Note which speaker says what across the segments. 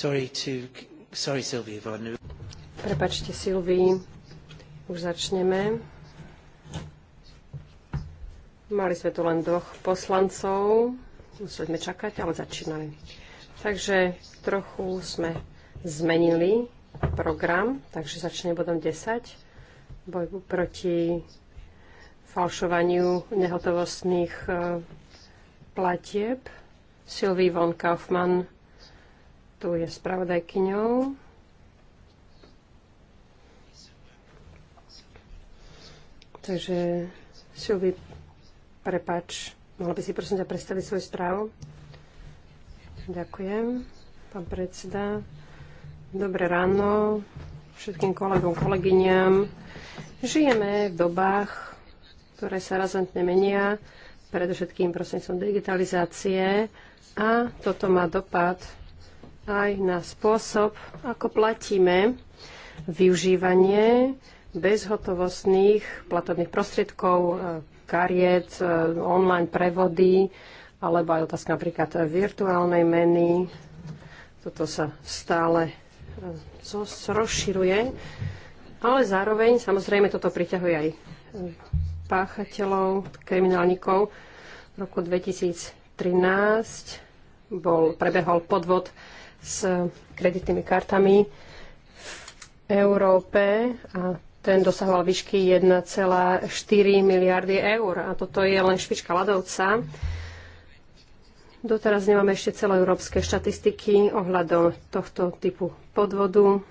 Speaker 1: Sorry to... Sorry, Sylvie,
Speaker 2: Prepačte, Sylvie. Už začneme. Mali sme tu len dvoch poslancov. Museli sme čakať, ale začínali. Takže trochu sme zmenili program, takže začne bodom 10. Boj proti falšovaniu nehotovostných eh, platieb. Sylvie von Kaufmann tu je spravodajkyňou. Takže Silvi, prepač, mohla by si prosím ťa predstaviť svoju správu? Ďakujem, pán predseda. Dobré ráno všetkým kolegom, kolegyňam. Žijeme v dobách, ktoré sa razantne menia, predovšetkým som digitalizácie a toto má dopad aj na spôsob, ako platíme využívanie bezhotovostných platobných prostriedkov, e, kariet, e, online prevody, alebo aj otázka napríklad virtuálnej meny. Toto sa stále e, rozširuje. Ale zároveň, samozrejme, toto priťahuje aj páchateľov, kriminálnikov. V roku 2013 bol, prebehol podvod s kreditnými kartami v Európe a ten dosahoval výšky 1,4 miliardy eur. A toto je len špička ľadovca. Doteraz nemáme ešte celoeurópske štatistiky ohľadom tohto typu podvodu.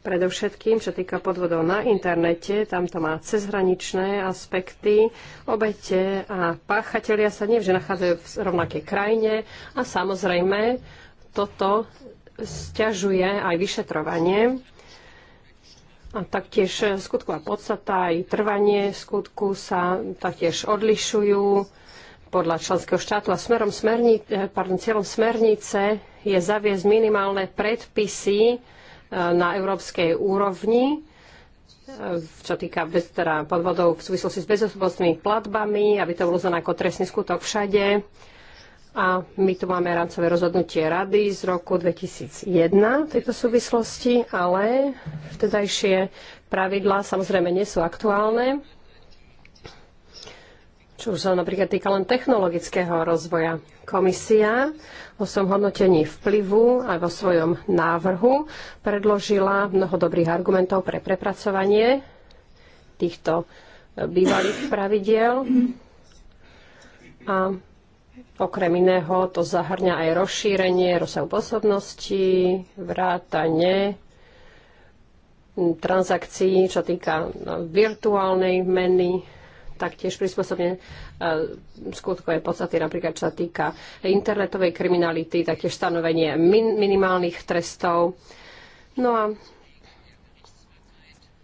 Speaker 2: Predovšetkým, čo týka podvodov na internete, tam to má cezhraničné aspekty. Obete a páchatelia sa nie že nachádzajú v rovnakej krajine a samozrejme toto stiažuje aj vyšetrovanie. A taktiež skutková podstata aj trvanie skutku sa taktiež odlišujú podľa členského štátu a smerom smerni, eh, pardon, cieľom smernice je zaviesť minimálne predpisy, na európskej úrovni, e, čo týka bez, teda podvodov v súvislosti s bezosobnostnými platbami, aby to bolo znané ako trestný skutok všade. A my tu máme rámcové rozhodnutie rady z roku 2001 v tejto súvislosti, ale vtedajšie pravidlá samozrejme nie sú aktuálne čo sa napríklad týka len technologického rozvoja. Komisia vo svojom hodnotení vplyvu aj vo svojom návrhu predložila mnoho dobrých argumentov pre prepracovanie týchto e, bývalých pravidiel. A okrem iného to zahrňa aj rozšírenie rozsahu posobnosti, vrátanie transakcií, čo týka no, virtuálnej meny taktiež prispôsobenie skutkové podstaty, napríklad čo sa týka internetovej kriminality, taktiež stanovenie min- minimálnych trestov. No a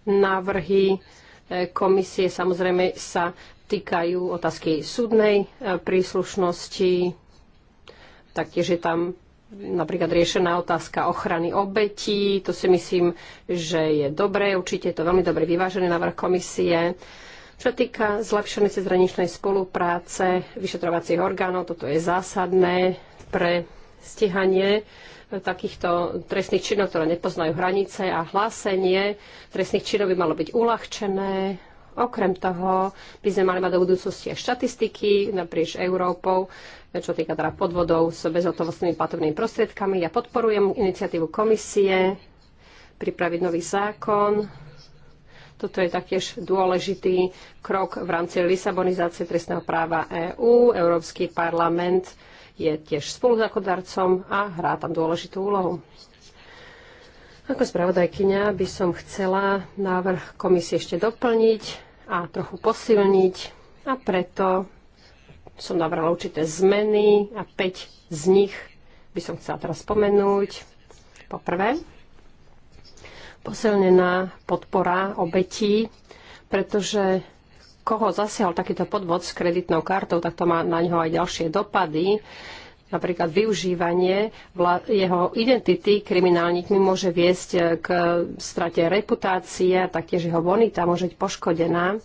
Speaker 2: návrhy e, komisie samozrejme sa týkajú otázky súdnej e, príslušnosti. Taktiež je tam napríklad riešená otázka ochrany obetí. To si myslím, že je dobré. Určite je to veľmi dobre vyvážený návrh komisie. Čo týka zlepšenej cezhraničnej spolupráce vyšetrovacích orgánov, toto je zásadné pre stíhanie eh, takýchto trestných činov, ktoré nepoznajú hranice a hlásenie trestných činov by malo byť uľahčené. Okrem toho by sme mali mať do budúcnosti aj štatistiky naprieč Európou, eh, čo týka teda podvodov s bezhotovostnými platobnými prostriedkami. Ja podporujem iniciatívu komisie pripraviť nový zákon toto je taktiež dôležitý krok v rámci Lisabonizácie trestného práva EÚ. Európsky parlament je tiež spoluzakodarcom a hrá tam dôležitú úlohu. Ako spravodajkyňa by som chcela návrh komisie ešte doplniť a trochu posilniť a preto som navrhla určité zmeny a 5 z nich by som chcela teraz spomenúť. Poprvé, posilnená podpora obetí, pretože koho zasiahol takýto podvod s kreditnou kartou, tak to má na ňo aj ďalšie dopady. Napríklad využívanie jeho identity kriminálnikmi môže viesť eh, k strate reputácie, taktiež jeho bonita môže byť poškodená.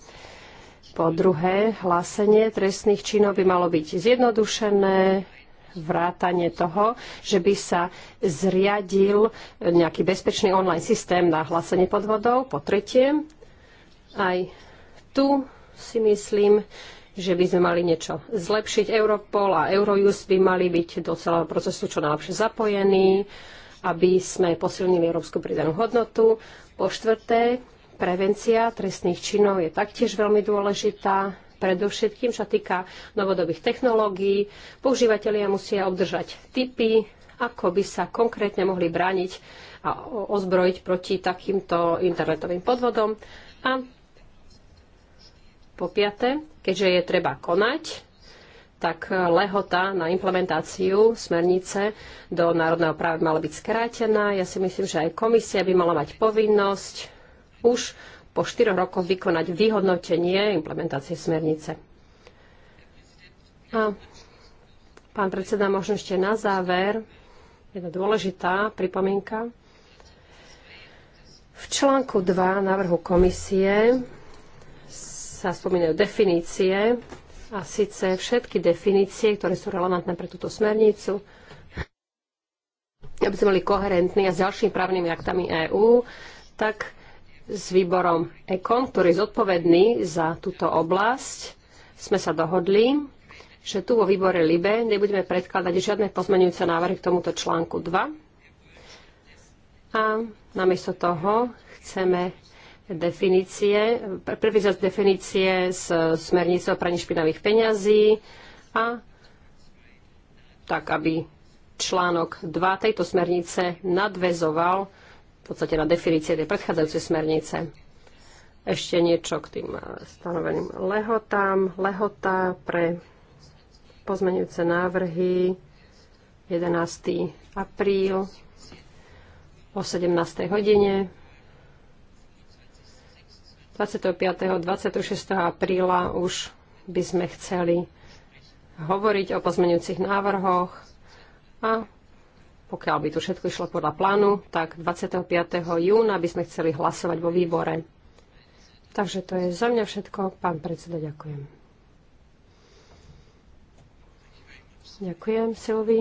Speaker 2: Po druhé, hlásenie trestných činov by malo byť zjednodušené, vrátanie toho, že by sa zriadil nejaký bezpečný online systém na hlásenie podvodov. Po tretie, aj tu si myslím, že by sme mali niečo zlepšiť. Europol a Eurojust by mali byť do celého procesu čo najlepšie zapojení, aby sme posilnili európsku pridanú hodnotu. Po štvrté, prevencia trestných činov je taktiež veľmi dôležitá. Predovšetkým, čo týka novodobých technológií, používateľia musia obdržať typy, ako by sa konkrétne mohli brániť a ozbrojiť proti takýmto internetovým podvodom. A po piaté, keďže je treba konať, tak lehota na implementáciu smernice do národného práva mala byť skrátená. Ja si myslím, že aj komisia by mala mať povinnosť už po 4 rokoch vykonať vyhodnotenie implementácie smernice. A pán predseda, možno ešte na záver jedna dôležitá pripomienka. V článku 2 návrhu komisie sa spomínajú definície a síce všetky definície, ktoré sú relevantné pre túto smernicu, aby sme boli koherentní a s ďalšími právnymi aktami EÚ, tak s výborom EKON, ktorý je zodpovedný za túto oblasť, sme sa dohodli, že tu vo výbore LIBE nebudeme predkladať žiadne pozmenujúce návrhy k tomuto článku 2. A namiesto toho chceme definície, previzať definície z smernice o praní špinavých peňazí a tak, aby článok 2 tejto smernice nadvezoval v podstate na definície tej predchádzajúcej smernice. Ešte niečo k tým eh, stanoveným lehotám. Lehota pre pozmenujúce návrhy 11. apríl o 17. hodine 25. 26. apríla už by sme chceli hovoriť o pozmenujúcich návrhoch a pokiaľ by to všetko išlo podľa plánu, tak 25. júna by sme chceli hlasovať vo výbore. Takže to je za mňa všetko. Pán predseda, ďakujem. Ďakujem, Silvi.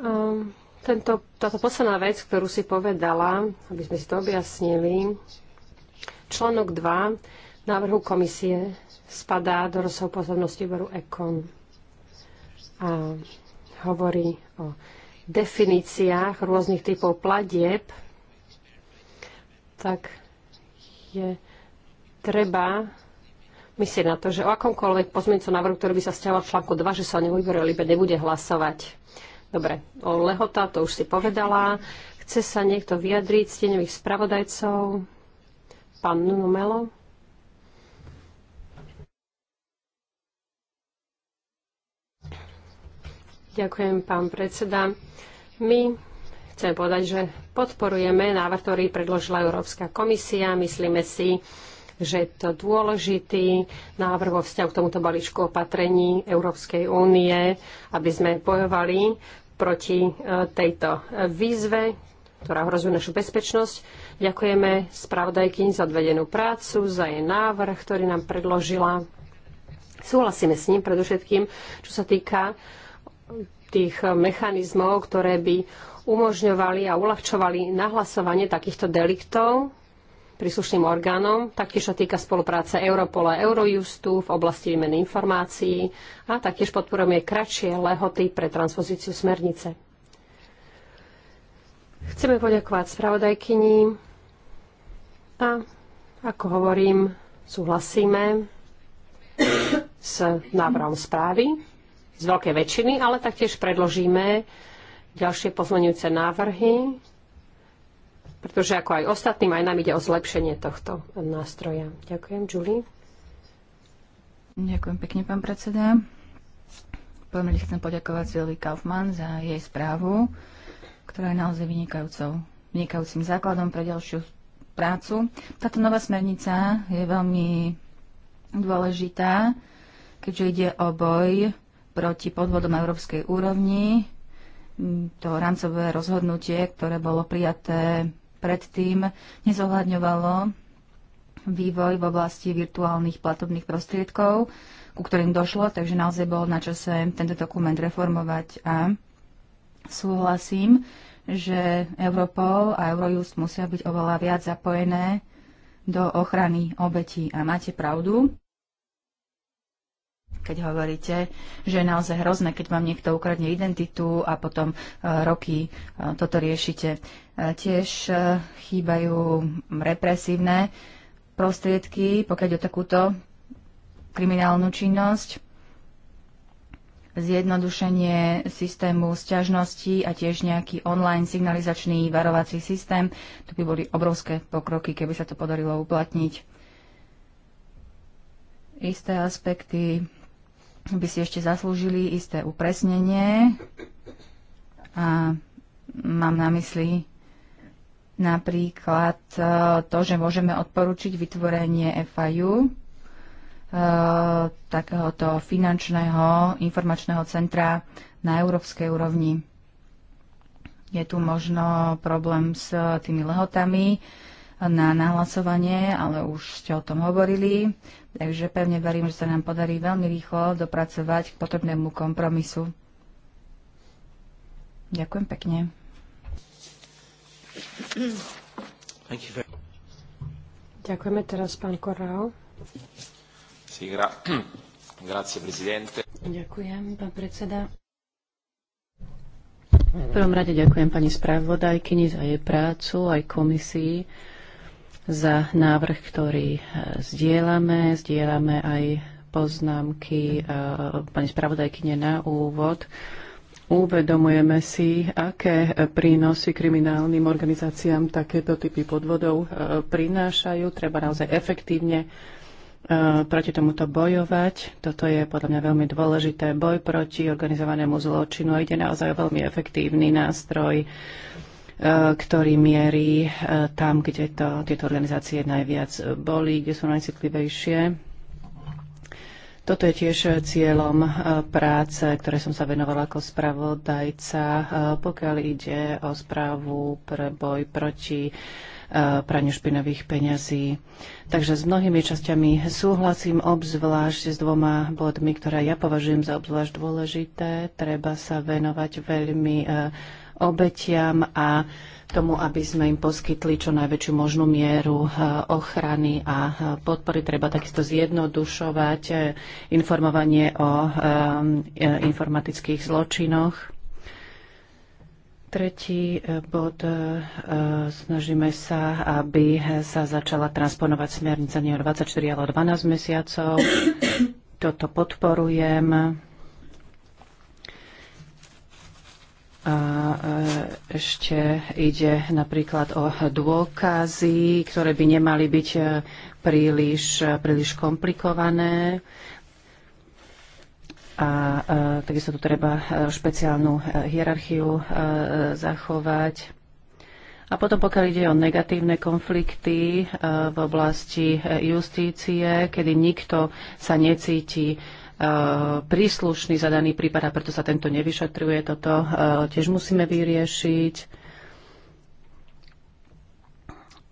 Speaker 2: Um, tento, táto posledná vec, ktorú si povedala, aby sme si to objasnili, článok 2 návrhu komisie spadá do rozsahu pozornosti výboru EKON. A hovorí o definíciách rôznych typov platieb, tak je treba myslieť na to, že o akomkoľvek pozmeňcu návrhu, ktorý by sa stiaval v článku 2, že sa o neho libe nebude hlasovať. Dobre, o lehota to už si povedala. Chce sa niekto vyjadriť z tieňových spravodajcov? Pán Nuno Melo? Ďakujem, pán predseda. My chcem povedať, že podporujeme návrh, ktorý predložila Európska komisia. Myslíme si, že je to dôležitý návrh vo vzťahu k tomuto balíčku opatrení Európskej únie, aby sme bojovali proti e, tejto výzve, ktorá hrozuje našu bezpečnosť. Ďakujeme spravodajkyni za odvedenú prácu, za jej návrh, ktorý nám predložila. Súhlasíme s ním predovšetkým, čo sa týka tých mechanizmov, ktoré by umožňovali a uľahčovali nahlasovanie takýchto deliktov príslušným orgánom. Taktiež sa týka spolupráce Europola a Eurojustu v oblasti výmeny informácií a taktiež podporujeme kratšie lehoty pre transpozíciu smernice. Chceme poďakovať spravodajkyni a, ako hovorím, súhlasíme s návrhom správy z veľkej väčšiny, ale taktiež predložíme ďalšie pozmeňujúce návrhy, pretože ako aj ostatným, aj nám ide o zlepšenie tohto nástroja.
Speaker 3: Ďakujem, Julie. Ďakujem pekne, pán predseda. Veľmi chcem poďakovať Silvi Kaufmann za jej správu, ktorá je naozaj vynikajúcou, vynikajúcim základom pre ďalšiu prácu. Táto nová smernica je veľmi dôležitá, keďže ide o boj proti podvodom európskej úrovni. To rámcové rozhodnutie, ktoré bolo prijaté predtým, nezohľadňovalo vývoj v oblasti virtuálnych platobných prostriedkov, ku ktorým došlo, takže naozaj bolo na čase tento dokument reformovať a súhlasím, že Europol a Eurojust musia byť oveľa viac zapojené do ochrany obetí. A máte pravdu, keď hovoríte, že je naozaj hrozné, keď vám niekto ukradne identitu a potom e, roky e, toto riešite. E, tiež chýbajú represívne prostriedky, pokiaľ o takúto kriminálnu činnosť zjednodušenie systému sťažnosti a tiež nejaký online signalizačný varovací systém. To by boli obrovské pokroky, keby sa to podarilo uplatniť. Isté aspekty by si ešte zaslúžili isté upresnenie a mám na mysli napríklad e, to, že môžeme odporučiť vytvorenie FIU, e, takéhoto finančného informačného centra na európskej úrovni. Je tu možno problém s tými lehotami na nahlasovanie, ale už ste o tom hovorili. Takže pevne verím, že sa nám podarí veľmi rýchlo dopracovať k potrebnému kompromisu. Ďakujem pekne.
Speaker 2: Ďakujeme teraz pán Korral.
Speaker 3: Sí, gra... Grazie, presidente.
Speaker 4: Ďakujem, pán predseda. V prvom rade ďakujem pani správodajkyni za jej prácu, aj komisii za návrh, ktorý e, zdieľame. Zdieľame aj poznámky e, pani spravodajkyne na úvod. Uvedomujeme si, aké prínosy kriminálnym organizáciám takéto typy podvodov e, prinášajú. Treba naozaj efektívne proti tomuto bojovať. Toto je podľa mňa veľmi dôležité. Boj proti organizovanému zločinu ide naozaj o veľmi efektívny nástroj Eh, ktorý mierí eh, tam, kde to, tieto organizácie najviac eh, boli, kde sú najcitlivejšie. Toto je tiež cieľom práce, ktoré som sa venovala ako spravodajca, pokiaľ ide o správu pre boj proti praniu špinavých peňazí. Takže s mnohými časťami súhlasím, obzvlášť s dvoma bodmi, ktoré ja považujem za obzvlášť dôležité. Treba sa venovať veľmi obetiam a tomu, aby sme im poskytli čo najväčšiu možnú mieru eh, ochrany a eh, podpory. Treba takisto zjednodušovať eh, informovanie o informatických zločinoch. Tretí bod. Snažíme sa, aby sa začala transponovať smernica nie o 24, ale o 12 mesiacov. Toto podporujem A e, ešte ide napríklad o dôkazy, ktoré by nemali byť e, príliš, e, príliš komplikované. A takisto tu treba špeciálnu hierarchiu zachovať. A potom pokiaľ ide o negatívne konflikty v oblasti justície, kedy nikto sa necíti E, príslušný za daný prípad a preto sa tento nevyšetruje. Toto e, tiež musíme vyriešiť.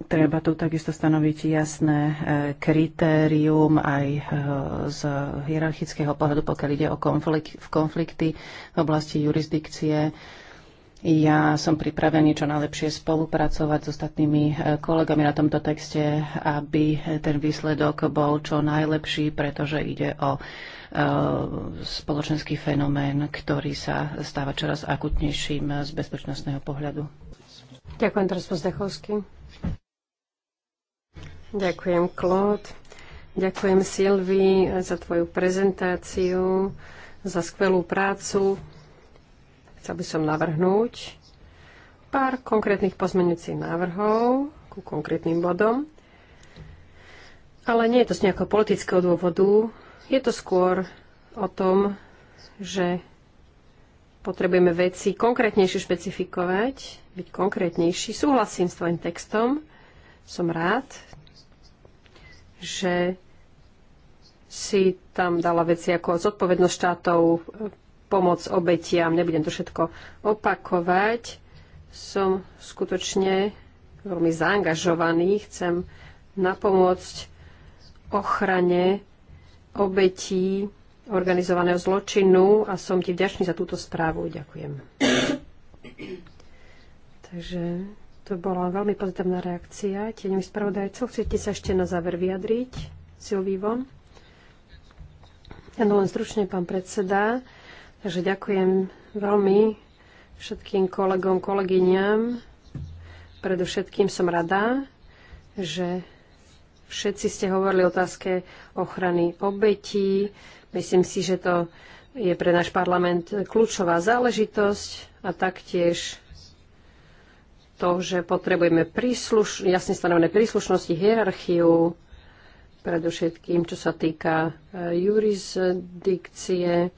Speaker 4: Treba tu takisto stanoviť jasné e, kritérium aj z hierarchického pohľadu, pokiaľ ide o konflikt, konflikty v oblasti jurisdikcie. Ja som pripravený čo najlepšie spolupracovať s ostatnými kolegami na tomto texte, aby ten výsledok bol čo najlepší, pretože ide o Eh, spoločenský fenomén, ktorý sa stáva čoraz akutnejším z bezpečnostného pohľadu. Ďakujem teraz Pozdechovský. Ďakujem, Klód.
Speaker 2: Ďakujem, Silvi, za tvoju prezentáciu, za skvelú prácu. Chcel by som navrhnúť pár konkrétnych pozmenujúcich návrhov ku konkrétnym bodom. Ale nie je to z nejakého politického dôvodu, je to skôr o tom, že potrebujeme veci konkrétnejšie špecifikovať, byť konkrétnejší. Súhlasím s tvojim textom, som rád, že si tam dala veci ako zodpovednosť štátov, pomoc obetiam, nebudem to všetko opakovať. Som skutočne veľmi zaangažovaný, chcem napomôcť ochrane obetí organizovaného zločinu a som ti vďačný za túto správu. Ďakujem. Takže to bola veľmi pozitívna reakcia. Tieňový spravodajcov, chcete sa ešte na záver vyjadriť? Silvívo? Ja len stručne, pán predseda. Takže ďakujem veľmi všetkým kolegom, kolegyňam. Predovšetkým som rada, že Všetci ste hovorili o otázke ochrany obetí. Myslím si, že to je pre náš parlament kľúčová záležitosť a taktiež to, že potrebujeme prísluš- jasne stanovené príslušnosti, hierarchiu, predovšetkým čo sa týka e, jurisdikcie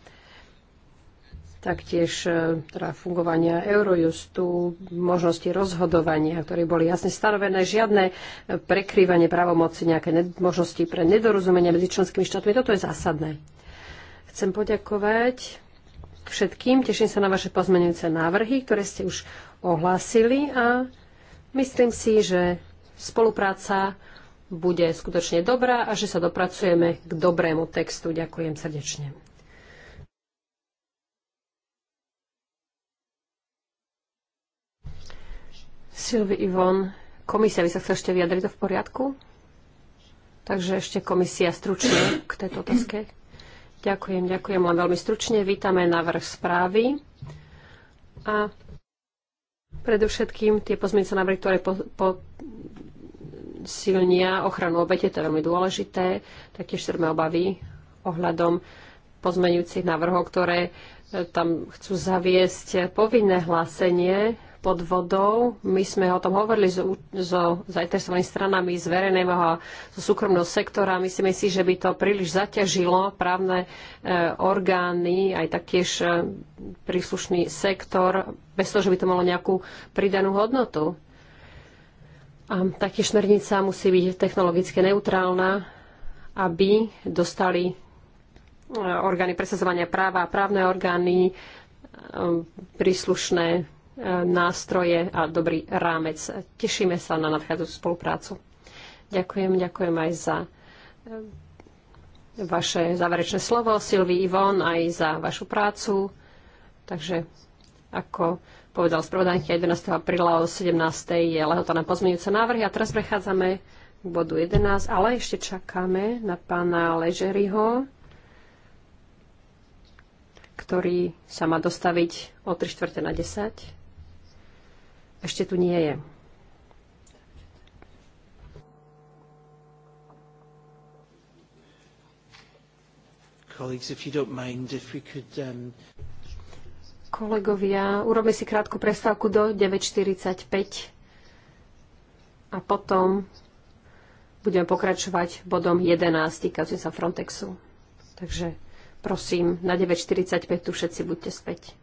Speaker 2: taktiež e, teda fungovania Eurojustu, možnosti rozhodovania, ktoré boli jasne stanovené, žiadne e, prekrývanie právomoci, nejaké možnosti pre nedorozumenia medzi členskými štátmi. Toto je zásadné. Chcem poďakovať všetkým, teším sa na vaše pozmenujúce návrhy, ktoré ste už ohlásili a myslím si, že spolupráca bude skutočne dobrá a že sa dopracujeme k dobrému textu. Ďakujem srdečne. Silvi Ivon, komisia vy sa chcete ešte vyjadriť, to v poriadku? Takže ešte komisia stručne k tejto otázke. Ďakujem, ďakujem len veľmi stručne. Vítame návrh správy. A predovšetkým tie pozmienice návrhy, ktoré po, po silnia ochranu obete, to je veľmi dôležité. Taktiež sme obavy ohľadom pozmenujúcich návrhov, ktoré e, tam chcú zaviesť povinné hlásenie vodou. My sme o tom hovorili so, so zainteresovanými stranami z verejného a so súkromného sektora. Myslíme si, že by to príliš zaťažilo právne e, orgány, aj taktiež e, príslušný sektor, bez toho, že by to malo nejakú pridanú hodnotu. A taktiež smernica musí byť technologicky neutrálna, aby dostali e, orgány presazovania práva a právne orgány e, príslušné nástroje a dobrý rámec. Tešíme sa na nadchádzajúcu spoluprácu. Ďakujem, ďakujem aj za
Speaker 1: e,
Speaker 2: vaše záverečné slovo, Silvi Ivon, aj za vašu prácu. Takže, ako povedal spravodajka 11. apríla o 17. je lehota na pozmeňujúce návrhy a teraz prechádzame k bodu 11, ale ešte čakáme na pána Ležeryho, ktorý sa má dostaviť o 3 čtvrte na 10 ešte tu nie je. Um, Kolegovia, urobme si krátku prestávku do 9.45 a potom budeme pokračovať bodom 11 týkajúcim sa Frontexu. Takže prosím, na 9.45 tu všetci buďte späť.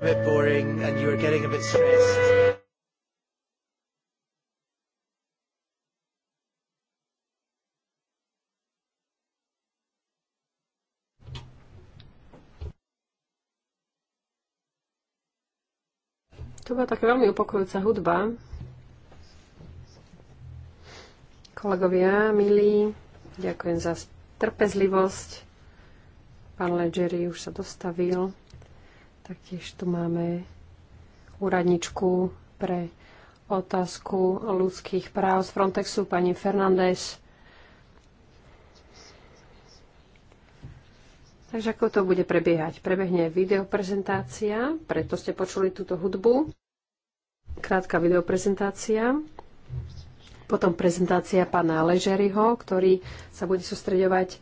Speaker 1: a bit boring and you were getting a bit stressed.
Speaker 2: To bola taká veľmi upokojujúca hudba. Kolegovia, milí, ďakujem za trpezlivosť. Pán Ledgeri už sa dostavil. Taktiež tu máme úradničku pre otázku ľudských práv z Frontexu, pani Fernández. Takže ako to bude prebiehať? Prebehne videoprezentácia, preto ste počuli túto hudbu. Krátka videoprezentácia. Potom prezentácia pána Ležeryho, ktorý sa bude sústreďovať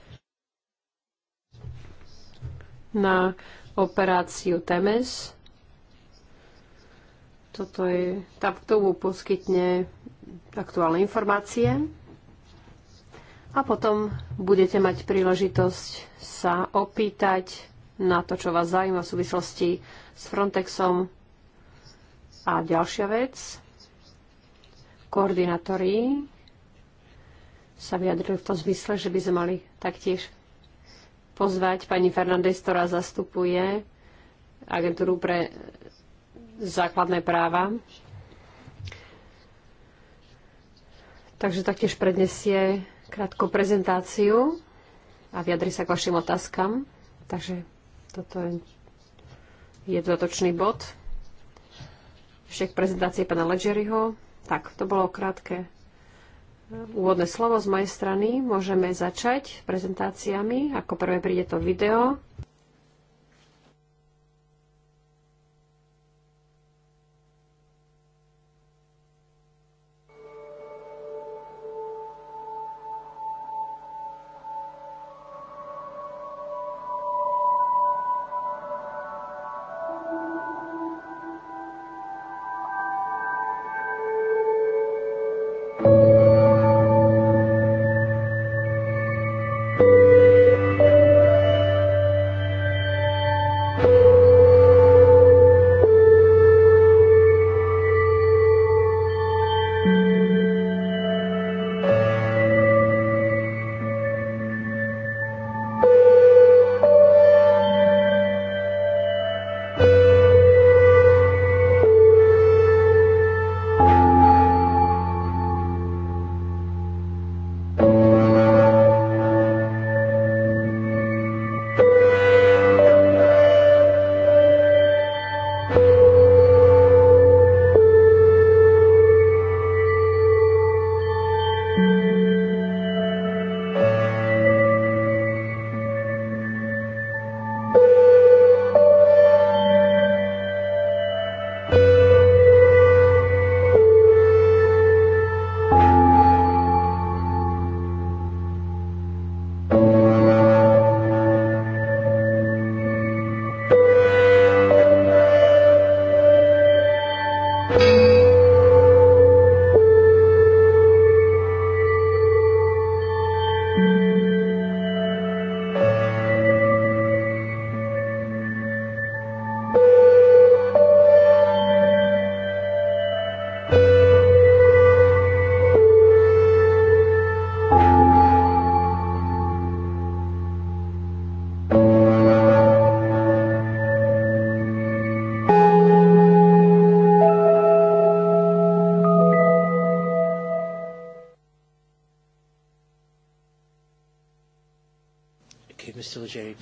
Speaker 2: na operáciu TEMES. Toto je, tá k tomu poskytne aktuálne informácie. A potom budete mať príležitosť sa opýtať na to, čo vás zaujíma v súvislosti s Frontexom. A ďalšia vec, koordinátori sa vyjadrili v tom zmysle, že by sme mali taktiež pozvať pani Fernandez, ktorá zastupuje agentúru pre základné práva. Takže taktiež prednesie krátku prezentáciu a vyjadri sa k vašim otázkam. Takže toto je, jednotočný bod. všech prezentácií pana Ledgeryho. Tak, to bolo krátke úvodné slovo z mojej strany. Môžeme začať prezentáciami. Ako prvé príde to video.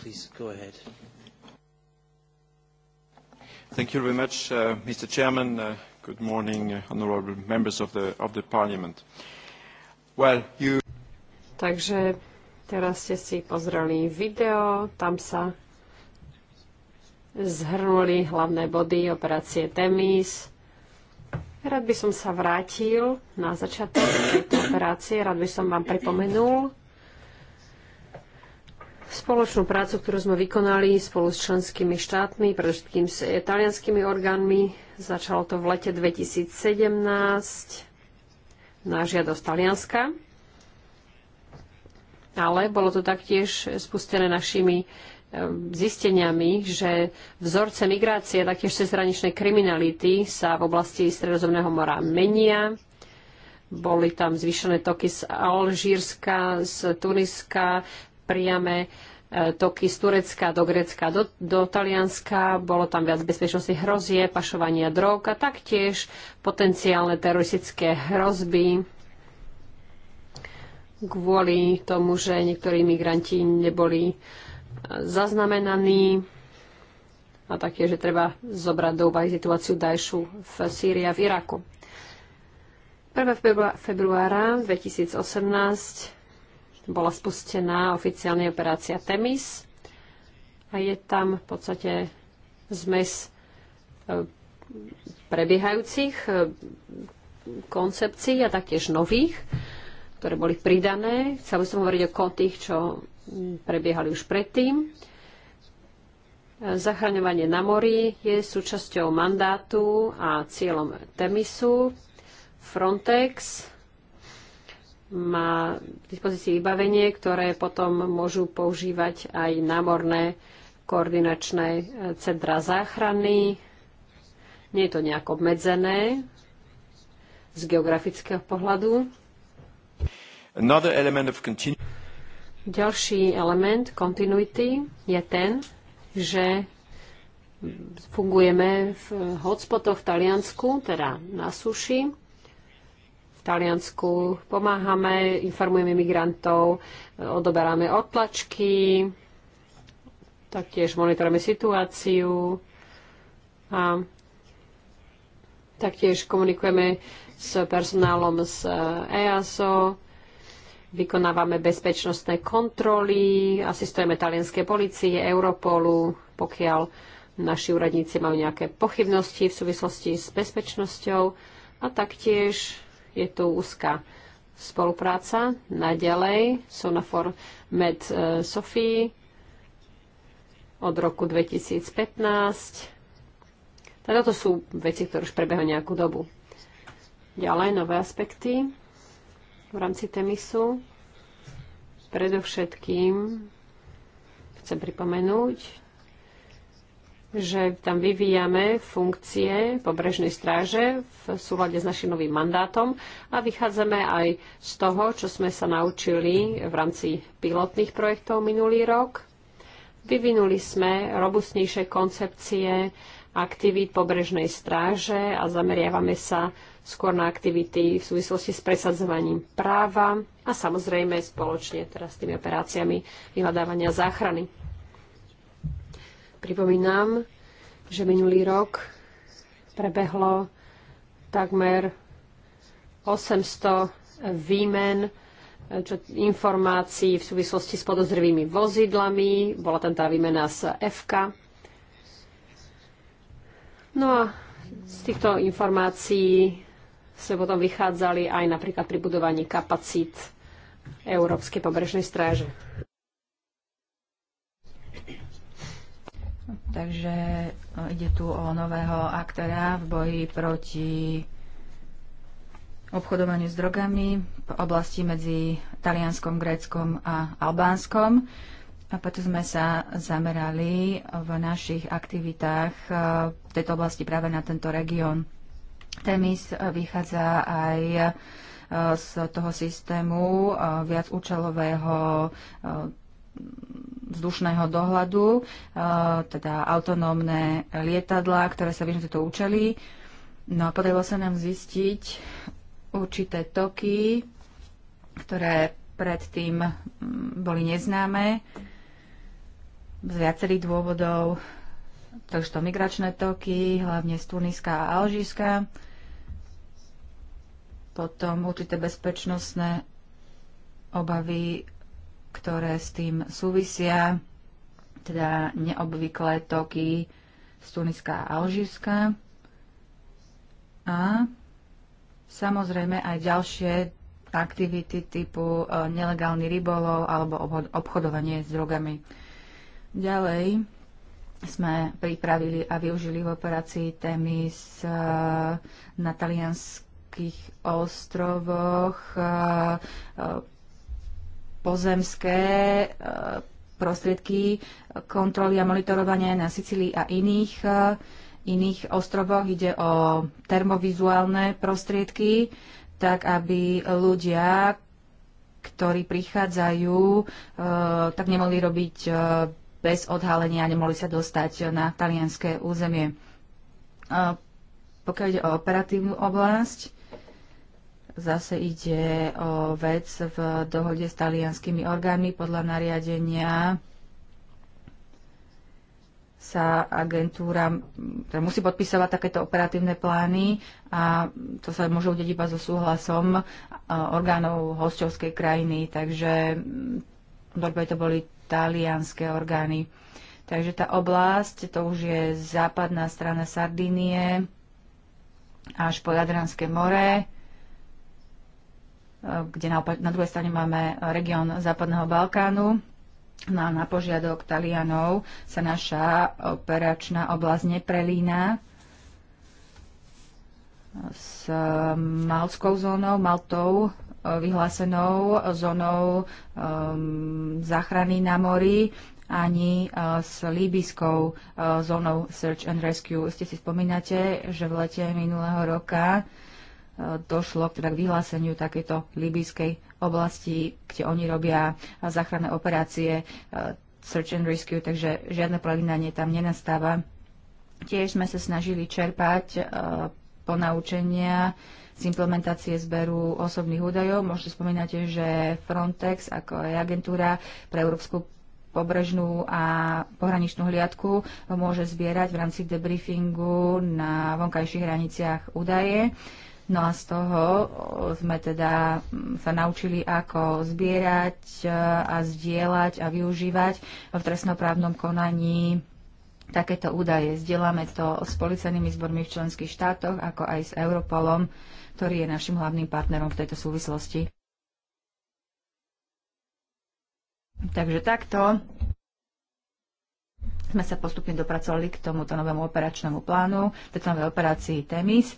Speaker 1: please go ahead. Thank you very much, uh, Mr. Chairman. Uh, good morning, uh, honorable members of the, of the parliament. Well, you...
Speaker 2: Takže teraz ste si pozreli video, tam sa zhrnuli hlavné body operácie Temis. Rád by som sa vrátil na začiatok tejto operácie, rád by som vám pripomenul, spoločnú prácu, ktorú sme vykonali spolu s členskými štátmi, predovšetkým s eh, talianskými orgánmi. Začalo to v lete 2017 na žiadosť Talianska. Ale bolo to taktiež spustené našimi eh, zisteniami, že vzorce migrácie, taktiež cezhraničnej kriminality sa v oblasti Stredozemného mora menia. Boli tam zvýšené toky z Alžírska, z Tuniska, priame E, toky z Turecka do Grécka, do, do Talianska, bolo tam viac bezpečnosti hrozie, pašovania drog a taktiež potenciálne teroristické hrozby kvôli tomu, že niektorí migranti neboli e, zaznamenaní a taktiež, že treba zobrať do úvahy situáciu Dajšu v Sýrii a v Iraku. 1. februára 2018 bola spustená oficiálne operácia Temis a je tam v podstate zmes e, prebiehajúcich e, koncepcií a taktiež nových, ktoré boli pridané. Chcel by som hovoriť o tých, čo prebiehali už predtým. E, zachraňovanie na mori je súčasťou mandátu a cieľom Temisu. Frontex má v dispozícii vybavenie, ktoré potom môžu používať aj námorné koordinačné e, centra záchrany. Nie je to nejak obmedzené z geografického pohľadu.
Speaker 1: Element
Speaker 2: Ďalší element continuity je ten, že fungujeme v hotspotoch v Taliansku, teda na suši v Taliansku. Pomáhame, informujeme migrantov, odoberáme odtlačky, taktiež monitorujeme situáciu a taktiež komunikujeme s personálom z e, EASO, vykonávame bezpečnostné kontroly, asistujeme talianskej policii, Europolu, pokiaľ naši úradníci majú nejaké pochybnosti v súvislosti s bezpečnosťou a taktiež je tu úzka spolupráca. Naďalej Sonafor Med e, Sofii od roku 2015. Teda to sú veci, ktoré už prebehajú nejakú dobu. Ďalej nové aspekty v rámci Temisu. Predovšetkým chcem pripomenúť, že tam vyvíjame funkcie pobrežnej stráže v súlade s našim novým mandátom a vychádzame aj z toho, čo sme sa naučili v rámci pilotných projektov minulý rok. Vyvinuli sme robustnejšie koncepcie aktivít pobrežnej stráže a zameriavame sa skôr na aktivity v súvislosti s presadzovaním práva a samozrejme spoločne teraz s tými operáciami vyhľadávania záchrany. Pripomínam, že minulý rok prebehlo takmer 800 výmen čo, informácií v súvislosti s podozrivými vozidlami. Bola tam tá výmena z FK. No a z týchto informácií sa potom vychádzali aj napríklad pri budovaní kapacít Európskej pobrežnej stráže.
Speaker 3: Takže no, ide tu o nového aktéra v boji proti obchodovaniu s drogami v oblasti medzi Talianskom, Gréckom a Albánskom. A preto sme sa zamerali v našich aktivitách e, v tejto oblasti práve na tento región. Temis e, vychádza aj e, z toho systému viacúčelového vzdušného dohľadu, eh, teda autonómne lietadlá, ktoré sa vyhnú tieto účely. No a podarilo sa nám zistiť určité toky, ktoré predtým mm, boli neznáme z viacerých dôvodov. Takže to migračné toky, hlavne z Tuniska a Alžíska. Potom určité bezpečnostné obavy ktoré s tým súvisia, teda neobvyklé toky z Tuniska a Alžírska a samozrejme aj ďalšie aktivity typu e, nelegálny rybolov alebo obchodovanie s drogami. Ďalej sme pripravili a využili v operácii témy z, e, na talianských ostrovoch e, pozemské e, prostriedky kontroly a monitorovania na Sicílii a iných, e, iných ostrovoch. Ide o termovizuálne prostriedky, tak aby ľudia, ktorí prichádzajú, e, tak nemohli robiť bez odhalenia, nemohli sa dostať na talianské územie. Pokiaľ ide o operatívnu oblasť, Zase ide o vec v dohode s talianskými orgánmi. Podľa nariadenia sa agentúra teda musí podpisovať takéto operatívne plány a to sa môže udeť iba so súhlasom orgánov hostovskej krajiny, takže dobre mm, to boli talianské orgány. Takže tá oblasť, to už je západná strana Sardínie až po Jadranské more kde naopak, na druhej strane máme región Západného Balkánu. No a na požiadok Talianov sa naša operačná oblasť neprelína s malskou zónou, Maltou vyhlásenou zónou um, záchrany na mori ani uh, s líbiskou uh, zónou Search and Rescue. Ste si spomínate, že v lete minulého roka uh, došlo teda k vyhláseniu takéto libijskej oblasti, kde oni robia záchranné operácie, e, search and rescue, takže žiadne prelínanie tam nenastáva. Tiež sme sa snažili čerpať e, ponaučenia z implementácie zberu osobných údajov. Možno spomínate, že Frontex ako je agentúra pre európsku pobrežnú a pohraničnú hliadku môže zbierať v rámci debriefingu na vonkajších hraniciach údaje. Uh, No a z toho sme teda mm, sa naučili, ako zbierať e, a zdieľať a využívať v trestnoprávnom konaní takéto údaje. Zdieľame to s policajnými zbormi v členských štátoch, ako aj s Europolom, ktorý je našim hlavným partnerom v tejto súvislosti. Takže takto sme sa postupne dopracovali k tomuto novému operačnému plánu, tejto novej operácii TEMIS.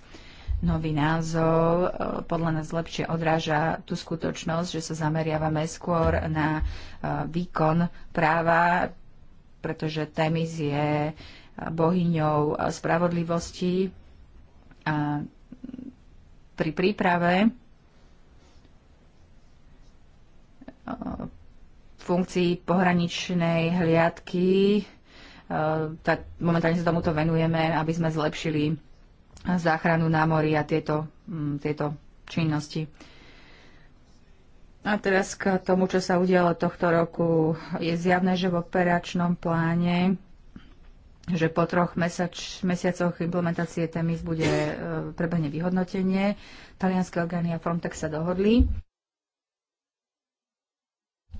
Speaker 3: Nový názov e, podľa nás lepšie odráža tú skutočnosť, že sa zameriavame skôr na e, výkon práva, pretože Temis je e, bohyňou spravodlivosti a pri príprave funkcií pohraničnej hliadky, tak momentálne sa tomuto venujeme, aby sme zlepšili záchranu na mori a tieto, mm, tieto činnosti. A teraz k tomu, čo sa udialo tohto roku. Je zjavné, že v operačnom pláne že po troch mesiac, mesiacoch implementácie TEMIS bude e, prebehne vyhodnotenie. Talianské orgány a Frontex sa dohodli,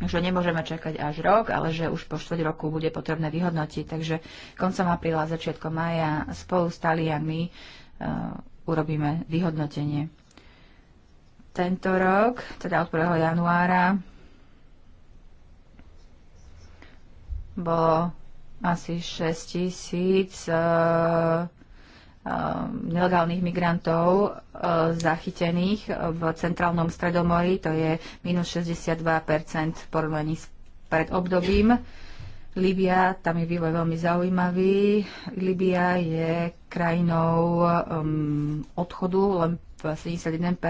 Speaker 3: že nemôžeme čakať až rok, ale že už po štvrť roku bude potrebné vyhodnotiť. Takže koncom apríla, začiatkom maja spolu s Talianmi Uh, urobíme vyhodnotenie. Tento rok, teda od 1. januára, bolo asi 6 tisíc uh, uh, nelegálnych migrantov zachytených v centrálnom stredomori, to je minus 62% v porovnaní s predobdobím. Uh, Libia, tam je vývoj veľmi zaujímavý. Libia je krajinou um, odchodu len v 71%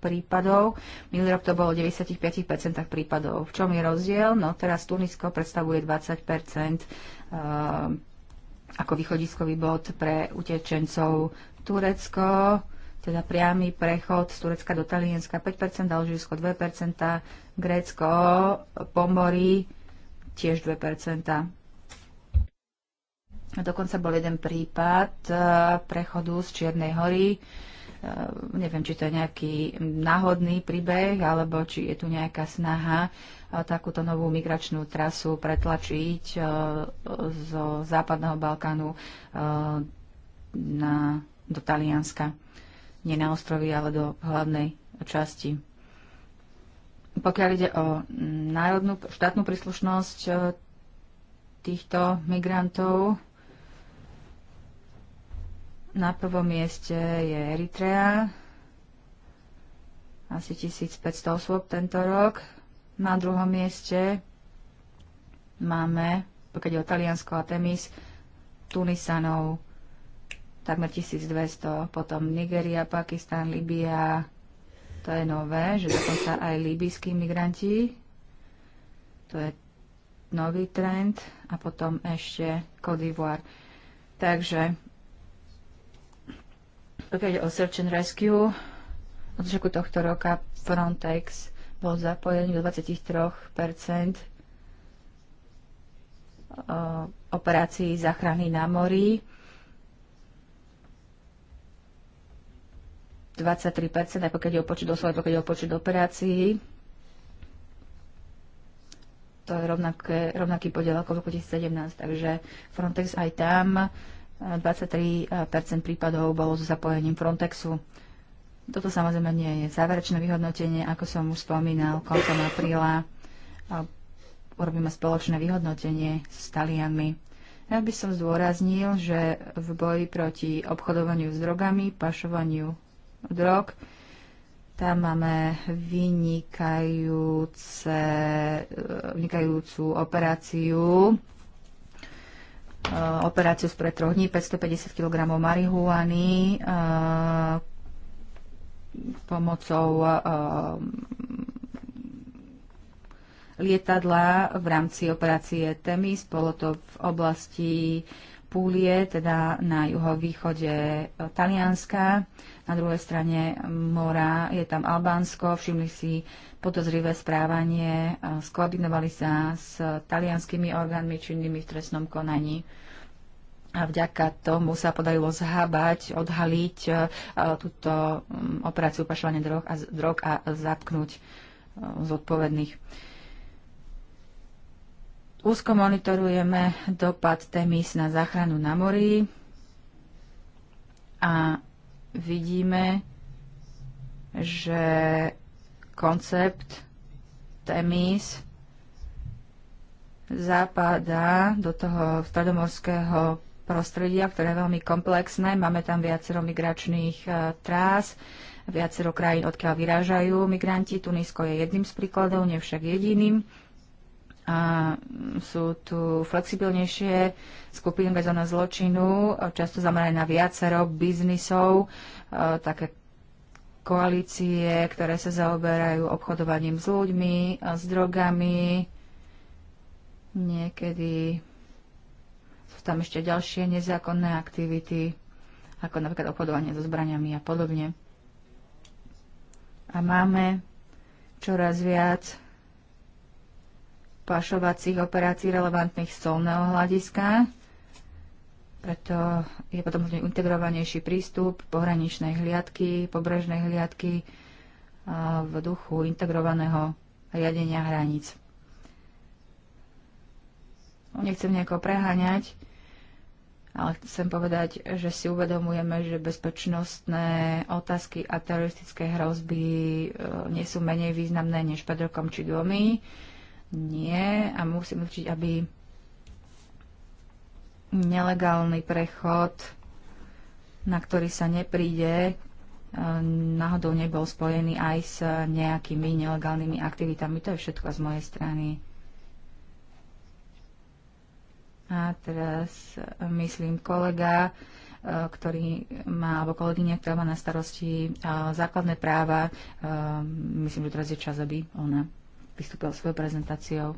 Speaker 3: prípadov. Minulý rok to bolo v 95% prípadov. V čom je rozdiel? No teraz Tunisko predstavuje 20% uh, um, ako východiskový bod pre utečencov. Turecko, teda priamy prechod z Turecka do Talienska 5%, Alžírsko 2%, Grécko, Pomory tiež 2 Dokonca bol jeden prípad e, prechodu z Čiernej hory. E, neviem, či to je nejaký náhodný príbeh, alebo či je tu nejaká snaha e, takúto novú migračnú trasu pretlačiť zo západného Balkánu na, do Talianska. Nie na ostrovy, ale do hlavnej časti pokiaľ ide o národnú štátnu príslušnosť e, týchto migrantov, na prvom mieste je Eritrea, asi 1500 osôb tento rok. Na druhom mieste máme, pokiaľ je o Taliansko a Temis, Tunisanov takmer 1200, potom Nigeria, Pakistan, Libia, to je nové, že dokonca aj líbyskí migranti. To je nový trend. A potom ešte Côte d'Ivoire. Takže pokiaľ ide o Search and Rescue, od začiatku tohto roka Frontex bol zapojený do 23 eh, operácií záchrany na mori 23%, aj pokiaľ je o počet osôb, aj pokiaľ je o počet operácií. To je rovnaké, rovnaký podiel ako v roku 2017, takže Frontex aj tam 23% eh, prípadov bolo s zapojením Frontexu. Toto samozrejme nie je záverečné vyhodnotenie, ako som už spomínal, koncom apríla urobíme spoločné vyhodnotenie s Talianmi. Ja by som zdôraznil, že v boji proti obchodovaniu s drogami, pašovaniu drog. Tam máme vynikajúce, vynikajúcu operáciu e, operáciu spred troch dní, 550 kg marihuany e, pomocou e, lietadla v rámci operácie TEMI. Spolo to v oblasti Púlie, teda na juhovýchode Talianska. Na druhej strane mora je tam Albánsko, všimli si podozrivé správanie, skoordinovali sa s talianskými orgánmi činnými v trestnom konaní. A vďaka tomu sa podarilo zhábať, odhaliť e, túto operáciu pašovania drog a, drog a zatknúť e, zodpovedných. Úzko monitorujeme dopad témis na záchranu na mori a vidíme, že koncept Temis zapadá do toho stredomorského prostredia, ktoré je veľmi komplexné. Máme tam viacero migračných e, trás, viacero krajín, odkiaľ vyrážajú migranti. Tunisko je jedným z príkladov, nevšak jediným a sú tu flexibilnejšie skupiny bez zločinu, často zamerané na viacero biznisov, e, také koalície, ktoré sa zaoberajú obchodovaním s ľuďmi, s drogami, niekedy sú tam ešte ďalšie nezákonné aktivity, ako napríklad obchodovanie so zbraniami a podobne. A máme čoraz viac pašovacích operácií relevantných z hľadiska. Preto je potom integrovanejší prístup pohraničnej hliadky, pobrežnej hliadky v duchu integrovaného riadenia hraníc. No, nechcem nejako preháňať, ale chcem povedať, že si uvedomujeme, že bezpečnostné otázky a teroristické hrozby e, nie sú menej významné než pred rokom či dvomi nie a musím určiť, aby nelegálny prechod, na ktorý sa nepríde, e, náhodou nebol spojený aj s nejakými nelegálnymi aktivitami. To je všetko z mojej strany. A teraz e, myslím kolega, e, ktorý má, alebo kolegyňa, ktorá má na starosti základné práva. Myslím, že teraz je čas, aby ona vystúpil svojou prezentáciou.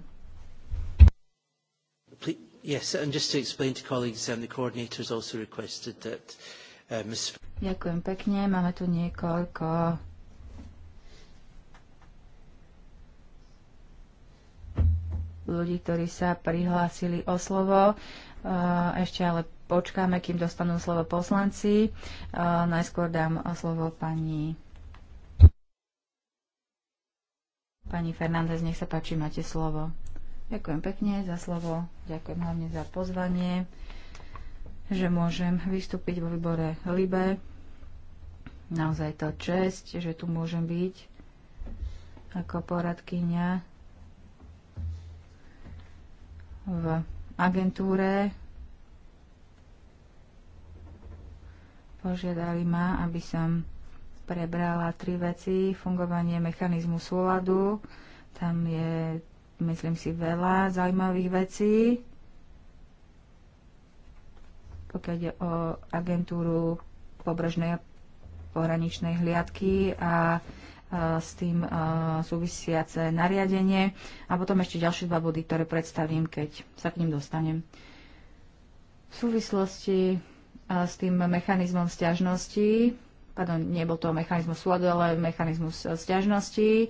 Speaker 3: Um, uh, Ďakujem pekne. Máme tu niekoľko ľudí, ktorí sa prihlásili o slovo. Uh, ešte ale počkáme, kým dostanú slovo poslanci. Uh, najskôr dám slovo pani Pani Fernández, nech sa páči, máte slovo. Ďakujem pekne za slovo, ďakujem hlavne za pozvanie, že môžem vystúpiť vo výbore LIBE. Naozaj to čest, že tu môžem byť ako poradkyňa v agentúre. Požiadali ma, aby som prebrala tri veci. Fungovanie mechanizmu súladu, tam je, myslím si, veľa zaujímavých vecí. Pokiaľ ide o agentúru pobrežnej a pohraničnej hliadky a s tým súvisiace nariadenie a potom ešte ďalšie dva body, ktoré predstavím, keď sa k ním dostanem. V súvislosti s tým mechanizmom stiažnosti pardon, nebol to mechanizmus súladu, ale mechanizmus e, sťažnosti e,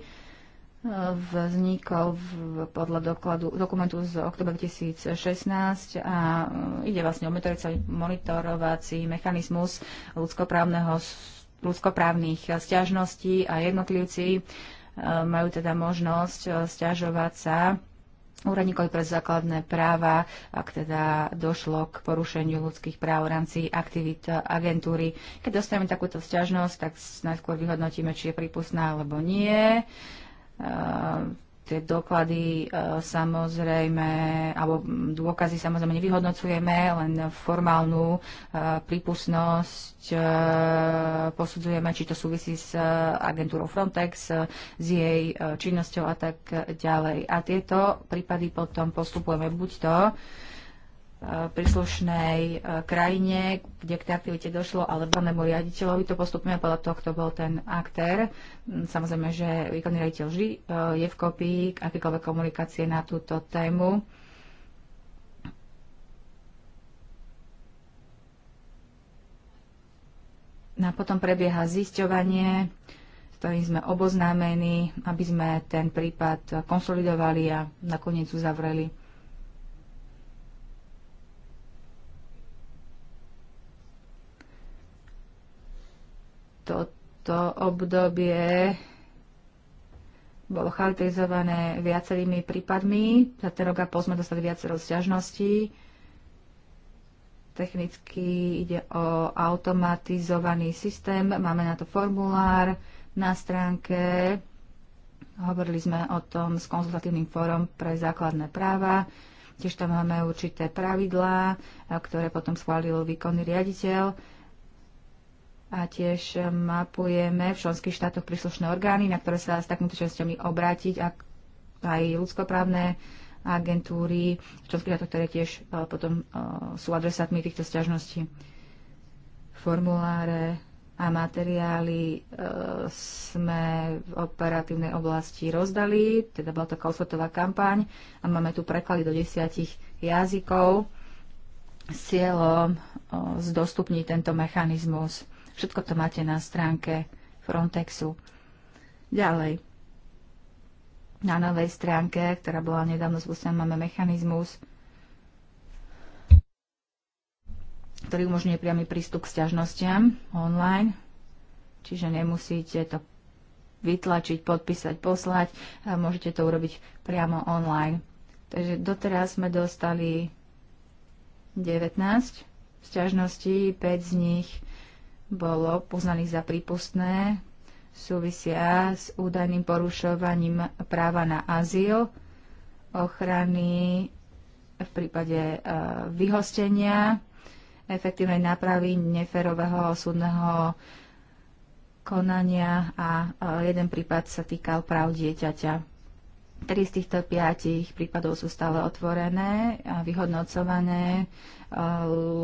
Speaker 3: vznikol v, podľa dokladu, dokumentu z oktobra 2016 a e, ide vlastne o monitorovací mechanizmus ľudskoprávneho, ľudskoprávnych sťažností a jednotlivci majú teda možnosť sťažovať sa úradníkovi pre základné práva, ak teda došlo k porušeniu ľudských práv v rámci aktivít agentúry. Keď dostaneme takúto sťažnosť, tak najskôr vyhodnotíme, či je prípustná alebo nie tie doklady e, samozrejme, alebo dôkazy samozrejme nevyhodnocujeme, len formálnu e, prípustnosť e, posudzujeme, či to súvisí s agentúrou Frontex, s jej činnosťou a tak ďalej. A tieto prípady potom postupujeme buď to príslušnej e, krajine, kde k tej aktivite došlo, alebo danému riaditeľovi to postupne, podľa toho, kto bol ten aktér. Mm, samozrejme, že výkonný riaditeľ vždy e, je v kopii akékoľvek komunikácie na túto tému. No a potom prebieha zisťovanie, s ktorým sme oboznámení, aby sme ten prípad konsolidovali a nakoniec uzavreli. Toto obdobie bolo charakterizované viacerými prípadmi. Za ten rok a pol sme dostali viacero zťažností. Technicky ide o automatizovaný systém. Máme na to formulár na stránke. Hovorili sme o tom s konzultatívnym fórom pre základné práva. Tiež tam máme určité pravidlá, ktoré potom schválil výkonný riaditeľ a tiež e, mapujeme v členských štátoch príslušné orgány, na ktoré sa s takýmito časťami obrátiť a aj ľudskoprávne agentúry v členských štátoch, ktoré tiež e, potom e, sú adresátmi týchto sťažností. Formuláre a materiály sme v operatívnej oblasti rozdali, teda bola to kausvetová kampaň a máme tu preklady do desiatich jazykov s cieľom zdostupniť tento mechanizmus Všetko to máte na stránke Frontexu. Ďalej. Na novej stránke, ktorá bola nedávno spustená, máme mechanizmus, ktorý umožňuje priamy prístup k sťažnostiam online, čiže nemusíte to vytlačiť, podpísať, poslať, môžete to urobiť priamo online. Takže doteraz sme dostali 19 sťažností, 5 z nich bolo poznaný za prípustné, súvisia s údajným porušovaním práva na azyl, ochrany v prípade e, vyhostenia, efektívnej nápravy neferového súdneho konania a e, jeden prípad sa týkal práv dieťaťa. Tri z týchto piatich prípadov sú stále otvorené a vyhodnocované eh,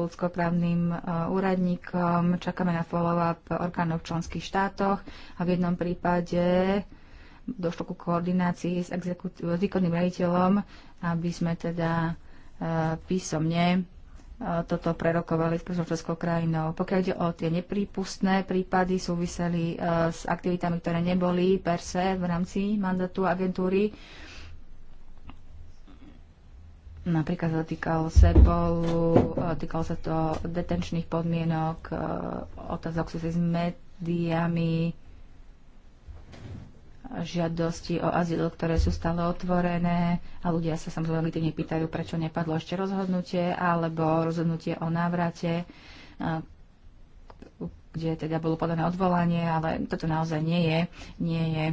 Speaker 3: ľudskoprávnym eh, úradníkom. Čakáme na follow-up orgánov v členských štátoch a v jednom prípade došlo ku koordinácii s, s výkonným riaditeľom, aby sme teda eh, písomne toto prerokovali s prezorčovskou krajinou. Pokiaľ ide o tie neprípustné prípady, súviseli e, s aktivitami, ktoré neboli per se v rámci mandátu agentúry, Napríklad sa týkalo sebou, e, týkalo sa to detenčných podmienok, e, otázok sa s médiami, žiadosti o azyl, ktoré sú stále otvorené a ľudia sa samozrejme legitimne pýtajú, prečo nepadlo ešte rozhodnutie alebo rozhodnutie o návrate, kde teda bolo podané odvolanie, ale toto naozaj nie je, nie je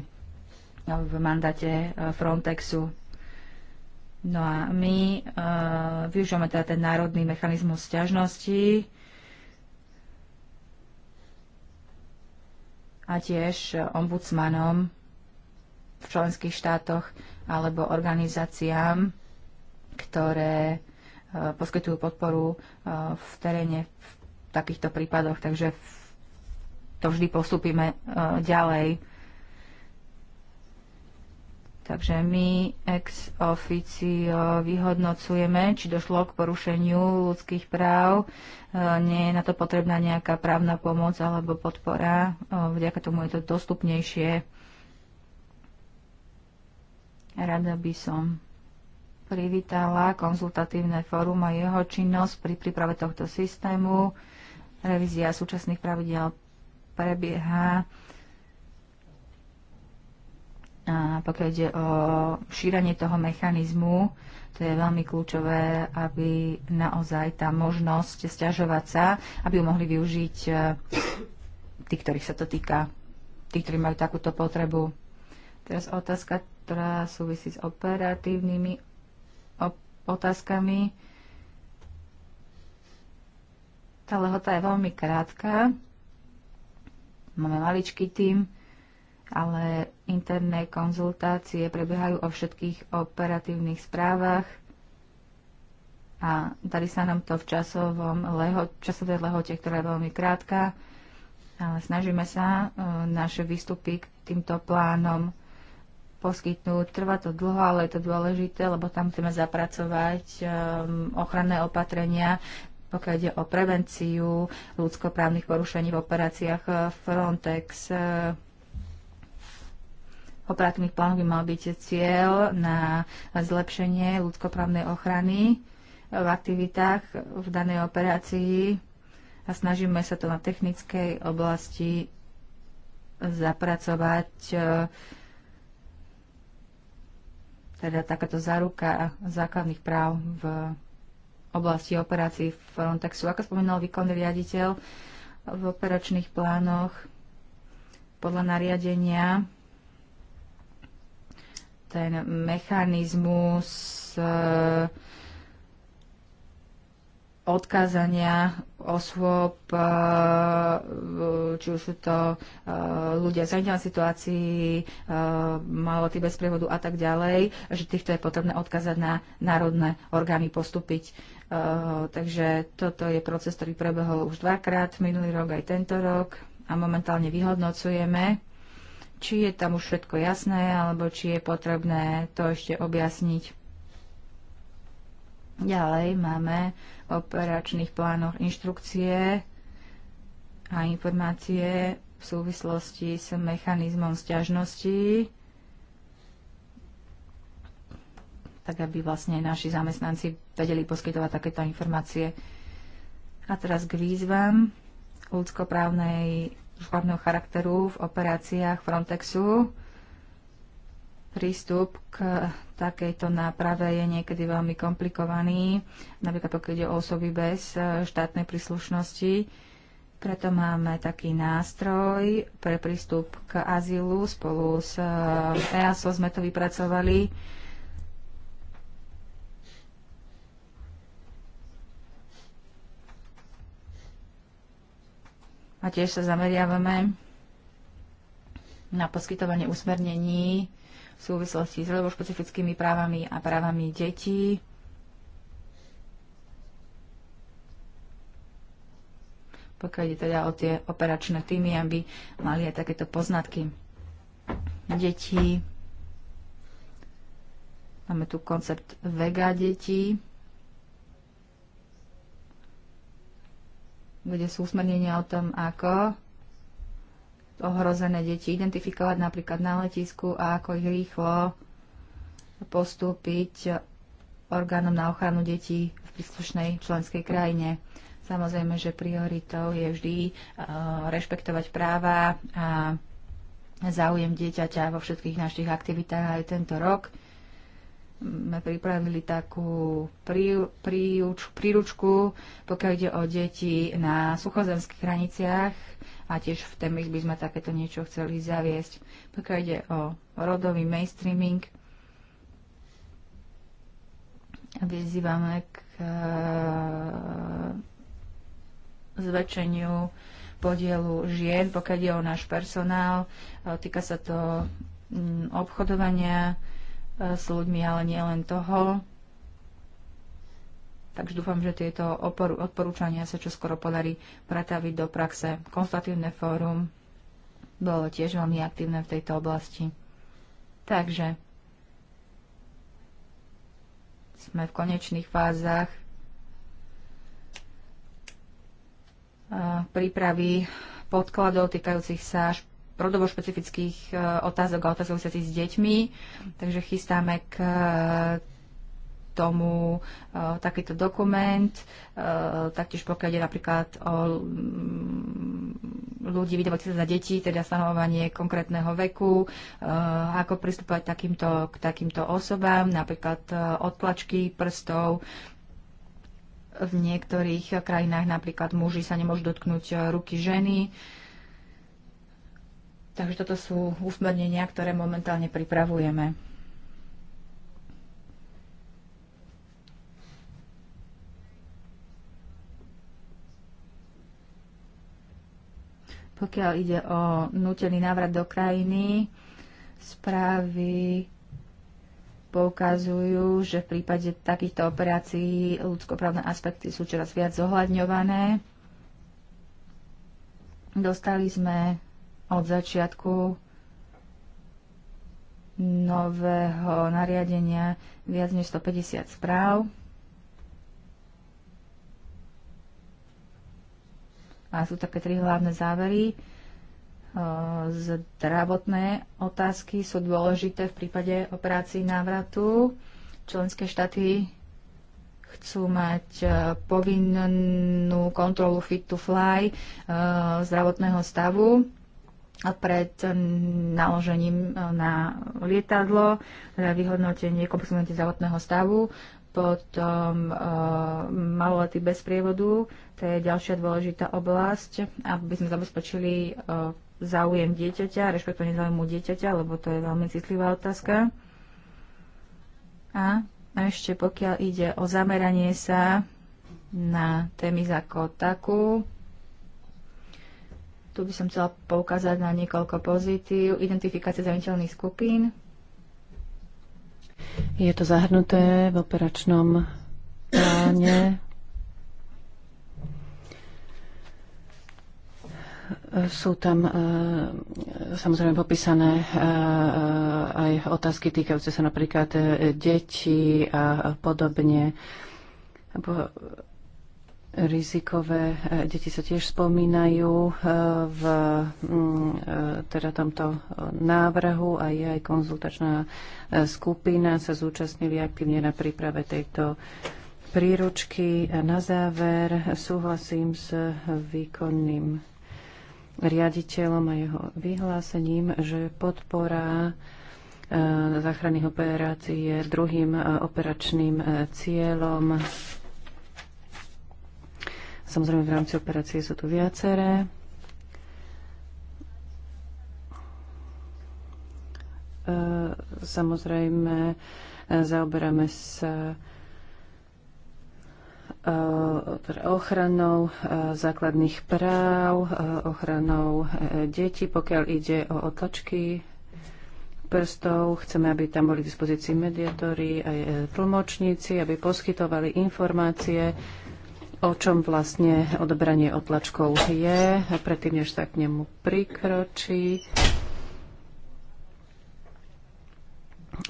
Speaker 3: v mandáte e, Frontexu. No a my e, využívame teda ten národný mechanizmus sťažnosti a tiež ombudsmanom v členských štátoch alebo organizáciám, ktoré e, poskytujú podporu e, v teréne v takýchto prípadoch, takže to vždy postupíme e, ďalej. Takže my ex officio vyhodnocujeme, či došlo k porušeniu ľudských práv. Nie je na to potrebná nejaká právna pomoc alebo podpora. Vďaka tomu je to dostupnejšie Rada by som privítala konzultatívne fórum a jeho činnosť pri príprave tohto systému. Revízia súčasných pravidel prebieha. A pokiaľ ide o šírenie toho mechanizmu, to je veľmi kľúčové, aby naozaj tá možnosť stiažovať sa, aby ju mohli využiť eh, tí, ktorých sa to týka, tí, ktorí majú takúto potrebu. Teraz otázka ktorá súvisí s operatívnymi op otázkami. Tá lehota je veľmi krátka. Máme maličký tým, ale interné konzultácie prebiehajú o všetkých operatívnych správach a darí sa nám to v časovom leho, časovej lehote, ktorá je veľmi krátka, ale snažíme sa e, naše výstupy k týmto plánom poskytnúť. Trvá to dlho, ale je to dôležité, lebo tam chceme zapracovať um, ochranné opatrenia, pokiaľ ide o prevenciu ľudskoprávnych porušení v operáciách uh, Frontex. V uh, operatívnych plánoch by mal byť cieľ na zlepšenie ľudskoprávnej ochrany v aktivitách v danej operácii a snažíme sa to na technickej oblasti zapracovať uh, teda takáto záruka základných práv v oblasti operácií v Frontexu. Ako spomínal výkonný riaditeľ, v operačných plánoch podľa nariadenia ten mechanizmus e, odkázania osôb, eh, či už sú to eh, ľudia v zraniteľnej situácii, eh, maloty bez prievodu a tak ďalej, že týchto je potrebné odkázať na národné orgány postúpiť. Takže toto je proces, ktorý prebehol už dvakrát, minulý rok aj tento rok a momentálne vyhodnocujeme, či je tam už všetko jasné, alebo či je potrebné to ešte objasniť. Ďalej máme operačných plánoch inštrukcie a informácie v súvislosti s mechanizmom sťažnosti, tak aby vlastne naši zamestnanci vedeli poskytovať takéto informácie. A teraz k výzvam ľudskoprávnej právneho charakteru v operáciách Frontexu prístup k takejto náprave je niekedy veľmi komplikovaný, napríklad pokiaľ ide o osoby bez e, štátnej príslušnosti. Preto máme taký nástroj pre prístup k azylu. Spolu s e, EASO sme to vypracovali. A tiež sa zameriavame na poskytovanie usmernení v súvislosti s rodovo-špecifickými právami a právami detí. Pokiaľ ide teda o tie operačné týmy, aby mali aj takéto poznatky. detí. Máme tu koncept vega detí. kde sú usmernenia o tom, ako ohrozené deti identifikovať napríklad na letisku a ako ich rýchlo postúpiť orgánom na ochranu detí v príslušnej členskej krajine. Samozrejme, že prioritou je vždy uh, rešpektovať práva a záujem dieťaťa vo všetkých našich aktivitách aj tento rok. Sme pripravili takú prí, príručku, pokiaľ ide o deti na suchozemských hraniciach, a tiež v Temis by sme takéto niečo chceli zaviesť. Pokiaľ ide o rodový mainstreaming, vyzývame k e, zväčšeniu podielu žien, pokiaľ je o náš personál. E, týka sa to obchodovania e, s ľuďmi, ale nielen toho. Takže dúfam, že tieto odporúčania sa čoskoro podarí pretaviť do praxe. Konstatívne fórum bolo tiež veľmi aktívne v tejto oblasti. Takže sme v konečných fázach prípravy podkladov týkajúcich sa rodovo špecifických e, otázok a otázok sa s deťmi. Takže chystáme k tomu e, takýto dokument, e, taktiež pokiaľ ide napríklad o mm, ľudí vydávajúcich za deti, teda stanovovanie konkrétneho veku, e, ako pristúpať takýmto, k takýmto osobám, napríklad odtlačky prstov, v niektorých krajinách napríklad muži sa nemôžu dotknúť ruky ženy. Takže toto sú usmernenia, ktoré momentálne pripravujeme. Pokiaľ ide o nutený návrat do krajiny, správy poukazujú, že v prípade takýchto operácií ľudskoprávne aspekty sú čoraz viac zohľadňované. Dostali sme od začiatku nového nariadenia viac než 150 správ. A sú také tri hlavné závery. E, zdravotné otázky sú dôležité v prípade operácií návratu. Členské štáty chcú mať e, povinnú kontrolu fit to fly e, zdravotného stavu pred naložením na lietadlo, teda vyhodnotenie komplexnosti zdravotného stavu potom e, maloletí bez prievodu, to je ďalšia dôležitá oblasť, aby sme zabezpečili e, záujem dieťaťa, rešpektovanie záujmu dieťaťa, lebo to je veľmi citlivá otázka. A ešte pokiaľ ide o zameranie sa na témy ako takú, tu by som chcela poukázať na niekoľko pozitív. Identifikácia zraniteľných skupín,
Speaker 4: je to zahrnuté v operačnom pláne. Sú tam e, samozrejme popísané e, e, aj otázky týkajúce sa napríklad detí a podobne Rizikové e, deti sa tiež spomínajú e, v mm, e, teda tomto návrhu a je aj konzultačná skupina. Sa zúčastnili aktívne na príprave tejto príručky. A na záver súhlasím s výkonným riaditeľom a jeho vyhlásením, že podpora záchranných operácií je druhým operačným cieľom Samozrejme, v rámci operácie sú tu viaceré. E, samozrejme, e, zaoberáme sa e, teda ochranou základných práv, ochranou detí, pokiaľ ide o otlačky prstov. Chceme, aby tam boli k dispozícii mediátori aj tlmočníci, aby poskytovali informácie o čom vlastne odobranie otlačkov je, predtým, než sa k nemu prikročí.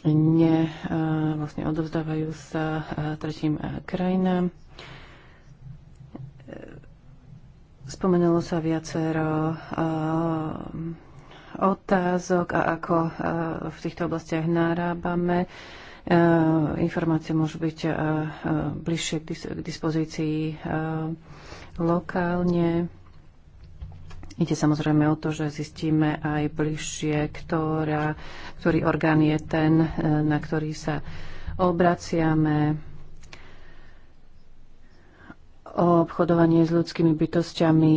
Speaker 4: Ne, e, vlastne odovzdávajú sa e, tretím e, krajinám. Spomenulo sa viacero otázok a ako v týchto oblastiach narábame. E, informácie môžu byť e, e, bližšie k dispozícii lokálne. Ide samozrejme o to, že zistíme aj bližšie, ktorá, ktorý orgán je ten, na ktorý sa obraciame. O obchodovanie s ľudskými bytostiami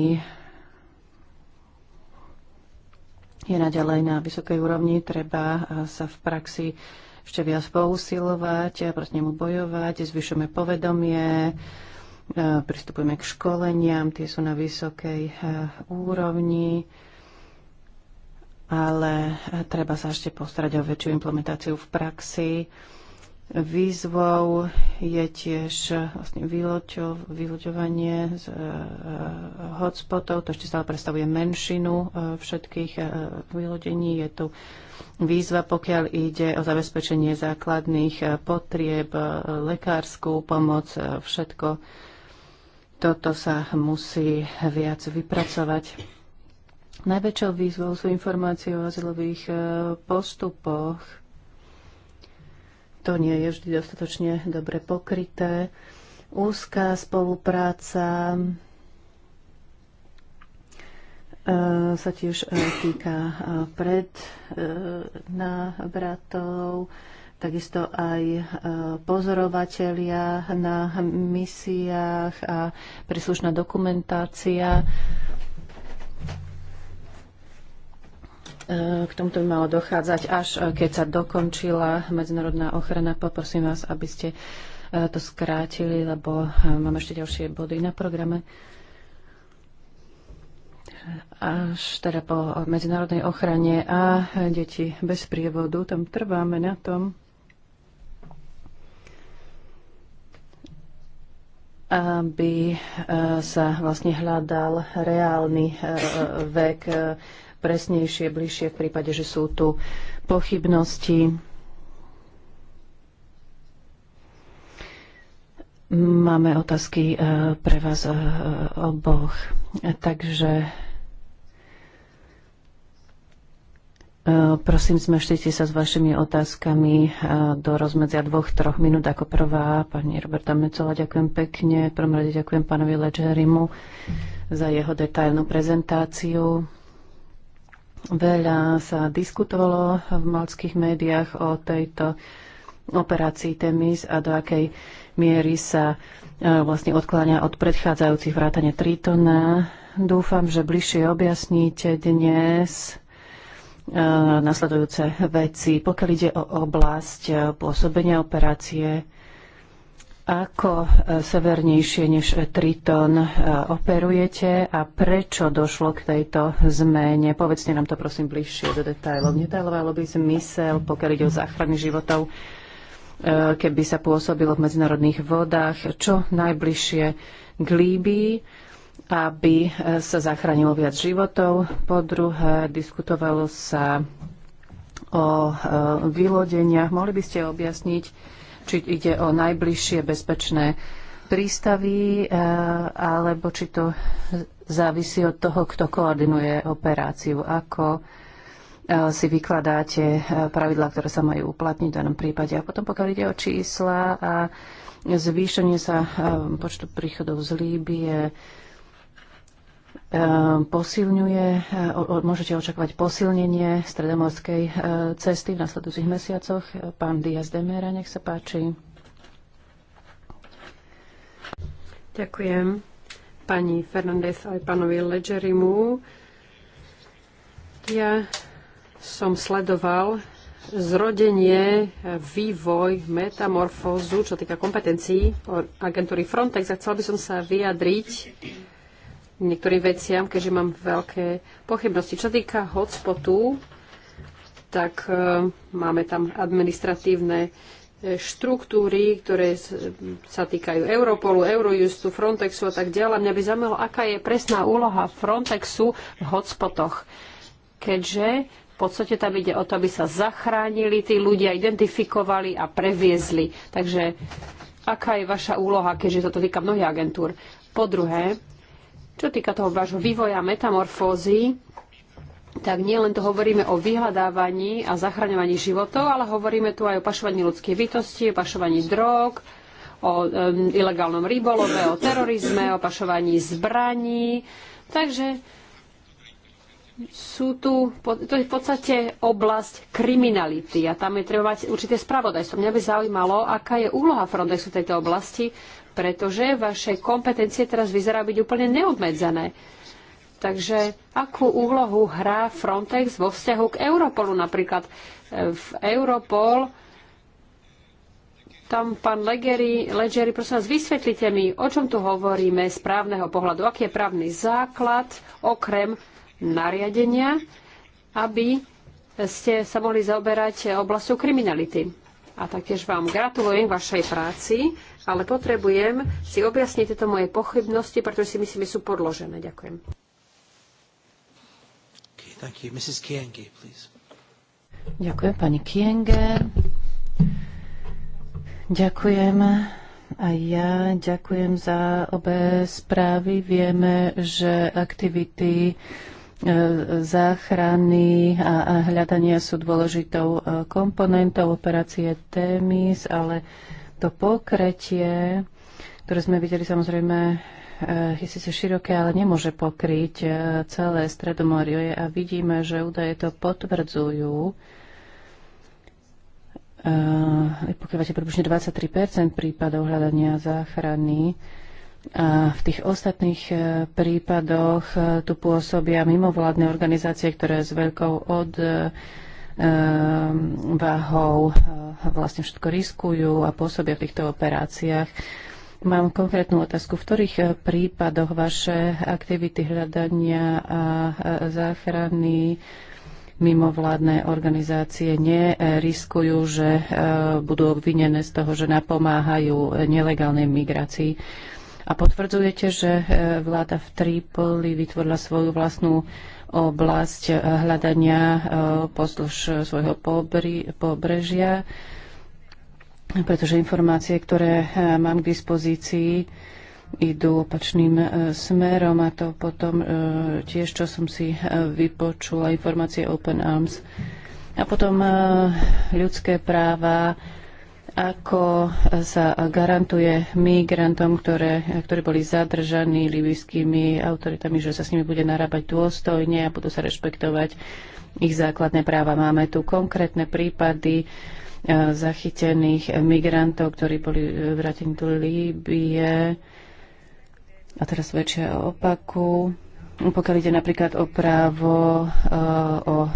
Speaker 4: je naďalej na vysokej úrovni. Treba sa v praxi ešte viac pousilovať, proti nemu bojovať, zvyšujeme povedomie, e, pristupujeme k školeniam, tie sú na vysokej e, úrovni, ale e, treba sa ešte postarať o väčšiu implementáciu v praxi Výzvou je tiež vlastne vyloďo, vyloďovanie z e, hotspotov. To ešte stále predstavuje menšinu e, všetkých e, vylodení. Je tu výzva, pokiaľ ide o zabezpečenie základných potrieb, lekárskú pomoc, všetko. Toto sa musí viac vypracovať. Najväčšou výzvou sú informácie o azylových postupoch to nie je vždy dostatočne dobre pokryté. Úzká spolupráca e, sa tiež e, týka e, pred bratov, takisto aj pozorovatelia na misiách a príslušná dokumentácia. K tomuto by malo dochádzať, až eh, keď sa dokončila medzinárodná ochrana. Poprosím vás, aby ste eh, to skrátili, lebo eh, mám ešte ďalšie body na programe. Až teda po medzinárodnej ochrane a deti bez prievodu, tam trváme na tom, aby sa vlastne hľadal reálny vek presnejšie, bližšie v prípade, že sú tu pochybnosti. Máme otázky eh, pre vás eh, oboch. Takže eh, prosím, všetci sa s vašimi otázkami do rozmedzia dvoch, troch minút ako prvá. Pani Roberta Mecola, ďakujem pekne. Prvom rade ďakujem pánovi Ledgerimu za jeho detailnú prezentáciu. Veľa sa diskutovalo v malckých médiách o tejto operácii Temis a do akej miery sa e, vlastne odkláňa od predchádzajúcich vrátane Tritona. Dúfam, že bližšie objasníte dnes e, nasledujúce veci. Pokiaľ ide o oblasť e, pôsobenia operácie, ako e, severnejšie než Triton e, operujete a prečo došlo k tejto zmene? Povedzte nám to prosím bližšie do detajlov. Nedávalo by zmysel, pokiaľ ide o záchrany životov, e, keby sa pôsobilo v medzinárodných vodách, čo najbližšie k Líbii, aby sa zachránilo viac životov. Po druhé, diskutovalo sa o vylodeniach. Mohli by ste objasniť, či ide o najbližšie bezpečné prístavy, e, alebo či to závisí od toho, kto koordinuje operáciu, ako e, si vykladáte e, pravidlá, ktoré sa majú uplatniť v danom prípade. A potom pokiaľ ide o čísla a zvýšenie sa počtu príchodov z Líbie, Ehm, posilňuje, eh, môžete očakávať posilnenie stredomorskej eh, cesty v nasledujúcich mesiacoch. Pán Diaz Demera, nech sa páči.
Speaker 2: Ďakujem pani Fernández aj pánovi Ledgerimu. Ja som sledoval zrodenie, eh, vývoj, metamorfózu, čo týka kompetencií agentúry Frontex a chcel by som sa vyjadriť niektorým veciam, keďže mám veľké pochybnosti. Čo týka hotspotu, tak e, máme tam administratívne e, štruktúry, ktoré sa týkajú Europolu, Eurojustu, Frontexu a tak ďalej. Mňa by zaujímalo, aká je presná úloha Frontexu v hotspotoch, keďže v podstate tam ide o to, aby sa zachránili tí ľudia, identifikovali a previezli. Takže aká je vaša úloha, keďže sa to týka mnohých agentúr? Po druhé, čo týka toho vášho vývoja metamorfózy, tak nielen to hovoríme o vyhľadávaní a zachraňovaní životov, ale hovoríme tu aj o pašovaní ľudskej bytosti, o pašovaní drog, o um, ilegálnom rybolove, o terorizme, o pašovaní zbraní. Takže sú tu, to je v podstate oblasť kriminality a tam je treba mať určité spravodajstvo. Mňa by zaujímalo, aká je úloha Frontexu v tejto oblasti, pretože vaše kompetencie teraz vyzerá byť úplne neobmedzené. Takže akú úlohu hrá Frontex vo vzťahu k Europolu napríklad? E, v Europol tam pán Legeri, Legeri, prosím vás, vysvetlite mi, o čom tu hovoríme z právneho pohľadu. Aký je právny základ okrem nariadenia, aby ste sa mohli zaoberať oblasťou kriminality. A taktiež vám gratulujem k vašej práci ale potrebujem si objasniť tieto moje pochybnosti, pretože si myslím, že sú podložené. Ďakujem.
Speaker 1: Okay, Kienge,
Speaker 4: Ďakujem, pani Kienge. Ďakujem. A ja ďakujem za obe správy. Vieme, že aktivity e, záchrany a hľadania sú dôležitou e, komponentou operácie TEMIS, ale to pokretie, ktoré sme videli samozrejme eh, je síce široké, ale nemôže pokryť eh, celé Stredomorie a vidíme, že údaje to potvrdzujú. Eh, pokrývate približne 23 prípadov hľadania záchrany. A v tých ostatných prípadoch tu pôsobia mimovládne organizácie, ktoré s veľkou od Ehm, váhou eh, vlastne všetko riskujú a pôsobia v týchto operáciách. Mám konkrétnu otázku. V ktorých eh, prípadoch vaše aktivity hľadania a eh, záchrany mimovládne organizácie neriskujú, že budú obvinené z toho, že napomáhajú nelegálnej migrácii? A potvrdzujete, že vláda v Trípoli vytvorila svoju vlastnú oblasť eh, hľadania eh, pozdĺž svojho pobrežia, pretože informácie, ktoré eh, mám k dispozícii, idú opačným smerom a to potom tiež, čo som si vypočula, informácie Open Arms. A potom ľudské práva, ako sa garantuje migrantom, ktoré, ktorí boli zadržaní libijskými autoritami, že sa s nimi bude narábať dôstojne a budú sa rešpektovať ich základné práva. Máme tu konkrétne prípady e, zachytených migrantov, ktorí boli e, vrátení do Líbie a teraz väčšia o opaku pokiaľ ide napríklad o právo eh, o, eh,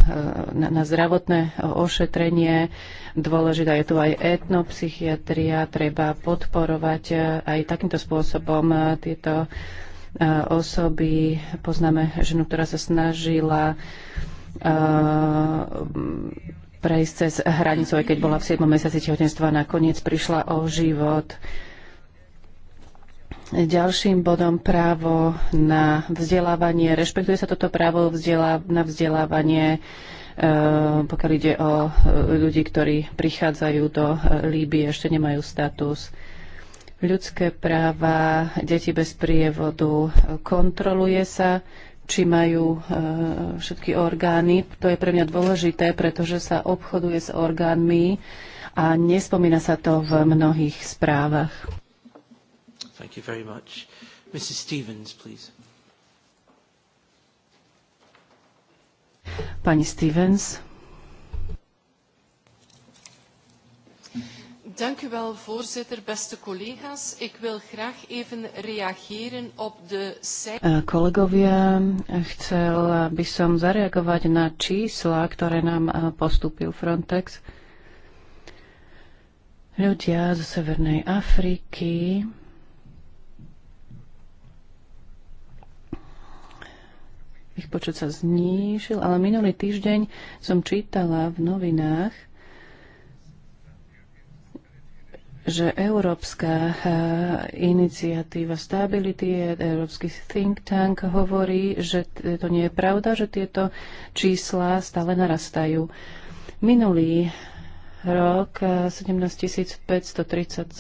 Speaker 4: na, na zdravotné ošetrenie, dôležitá je tu aj etnopsychiatria, treba podporovať eh, aj takýmto spôsobom tieto osoby. Poznáme ženu, ktorá sa snažila prejsť cez hranicu, aj keď bola v 7. mesiaci tehotenstva, nakoniec prišla o život. Ďalším bodom právo na vzdelávanie. Rešpektuje sa toto právo na vzdelávanie, e, pokiaľ ide o e, ľudí, ktorí prichádzajú do e, Líbie, ešte nemajú status. Ľudské práva deti bez prievodu. Kontroluje sa, či majú všetky orgány. To je pre mňa dôležité, pretože sa obchoduje s orgánmi a nespomína sa to v mnohých správach.
Speaker 1: Thank you very much. Mrs. Stevens, please.
Speaker 4: Pani Stevens. Dank u wel, voorzitter. Beste collega's, ik wil graag even reageren op de cijfers. Eh, Kolegovia, chcel by som zareagovať na čísla, ktoré nám eh, postúpil Frontex. Ľudia zo Severnej Afriky ich počet sa znížil, ale minulý týždeň som čítala v novinách, že Európska eh, iniciatíva Stability, Európsky think tank hovorí, že to nie je pravda, že tieto čísla stále narastajú. Minulý rok 17 eh, 537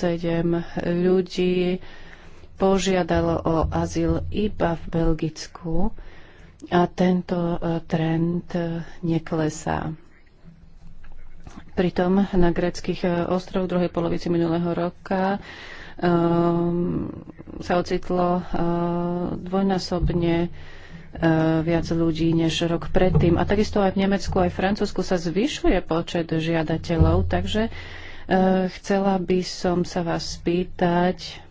Speaker 4: ľudí požiadalo o azyl iba v Belgicku a tento e, trend e, neklesá. Pritom na greckých e, ostrovoch v druhej polovici minulého roka um, sa ocitlo uh, dvojnásobne viac ľudí než rok predtým. A takisto aj v Nemecku, aj v Francúzsku sa zvyšuje počet žiadateľov, takže e, chcela by som sa vás spýtať,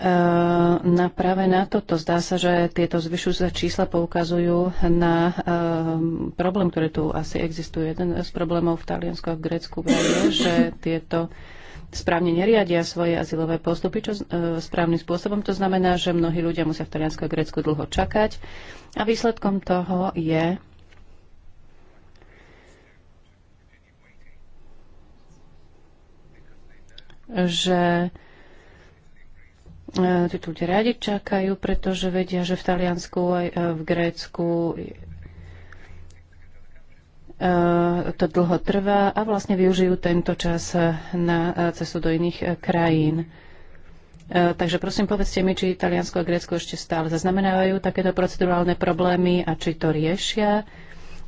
Speaker 4: E, na práve na toto. Zdá sa, že tieto zvyšujúce čísla poukazujú na e, problém, ktorý tu asi existuje. Jeden z problémov v Taliansku a v Grécku je, že tieto správne neriadia svoje azylové postupy čo, e, správnym spôsobom. To znamená, že mnohí ľudia musia v Taliansku a Grécku dlho čakať a výsledkom toho je že E, tí tu radi čakajú, pretože vedia, že v Taliansku aj e, v Grécku e, to dlho trvá a vlastne využijú tento čas na cestu do iných krajín. Takže prosím, povedzte mi, či Taliansko a Grécko ešte stále zaznamenávajú takéto procedurálne problémy a či to riešia,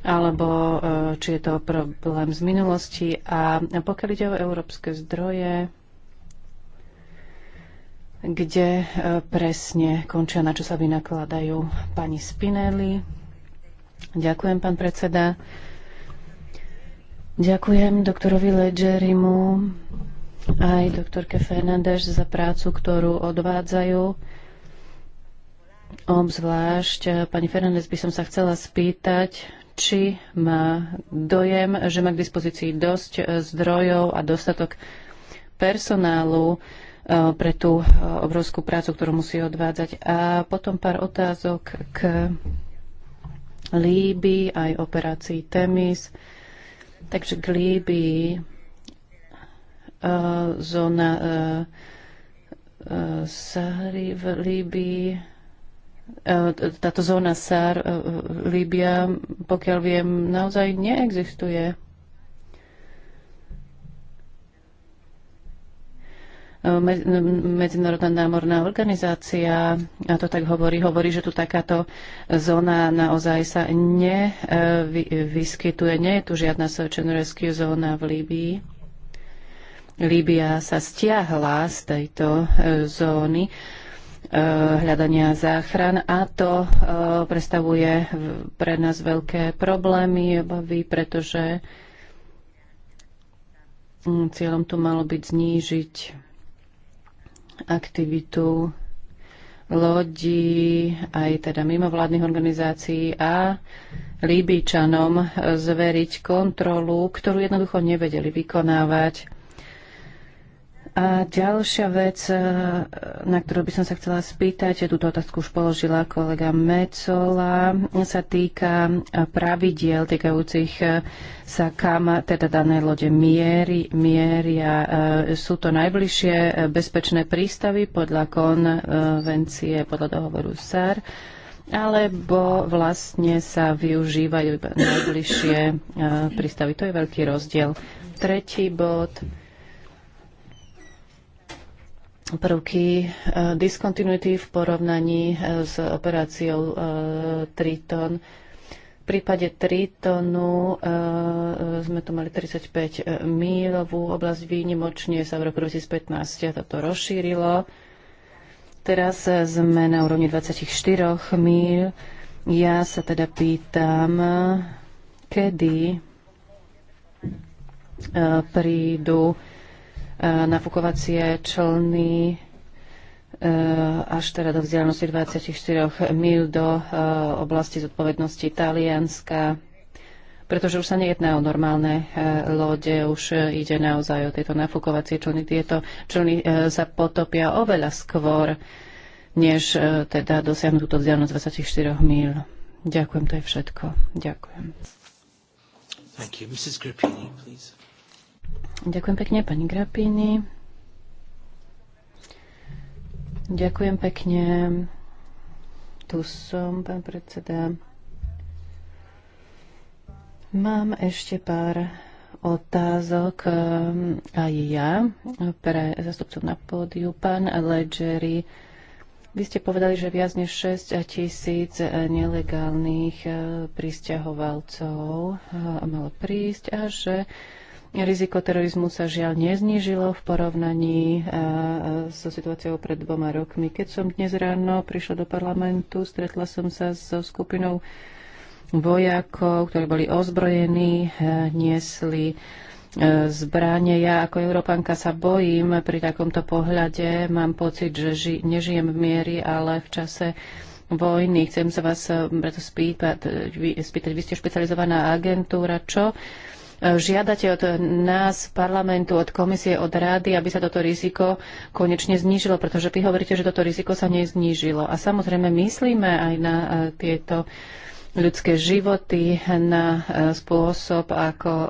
Speaker 4: alebo či je to problém z minulosti. A pokiaľ ide o európske zdroje, kde e, presne končia, na čo sa vynakladajú pani Spinelli. Ďakujem, pán predseda. Ďakujem doktorovi Ledgerimu aj doktorke Fernández za prácu, ktorú odvádzajú. Obzvlášť, e, pani Fernández, by som sa chcela spýtať, či má dojem, že má k dispozícii dosť e, zdrojov a dostatok personálu, E, pre tú e, obrovskú prácu, ktorú musí odvádzať. A potom pár otázok k Líby, aj operácii Temis. Takže k Líby e, zóna Sahary v Líbi. táto zóna v Líbia, pokiaľ viem, naozaj neexistuje. Medzinárodná námorná organizácia, a to tak hovorí, hovorí, že tu takáto zóna naozaj sa nevyskytuje. Nie je tu žiadna search and rescue zóna v Líbii. Líbia sa stiahla z tejto e, zóny e, hľadania záchran a to e, predstavuje pre nás veľké problémy, obavy, pretože mm, cieľom tu malo byť znížiť aktivitu lodí, aj teda mimovládnych organizácií a líbyčanom zveriť kontrolu, ktorú jednoducho nevedeli vykonávať a ďalšia vec, e, na ktorú by som sa chcela spýtať, túto otázku už položila kolega Mecola, sa týka e, pravidiel týkajúcich e, sa kam teda dané lode miery, mieria. Sú to najbližšie bezpečné prístavy podľa konvencie, podľa dohovoru SAR, alebo vlastne sa využívajú najbližšie prístavy. To je veľký rozdiel. Tretí bod prvky eh, diskontinuity v porovnaní eh, s operáciou eh, Triton. V prípade Tritonu sme tu mali 35 mílovú oblasť výnimočne, sa v roku 2015 toto rozšírilo. Teraz sme na úrovni 24 míl. Ja sa teda pýtam, kedy prídu Eh, nafukovacie člny eh, až teda do vzdialenosti 24 mil do eh, oblasti zodpovednosti Talianska, pretože už sa nejedná o normálne lode, už ide naozaj o tieto nafukovacie člny. Tieto člny sa potopia oveľa skôr, než teda dosiahnu túto vzdialenosť 24 mil. Ďakujem, to je všetko. Ďakujem.
Speaker 1: Thank you. Mrs. Grappini, please.
Speaker 4: Ďakujem pekne, pani Grapini. Ďakujem pekne. Tu som, pán predseda. Mám ešte pár otázok ehm, aj ja pre zastupcov na pódiu. Pán Ledgeri, vy ste povedali, že viac než 6 tisíc nelegálnych eh, pristahovalcov eh, malo prísť a že Riziko terorizmu sa žiaľ neznížilo v porovnaní eh, eh, so situáciou pred dvoma rokmi. Keď som dnes ráno prišla do parlamentu, stretla som sa so skupinou vojakov, ktorí boli ozbrojení, eh, niesli zbranie. Ja ako Európanka sa bojím pri takomto pohľade. Mám pocit, že ži- nežijem v miery, ale v čase vojny. Chcem sa vás preto spýtať, spýtať, vy ste špecializovaná agentúra, čo žiadate od nás, parlamentu, od komisie, od rády, aby sa toto riziko konečne znížilo, pretože vy hovoríte, že toto riziko sa neznížilo. A samozrejme myslíme aj na e, tieto ľudské životy, na e, spôsob, ako e,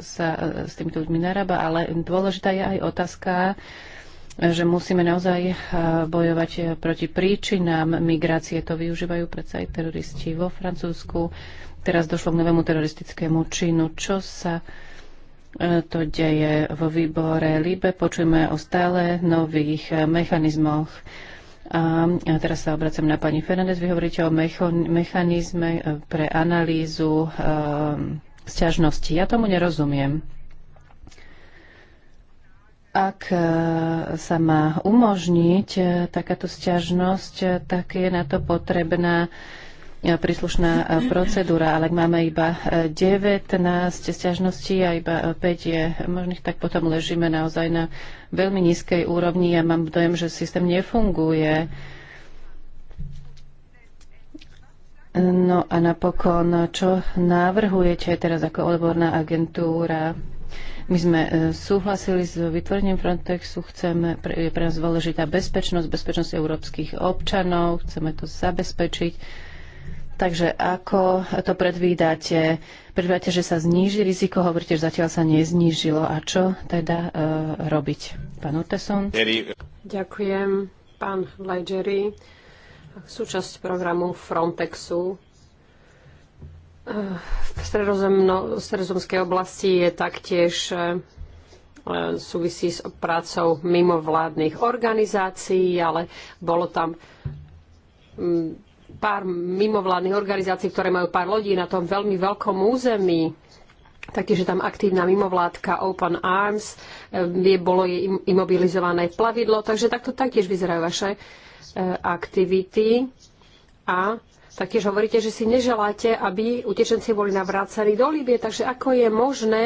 Speaker 4: sa s týmito ľuďmi narába, ale dôležitá je aj otázka, že musíme naozaj bojovať proti príčinám migrácie. To využívajú predsa aj teroristi vo Francúzsku teraz došlo k novému teroristickému činu. Čo sa e, to deje vo výbore LIBE? Počujeme o stále nových e, mechanizmoch. A teraz sa obracam na pani Fernández. Vy hovoríte o mechanizme e, pre analýzu sťažnosti. Ja tomu nerozumiem ak sa má umožniť takáto sťažnosť, tak je na to potrebná E, príslušná e, procedúra, ale ak máme iba 19 e, stiažností a iba 5 je možných, tak potom ležíme naozaj na veľmi nízkej úrovni a ja mám dojem, že systém nefunguje. No a napokon, čo navrhujete teraz ako odborná agentúra? My sme súhlasili s vytvorením Frontexu, chceme, je pre nás dôležitá bezpečnosť, bezpečnosť európskych občanov, chceme to zabezpečiť Takže ako to predvídate? Predvídate, že sa zníži riziko, hovoríte, že zatiaľ sa neznížilo. A čo teda e, robiť? Pán Urteson?
Speaker 2: Ďakujem, pán Lajgeri. Súčasť programu Frontexu e, v stredozemskej oblasti je taktiež e, súvisí s prácou mimovládnych organizácií, ale bolo tam pár mimovládnych organizácií, ktoré majú pár lodí na tom veľmi veľkom území. Taktiež tam aktívna mimovládka Open Arms, ehm, je, bolo jej imobilizované plavidlo, takže takto taktiež vyzerajú vaše eh, aktivity. A taktiež hovoríte, že si neželáte, aby utečenci boli navrácaní do Líbie, takže ako je možné,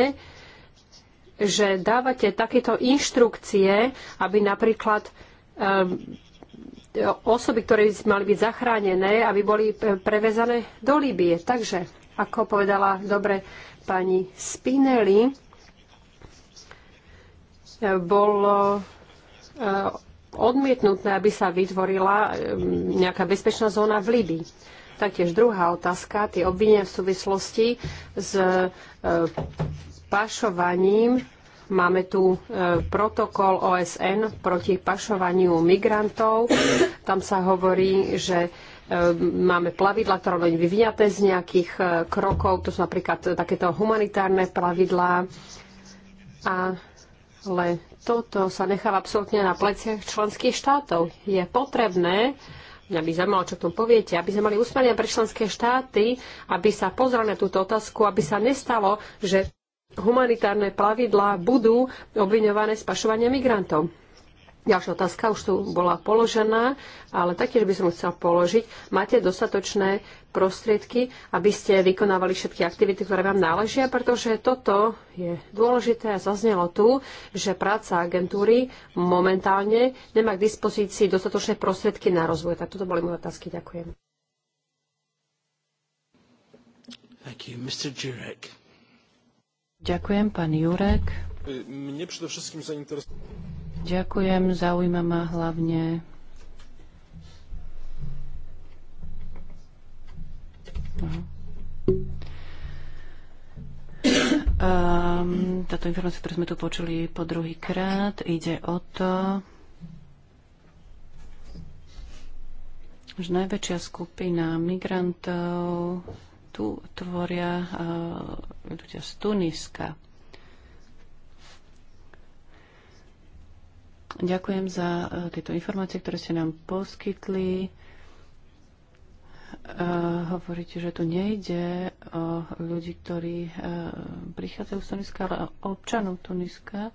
Speaker 2: že dávate takéto inštrukcie, aby napríklad ehm, osoby, ktoré mali byť zachránené, aby boli prevezané do Líbie. Takže, ako povedala dobre pani Spinelli, e, bolo e, odmietnuté, aby sa vytvorila e, nejaká bezpečná zóna v Líbii. Taktiež druhá otázka, tie obvinenia v súvislosti s pašovaním Máme tu e, protokol OSN proti pašovaniu migrantov. Tam sa hovorí, že e, máme plavidla, ktoré boli vyvinaté z nejakých e, krokov, to sú napríklad takéto humanitárne plavidlá. Ale toto sa necháva absolútne na pleciach členských štátov. Je potrebné, mňa by zaujímalo, čo k tomu poviete, aby sme mali usmernia pre členské štáty, aby sa pozrali na túto otázku, aby sa nestalo, že humanitárne plavidlá budú obviňované z pašovania migrantov. Ďalšia otázka už tu bola položená, ale taktiež by som chcela položiť. Máte dostatočné prostriedky, aby ste vykonávali všetky aktivity, ktoré vám náležia, pretože toto je dôležité a zaznelo tu, že práca agentúry momentálne nemá k dispozícii dostatočné prostriedky na rozvoj. Tak toto boli moje otázky. Ďakujem.
Speaker 1: Thank you, Mr. Jurek.
Speaker 4: Ďakujem, pán Jurek.
Speaker 1: Mne predovšetkým zainteresuje...
Speaker 4: Ďakujem, zaujíma ma hlavne Um, táto informácia, ktorú sme tu počuli po druhý krát, ide o to, že najväčšia skupina migrantov tu tvoria eh, ľudia z Tuniska. Ďakujem za eh, tieto informácie, ktoré ste nám poskytli. Eh, hovoríte, že tu nejde o ľudí, ktorí prichádzajú z Tuniska, ale o občanov Tuniska.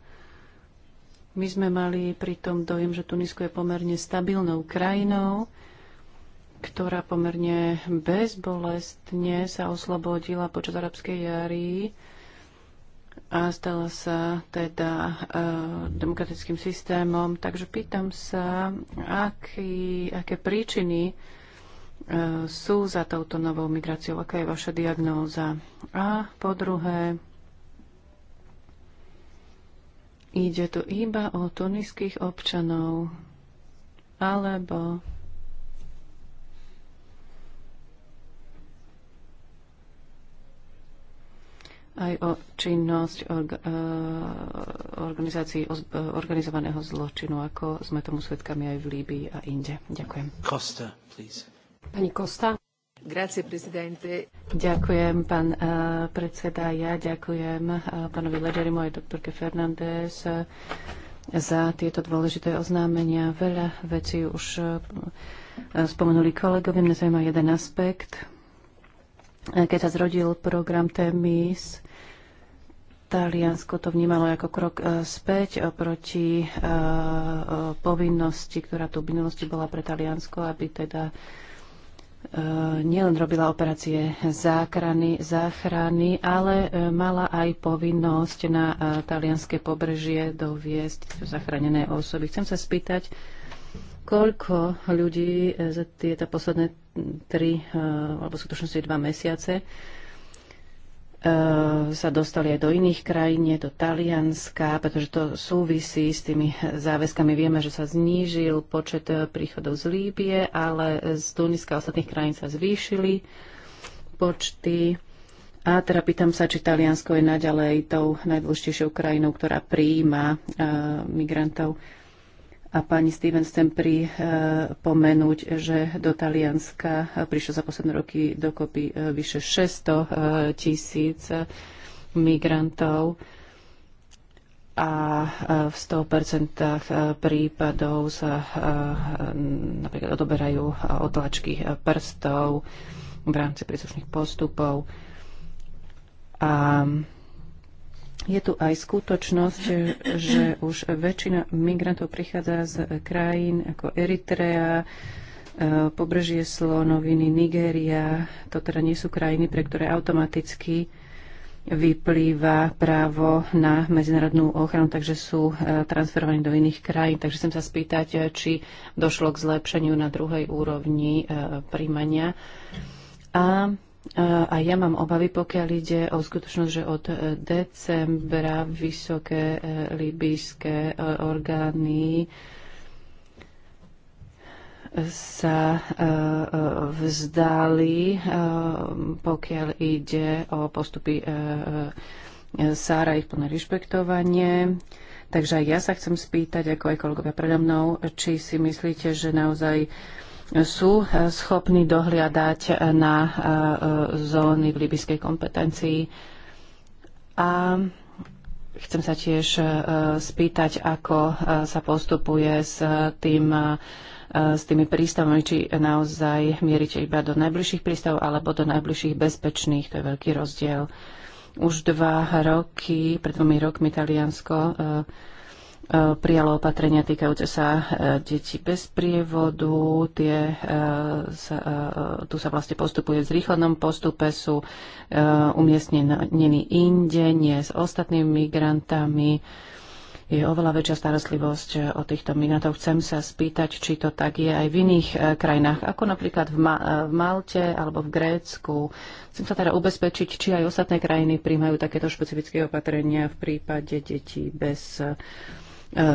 Speaker 4: My sme mali pritom dojem, že Tunisko je pomerne stabilnou krajinou. Mm ktorá pomerne bezbolestne sa oslobodila počas arabskej jary a stala sa teda e, demokratickým systémom. Takže pýtam sa, aký, aké príčiny e, sú za touto novou migráciou, aká je vaša diagnóza. A po druhé, ide tu iba o tuniských občanov alebo aj o činnosť org- eh, organizácií eh, organizovaného zločinu, ako sme tomu svedkami aj v Líbii a inde. Ďakujem. Costa, please. Pani Kosta. Grazie, presidente. Ďakujem, pán eh, predseda. Ja ďakujem pánovi Ledgerimu aj doktorke Fernández za tieto dôležité oznámenia. Veľa vecí už spomenuli kolegovi. Mne zaujíma jeden aspekt. Keď sa zrodil program TEMIS, Taliansko to vnímalo ako krok e, späť e, proti e, povinnosti, ktorá tu v minulosti bola pre Taliansko, aby teda nielen robila operácie záchrany, záchrany, ale mala aj povinnosť na talianské pobrežie doviesť zachránené osoby. Chcem sa spýtať, koľko ľudí za tieto posledné tri, alebo skutočnosti dva mesiace, Ehm, sa dostali aj do iných krajín, do Talianska, pretože to súvisí s tými záväzkami. Vieme, že sa znížil počet eh, príchodov z Líbie, ale z Tuniska a ostatných krajín sa zvýšili počty. A teda pýtam sa, či Taliansko je naďalej tou najdôležitejšou krajinou, ktorá prijíma eh, migrantov. A pani Stevens chcem pripomenúť, eh, že do Talianska prišlo za posledné roky dokopy eh, vyše 600 eh, tisíc migrantov a v 100% prípadov sa napríklad odoberajú otlačky prstov v rámci príslušných postupov. A je tu aj skutočnosť, že už väčšina migrantov prichádza z krajín ako Eritrea, e, pobrežie Slonoviny, Nigéria. To teda nie sú krajiny, pre ktoré automaticky vyplýva právo na medzinárodnú ochranu, takže sú e, transferovaní do iných krajín. Takže chcem sa spýtať, e, či došlo k zlepšeniu na druhej úrovni príjmania. A a ja mám obavy, pokiaľ ide o skutočnosť, že od e, decembra vysoké e, libijské e, orgány sa vzdali, pokiaľ ide o postupy Sára ich plné rešpektovanie. Takže aj ja sa chcem spýtať, ako aj kolegovia predo mnou, či si myslíte, že naozaj sú eh, schopní dohliadať eh, na eh, zóny v libyskej kompetencii. A chcem sa tiež spýtať, ako sa postupuje s tým s tými prístavmi, či naozaj mierite iba do najbližších prístavov alebo do najbližších bezpečných. To je veľký rozdiel. Už dva roky, pred dvomi rokmi Taliansko E, prijalo opatrenia týkajúce sa e, detí bez prievodu. Tie, e, sa, tu sa vlastne postupuje v zrýchlenom postupe, sú umiestnení inde, nie s ostatnými migrantami. Je oveľa väčšia starostlivosť o týchto migrantov. Chcem sa spýtať, či to tak je aj v iných krajinách, ako napríklad v, Ma- v Malte alebo v Grécku. Chcem sa teda ubezpečiť, či aj ostatné krajiny príjmajú takéto špecifické opatrenia v prípade detí bez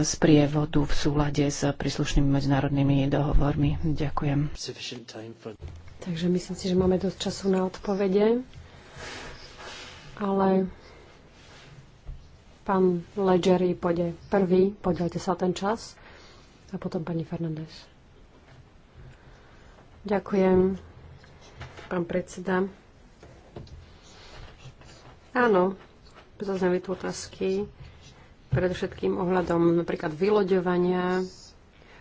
Speaker 4: sprievodu e, v súlade s príslušnými medzinárodnými dohovormi. Ďakujem.
Speaker 2: Takže myslím si, že máme dosť času na odpovede, ale pán Ledgeri pôjde prvý, podelte sa ten čas a potom pani Fernández. Ďakujem, pán predseda. Áno, zazneli tu otázky predovšetkým ohľadom napríklad vyloďovania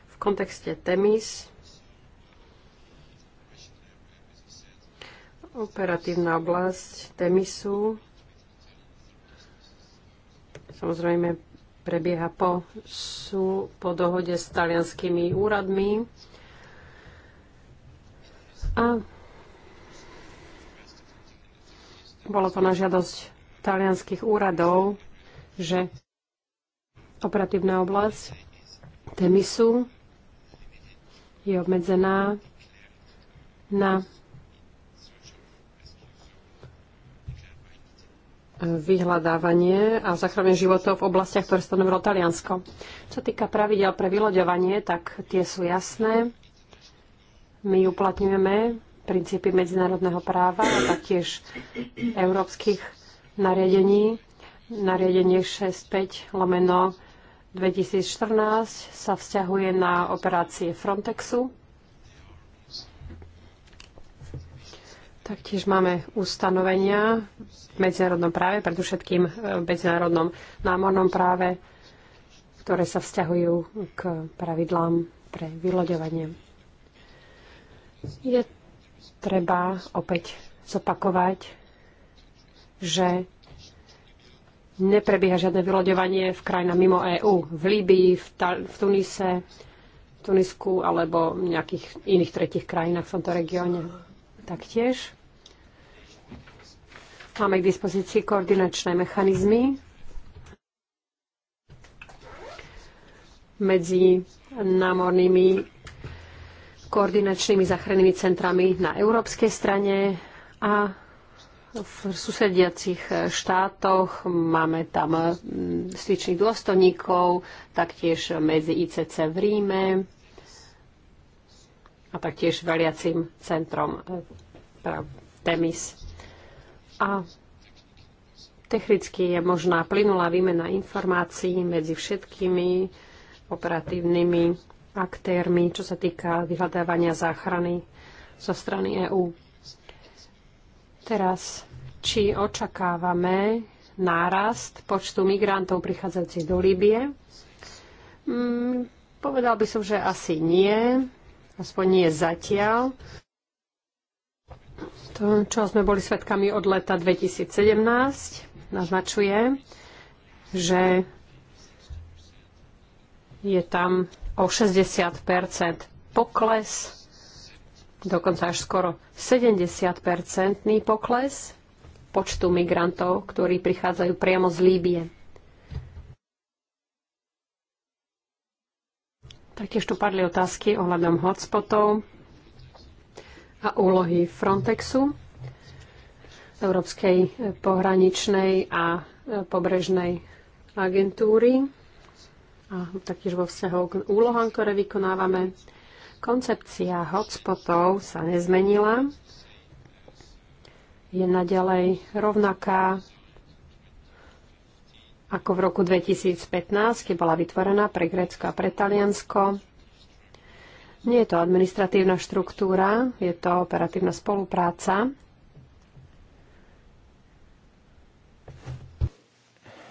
Speaker 2: v kontexte TEMIS. Operatívna oblasť TEMISu samozrejme prebieha po, sú po dohode s talianskými úradmi. A bolo to na žiadosť talianských úradov, že Operatívna oblasť TEMISu je obmedzená na vyhľadávanie a zachránenie životov v oblastiach, ktoré stanovilo Taliansko. Čo týka pravidel pre vyloďovanie, tak tie sú jasné. My uplatňujeme princípy medzinárodného práva a taktiež európskych nariadení. Nariadenie 65 lomeno 2014 sa vzťahuje na operácie Frontexu. Taktiež máme ustanovenia v medzinárodnom práve, predovšetkým e, v medzinárodnom námornom práve, ktoré sa vzťahujú k pravidlám pre vyloďovanie. Je treba opäť zopakovať, že neprebieha žiadne vyloďovanie v krajinách mimo EÚ, v Líbii, v, Ta- v Tunise, v Tunisku alebo v nejakých iných tretich krajinách v tomto regióne taktiež. Máme k dispozícii koordinačné mechanizmy medzi námornými koordinačnými záchrannými centrami na európskej strane a v susediacich e, štátoch, máme tam e, styčných dôstojníkov, taktiež medzi ICC v Ríme a taktiež veliacim centrom e, TEMIS. A technicky je možná plynulá výmena informácií medzi všetkými operatívnymi aktérmi, čo sa týka vyhľadávania záchrany zo strany EÚ. Teraz, či očakávame nárast počtu migrantov prichádzajúcich do Líbie? Mm, povedal by som, že asi nie, aspoň nie zatiaľ. To, čo sme boli svedkami od leta 2017, naznačuje, že je tam o 60 pokles dokonca až skoro 70-percentný pokles počtu migrantov, ktorí prichádzajú priamo z Líbie. Taktiež tu padli otázky ohľadom hotspotov a úlohy Frontexu, Európskej pohraničnej a pobrežnej agentúry a taktiež vo vzťahu k úlohám, ktoré vykonávame. Koncepcia hotspotov sa nezmenila. Je naďalej rovnaká ako v roku 2015, keď bola vytvorená pre Grécko a pre Taliansko. Nie je to administratívna štruktúra, je to operatívna spolupráca.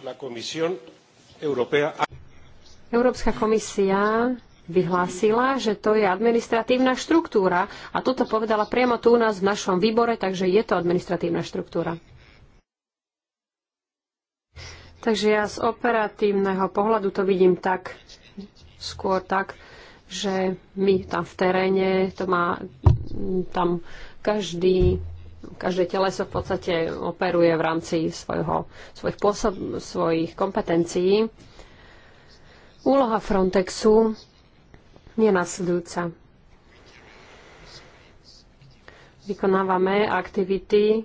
Speaker 1: La Comisión Europea...
Speaker 2: Európska komisia vyhlásila, že to je administratívna štruktúra. A toto povedala priamo tu u nás v našom výbore, takže je to administratívna štruktúra. Takže ja z operatívneho pohľadu to vidím tak, skôr tak, že my tam v teréne, to má tam každý, každé teleso v podstate operuje v rámci svojho, svojich, pôsob, svojich kompetencií. Úloha Frontexu je nasledujúca. Vykonávame aktivity eh,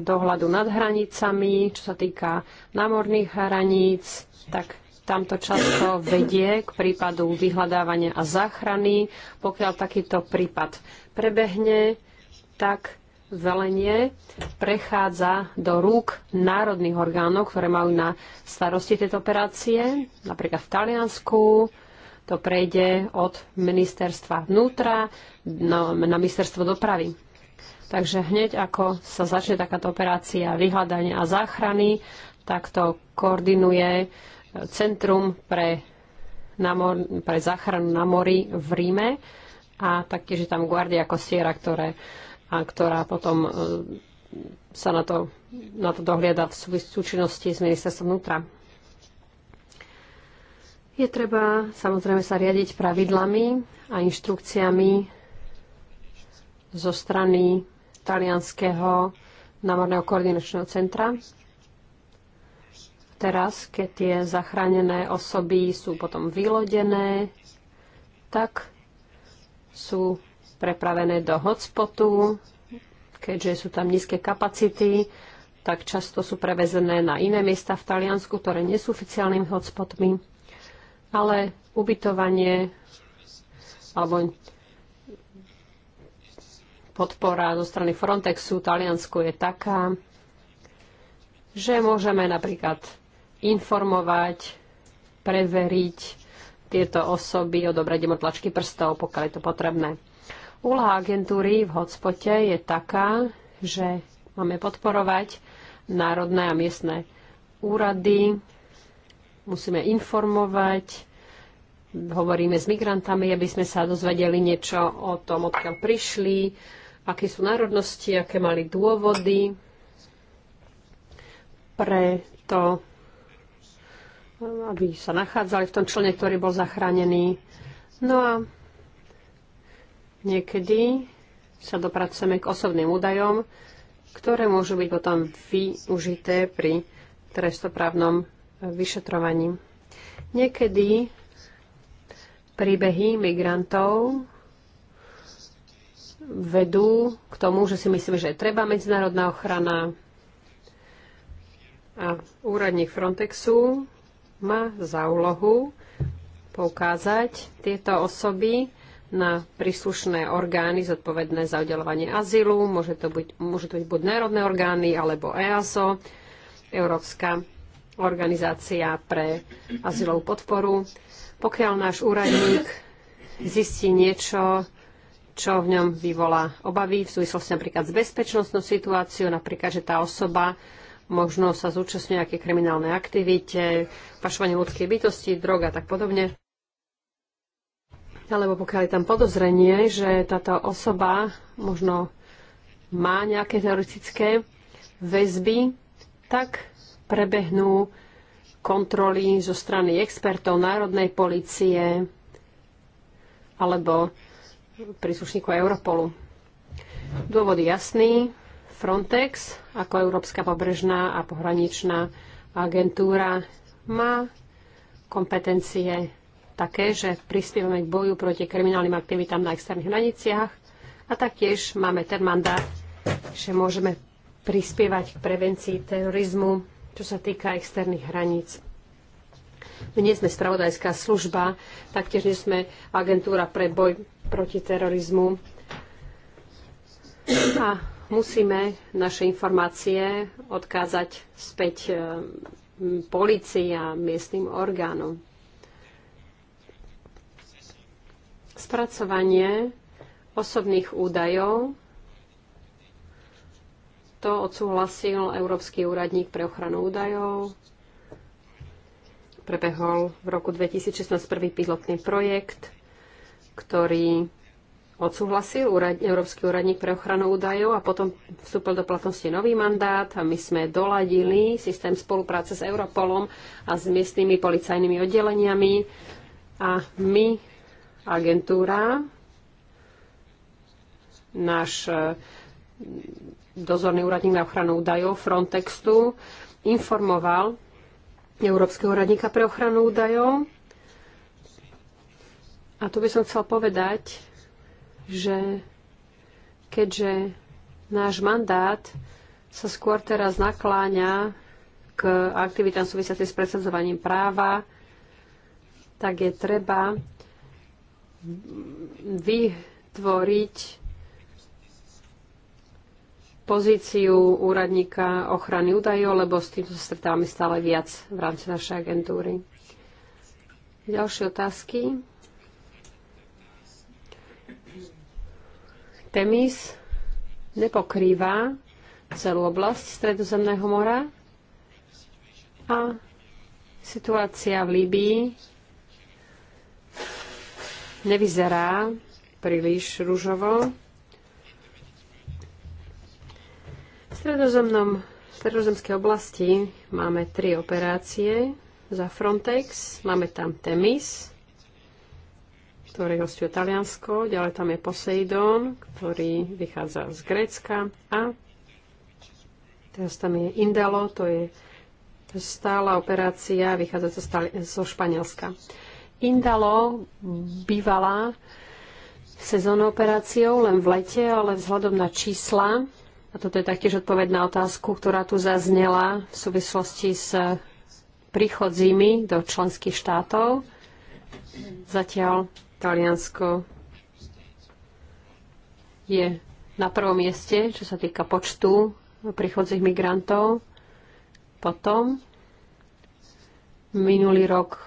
Speaker 2: dohľadu nad hranicami, čo sa týka námorných hraníc, tak tamto často vedie k prípadu vyhľadávania a záchrany. Pokiaľ takýto prípad prebehne, tak velenie prechádza do rúk národných orgánov, ktoré majú na starosti tieto operácie, napríklad v Taliansku, to prejde od ministerstva vnútra na, na ministerstvo dopravy. Takže hneď ako sa začne takáto operácia vyhľadania a záchrany, tak to koordinuje Centrum pre, namor, pre záchranu na mori v Ríme a taktiež je tam Guardia Costiera, ktoré, a ktorá potom e, sa na to, na to dohliada v súčinnosti s ministerstvom vnútra. Je treba samozrejme sa riadiť pravidlami a inštrukciami zo strany talianského námorného koordinačného centra. Teraz, keď tie zachránené osoby sú potom vylodené, tak sú prepravené do hotspotu, keďže sú tam nízke kapacity, tak často sú prevezené na iné miesta v Taliansku, ktoré nie sú oficiálnymi hotspotmi ale ubytovanie alebo podpora zo strany Frontexu Taliansku je taká, že môžeme napríklad informovať, preveriť tieto osoby, odobrať im tlačky prstov, pokiaľ je to potrebné. Úloha agentúry v hotspote je taká, že máme podporovať národné a miestne úrady musíme informovať, hovoríme s migrantami, aby sme sa dozvedeli niečo o tom, odkiaľ prišli, aké sú národnosti, aké mali dôvody pre to, aby sa nachádzali v tom člne, ktorý bol zachránený. No a niekedy sa dopracujeme k osobným údajom, ktoré môžu byť potom využité pri trestoprávnom vyšetrovaním. Niekedy príbehy migrantov vedú k tomu, že si myslíme, že je treba medzinárodná ochrana a úradník Frontexu má za úlohu poukázať tieto osoby na príslušné orgány zodpovedné za udelovanie azylu. Môže to byť, môže to byť buď národné orgány alebo EASO, Európska organizácia pre azylovú podporu. Pokiaľ náš úradník zistí niečo, čo v ňom vyvolá obavy v súvislosti napríklad s bezpečnostnou situáciou, napríklad, že tá osoba možno sa zúčastňuje nejaké kriminálne aktivite, pašovanie ľudskej bytosti, drog a tak podobne. Alebo pokiaľ je tam podozrenie, že táto osoba možno má nejaké teoretické väzby, tak prebehnú kontroly zo strany expertov Národnej policie alebo príslušníkov Europolu. Dôvod jasný. Frontex ako Európska pobrežná a pohraničná agentúra má kompetencie také, že prispievame k boju proti kriminálnym aktivitám na externých hraniciach a taktiež máme ten mandát, že môžeme prispievať k prevencii terorizmu čo sa týka externých hraníc. My nie sme spravodajská služba, taktiež nie sme agentúra pre boj proti terorizmu. A musíme naše informácie odkázať späť e, policii a miestnym orgánom. Spracovanie osobných údajov to odsúhlasil Európsky úradník pre ochranu údajov. Prebehol v roku 2016 prvý pilotný projekt, ktorý odsúhlasil úrad, Európsky úradník pre ochranu údajov a potom vstúpil do platnosti nový mandát a my sme doladili systém spolupráce s Europolom a s miestnymi policajnými oddeleniami a my, agentúra, náš dozorný úradník na ochranu údajov Frontextu informoval Európskeho úradníka pre ochranu údajov. A tu by som chcel povedať, že keďže náš mandát sa skôr teraz nakláňa k aktivitám súvisiacim s presadzovaním práva, tak je treba vytvoriť pozíciu úradníka ochrany údajov, lebo s týmto sa stretávame stále viac v rámci našej agentúry. Ďalšie otázky. Temis nepokrýva celú oblasť Stredozemného mora a situácia v Líbii nevyzerá príliš rúžovo. stredozemnom, stredozemskej oblasti máme tri operácie za Frontex. Máme tam Temis, ktorý hostuje Taliansko, ďalej tam je Poseidon, ktorý vychádza z Grécka a teraz tam je Indalo, to je stála operácia vychádza zo Španielska. Indalo bývala sezónou operáciou len v lete, ale vzhľadom na čísla a toto je taktiež odpoveď na otázku, ktorá tu zaznela v súvislosti s príchodzími do členských štátov. Zatiaľ Taliansko je na prvom mieste, čo sa týka počtu príchodzích migrantov. Potom minulý rok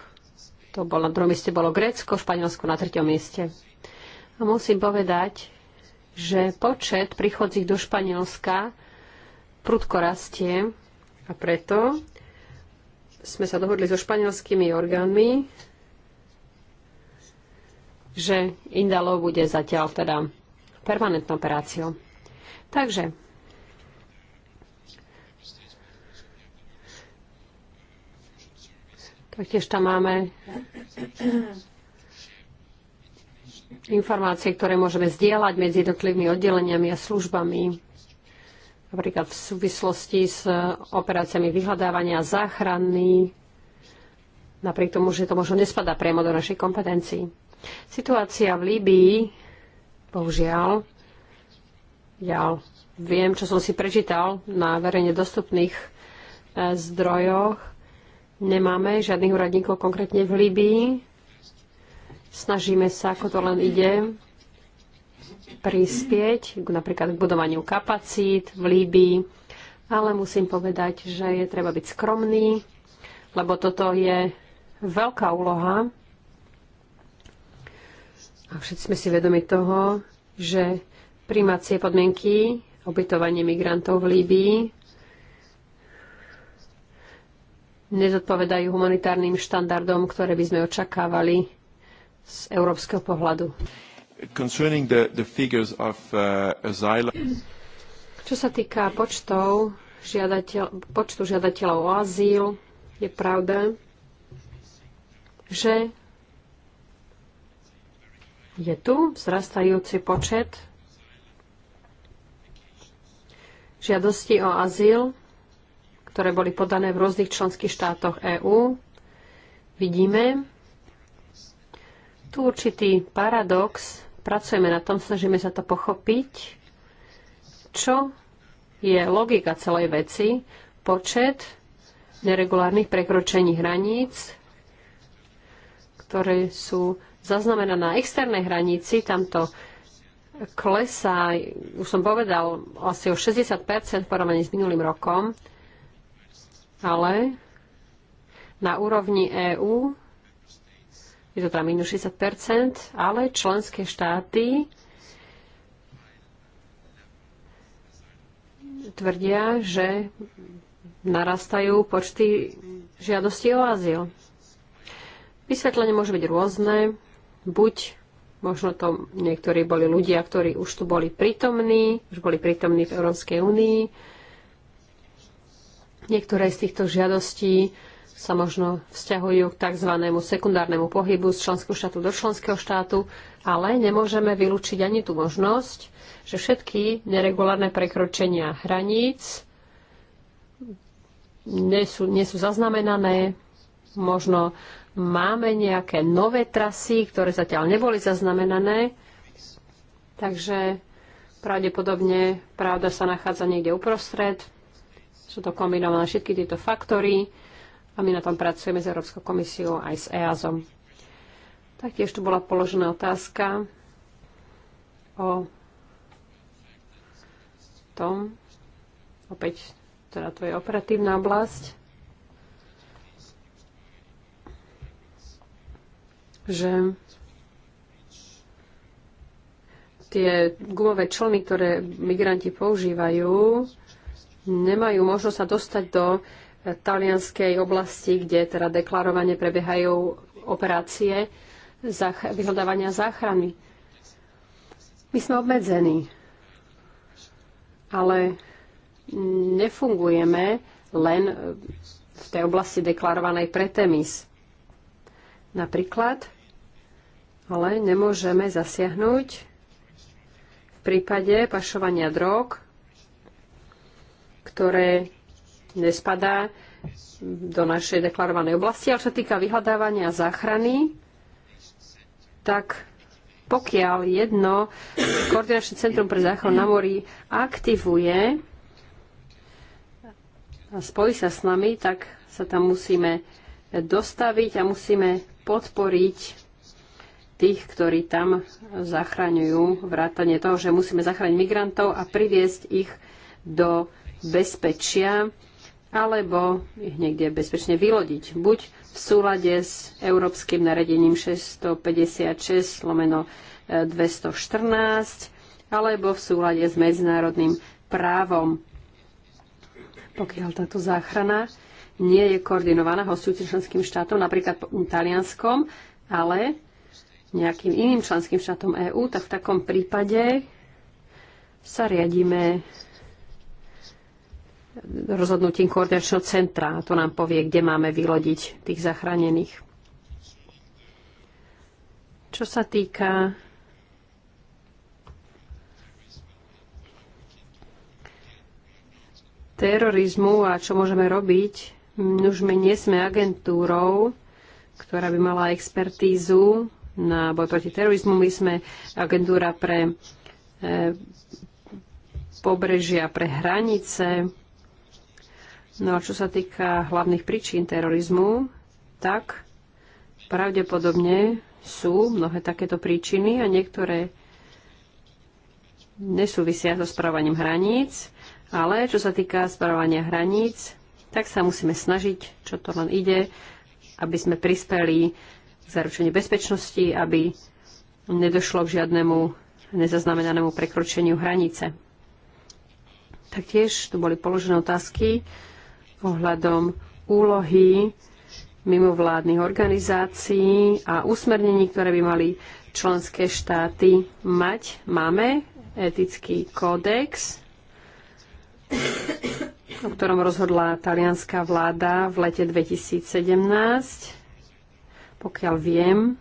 Speaker 2: to bolo, na druhom mieste bolo Grécko, Španielsko na tretom mieste. A musím povedať, že počet prichodzích do Španielska prudko rastie a preto sme sa dohodli so španielskými orgánmi, že Indalo bude zatiaľ teda permanentnou operáciou. Takže taktiež tam máme informácie, ktoré môžeme zdieľať medzi jednotlivými oddeleniami a službami, napríklad v súvislosti s operáciami vyhľadávania a záchrany, napriek tomu, že to možno nespadá priamo do našej kompetencií. Situácia v Líbii, bohužiaľ, ja viem, čo som si prečítal na verejne dostupných eh, zdrojoch, nemáme žiadnych úradníkov konkrétne v Líbii, Snažíme sa, ako to len ide, prispieť napríklad k budovaniu kapacít v Líbii, ale musím povedať, že je treba byť skromný, lebo toto je veľká úloha a všetci sme si vedomi toho, že primácie podmienky obytovanie migrantov v Líbii nezodpovedajú humanitárnym štandardom, ktoré by sme očakávali z európskeho pohľadu.
Speaker 1: The, the of, uh,
Speaker 2: Čo sa týka počtov, žiadateľ, počtu žiadateľov o azyl, je pravda, že je tu vzrastajúci počet žiadostí o azyl, ktoré boli podané v rôznych členských štátoch EÚ. Vidíme, tu určitý paradox, pracujeme na tom, snažíme sa to pochopiť, čo je logika celej veci, počet neregulárnych prekročení hraníc, ktoré sú zaznamenané na externej hranici, tamto klesá, už som povedal, asi o 60% v porovnaní s minulým rokom, ale na úrovni EÚ je to teda minus 60 ale členské štáty tvrdia, že narastajú počty žiadosti o azyl. Vysvetlenie môže byť rôzne. Buď možno to niektorí boli ľudia, ktorí už tu boli prítomní, už boli prítomní v Európskej únii. Niektoré z týchto žiadostí sa možno vzťahujú k tzv. sekundárnemu pohybu z členského štátu do členského štátu, ale nemôžeme vylúčiť ani tú možnosť, že všetky neregulárne prekročenia hraníc nie sú, nie sú zaznamenané, možno máme nejaké nové trasy, ktoré zatiaľ neboli zaznamenané. Takže pravdepodobne pravda sa nachádza niekde uprostred. Sú to kombinované všetky tieto faktory a my na tom pracujeme s Európskou komisiou aj s EASom. Taktiež tu bola položená otázka o tom, opäť teda to je operatívna oblasť, že tie gumové člny, ktoré migranti používajú, nemajú možnosť sa dostať do talianskej oblasti, kde teda deklarovane prebiehajú operácie vyhľadávania záchrany. My sme obmedzení, ale nefungujeme len v tej oblasti deklarovanej pre Temis. Napríklad, ale nemôžeme zasiahnuť v prípade pašovania drog, ktoré nespadá do našej deklarovanej oblasti, ale čo sa týka vyhľadávania a záchrany, tak pokiaľ jedno koordinačné centrum pre záchranu na mori aktivuje a spojí sa s nami, tak sa tam musíme dostaviť a musíme podporiť tých, ktorí tam zachraňujú vrátanie toho, že musíme zachrániť migrantov a priviesť ich do bezpečia alebo ich niekde bezpečne vylodiť. Buď v súlade s Európskym naredením 656 lomeno 214, e, alebo v súlade s medzinárodným právom. Pokiaľ táto záchrana nie je koordinovaná hostujúcim členským štátom, napríklad talianskom, ale nejakým iným členským štátom EÚ, tak v takom prípade sa riadíme rozhodnutím koordinačného centra. a To nám povie, kde máme vylodiť tých zachránených. Čo sa týka terorizmu a čo môžeme robiť, už my nie sme agentúrou, ktorá by mala expertízu na boj proti terorizmu. My sme agentúra pre e, pobrežia, pre hranice, No a čo sa týka hlavných príčin terorizmu, tak pravdepodobne sú mnohé takéto príčiny a niektoré nesúvisia so správaním hraníc, ale čo sa týka správania hraníc, tak sa musíme snažiť, čo to len ide, aby sme prispeli k zaručeniu bezpečnosti, aby nedošlo k žiadnemu nezaznamenanému prekročeniu hranice. Taktiež tu boli položené otázky ohľadom úlohy mimovládnych organizácií a usmernení, ktoré by mali členské štáty mať. Máme etický kódex, o ktorom rozhodla talianská vláda v lete 2017. Pokiaľ viem,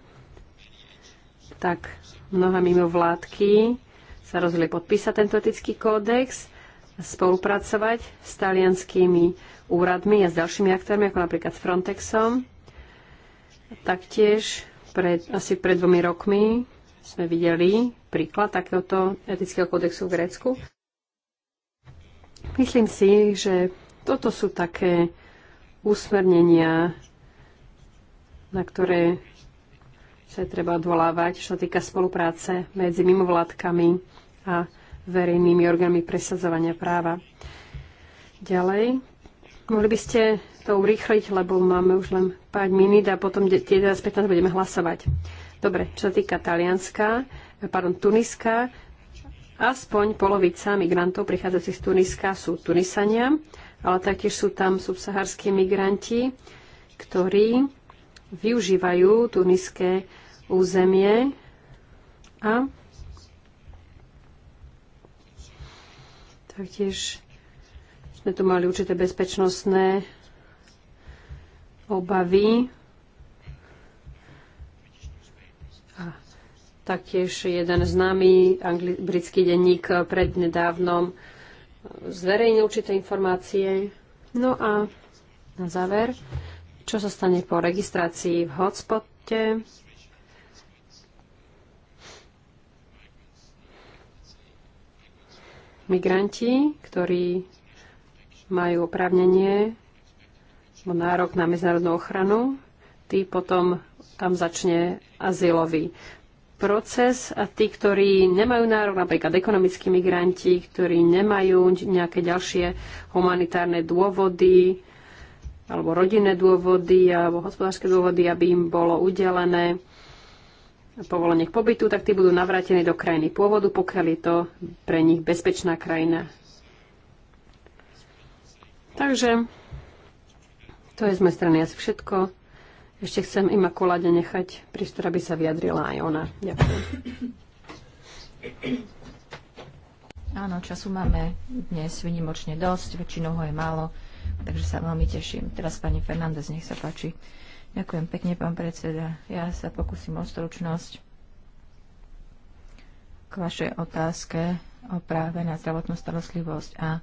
Speaker 2: tak mnoha mimovládky sa rozhodli podpísať tento etický kódex, a spolupracovať s talianskými úradmi a s ďalšími aktérmi, ako napríklad s Frontexom. Taktiež pred, asi pred dvomi rokmi sme videli príklad takéhoto etického kódexu v Grécku. Myslím si, že toto sú také úsmernenia, na ktoré sa treba odvolávať, čo sa týka spolupráce medzi mimovládkami a verejnými orgánmi presadzovania práva. Ďalej, Mohli by ste to urýchliť, lebo máme už len pár minút a potom 11.15 budeme hlasovať. Dobre, čo sa týka Talianska, pardon, Tuniska, aspoň polovica migrantov prichádzajúcich z Tuniska sú Tunisania, ale taktiež sú tam subsaharskí migranti, ktorí využívajú tuniské územie a taktiež sme tu mali určité bezpečnostné obavy. A taktiež jeden známy angli- britský denník prednedávnom zverejnil určité informácie. No a na záver, čo sa stane po registrácii v hotspote? Migranti, ktorí majú oprávnenie alebo nárok na medzinárodnú ochranu, tí potom tam začne azylový proces a tí, ktorí nemajú nárok, napríklad ekonomickí migranti, ktorí nemajú nejaké ďalšie humanitárne dôvody alebo rodinné dôvody alebo hospodárske dôvody, aby im bolo udelené povolenie k pobytu, tak tí budú navrátení do krajiny pôvodu, pokiaľ je to pre nich bezpečná krajina Takže to je z mojej strany asi všetko. Ešte chcem Imakuláde nechať priestor, aby sa vyjadrila aj ona.
Speaker 1: Ďakujem.
Speaker 3: Áno, času máme dnes vynimočne dosť, väčšinou ho je málo, takže sa veľmi teším. Teraz pani Fernández, nech sa páči. Ďakujem pekne, pán predseda. Ja sa pokúsim o stručnosť k vašej otázke o práve na zdravotnú starostlivosť a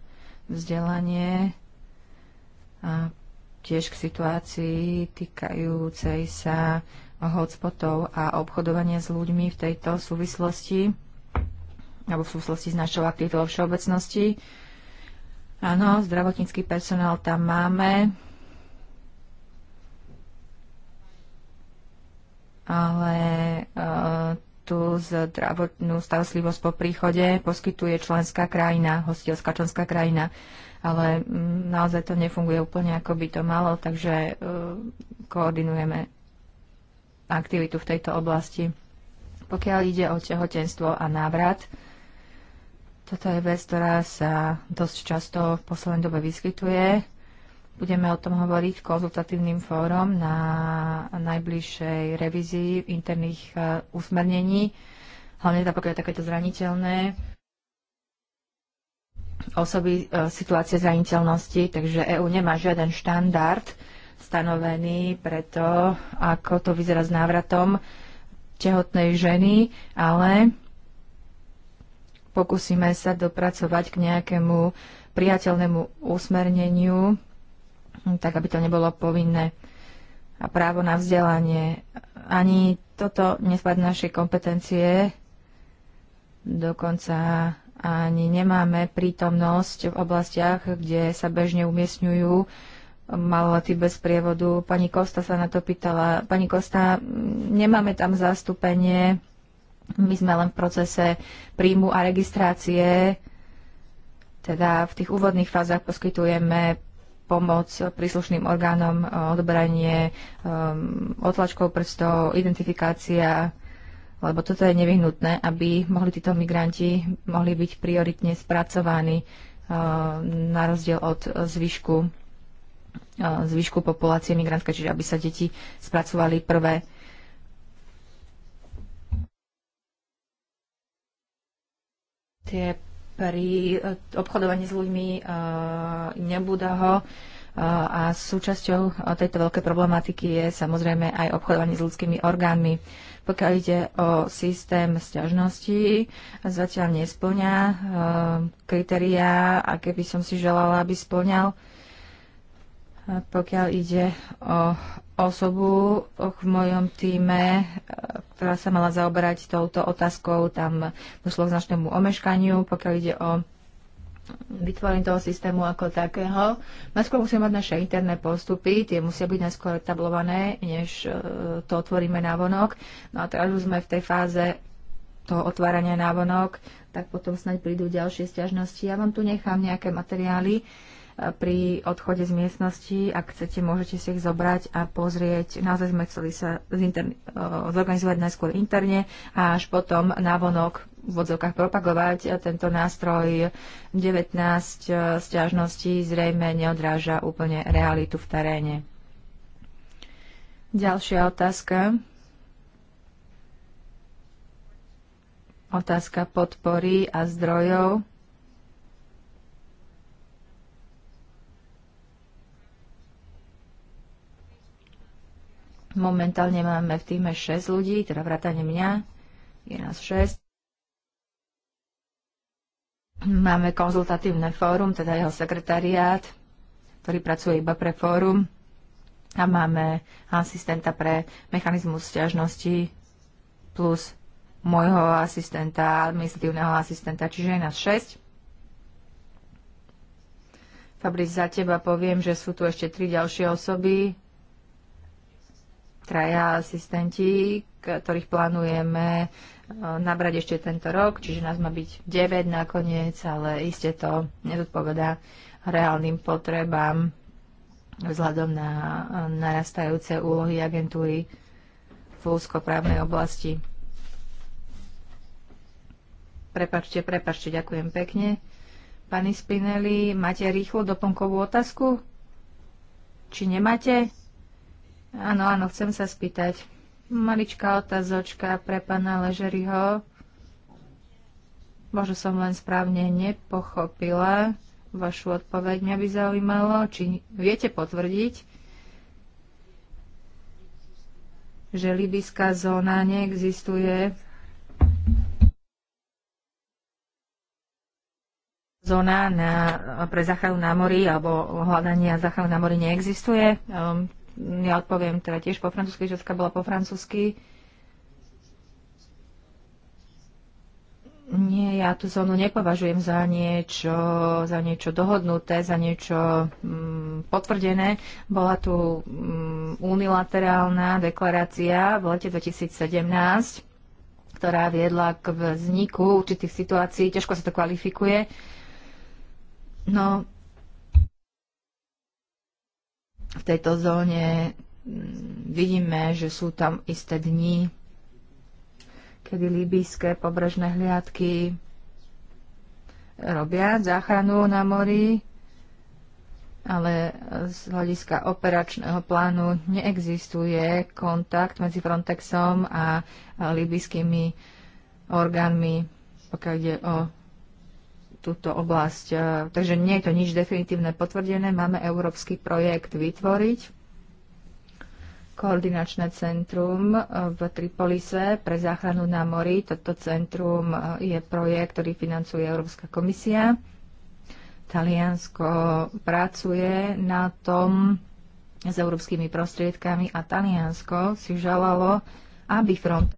Speaker 3: vzdelanie a tiež k situácii týkajúcej sa hotspotov a obchodovania s ľuďmi v tejto súvislosti alebo v súvislosti s našou aktivitou vo všeobecnosti. Áno, zdravotnícky personál tam máme, ale e, tú zdravotnú starostlivosť po príchode poskytuje členská krajina, hostiteľská členská krajina ale mm, naozaj to nefunguje úplne, ako by to malo, takže e, koordinujeme aktivitu v tejto oblasti. Pokiaľ ide o tehotenstvo a návrat, toto je vec, ktorá sa dosť často v poslednej dobe vyskytuje. Budeme o tom hovoriť konzultatívnym fórom na najbližšej revízii interných e, usmernení, hlavne teda pokiaľ je takéto zraniteľné osoby e, situácie zraniteľnosti, takže EÚ nemá žiaden štandard stanovený pre to, ako to vyzerá s návratom tehotnej ženy, ale pokúsime sa dopracovať k nejakému priateľnému usmerneniu, tak aby to nebolo povinné. A právo na vzdelanie. Ani toto nespadne našej kompetencie, dokonca ani nemáme prítomnosť v oblastiach, kde sa bežne umiestňujú maloletí bez prievodu. Pani Kosta sa na to pýtala. Pani Kosta, nemáme tam zastúpenie, my sme len v procese príjmu a registrácie, teda v tých úvodných fázach poskytujeme pomoc príslušným orgánom, odbranie um, otlačkov prstov, identifikácia lebo toto je nevyhnutné, aby mohli títo migranti mohli byť prioritne spracovaní eh, na rozdiel od zvyšku, eh, zvyšku populácie migrantské, čiže aby sa deti spracovali prvé tie pri eh, obchodovaní s ľuďmi nebude ho a súčasťou tejto veľkej problematiky je samozrejme aj obchodovanie s ľudskými orgánmi. Pokiaľ ide o systém sťažností, zatiaľ nesplňa eh, kritériá, aké by som si želala, aby splňal. Pokiaľ ide o osobu v mojom týme, eh, ktorá sa mala zaoberať touto otázkou, tam došlo k značnému omeškaniu. Pokiaľ ide o vytvorením toho systému ako takého. Najskôr musíme mať naše interné postupy, tie musia byť najskôr tablované, než e, to otvoríme vonok. No a teraz už sme v tej fáze toho otvárania vonok, tak potom snaď prídu ďalšie stiažnosti. Ja vám tu nechám nejaké materiály e, pri odchode z miestnosti. Ak chcete, môžete si ich zobrať a pozrieť. Naozaj sme chceli sa e, zorganizovať najskôr interne a až potom vonok v odzokách propagovať tento nástroj. 19 eh, stiažností zrejme neodráža úplne realitu v teréne. Ďalšia otázka. Otázka podpory a zdrojov. Momentálne máme v týme 6 ľudí, teda vrátane mňa, je nás 6. Máme konzultatívne fórum, teda jeho sekretariát, ktorý pracuje iba pre fórum a máme asistenta pre mechanizmus sťažnosti plus môjho asistenta, administratívneho asistenta, čiže je nás 6. Fabrice, za teba poviem, že sú tu ešte tri ďalšie osoby, traja asistenti, ktorých plánujeme Eh, nabrať ešte tento rok, čiže nás má byť 9 nakoniec, ale iste to nezodpovedá reálnym potrebám vzhľadom na eh, narastajúce úlohy agentúry v úzkoprávnej oblasti. Prepačte, prepačte, ďakujem pekne. Pani Spinelli, máte rýchlo doplnkovú otázku? Či nemáte? Áno, áno, chcem sa spýtať. Maličká otázočka pre pána Ležeriho. Možno som len správne nepochopila vašu odpoveď. Mňa by zaujímalo, či viete potvrdiť, že libyská zóna neexistuje zóna na, pre záchranu na mori alebo hľadanie záchranu na mori neexistuje. Um, ja odpoviem teda tiež po francúzsky, že bola po francúzsky. Nie, ja tú zónu nepovažujem za niečo, za niečo dohodnuté, za niečo mm, potvrdené. Bola tu mm, unilaterálna deklarácia v lete 2017, ktorá viedla k vzniku určitých situácií. Ťažko sa to kvalifikuje. No, v tejto zóne mm, vidíme, že sú tam isté dni, kedy líbyjské pobrežné hliadky robia záchranu na mori, ale z hľadiska operačného plánu neexistuje kontakt medzi Frontexom a líbyjskými orgánmi, pokiaľ ide o túto oblasť. E, takže nie je to nič definitívne potvrdené. Máme európsky projekt vytvoriť koordinačné centrum e, v Tripolise pre záchranu na mori. Toto centrum e, je projekt, ktorý financuje Európska komisia. Taliansko pracuje na tom s európskymi prostriedkami a Taliansko si želalo, aby Frontex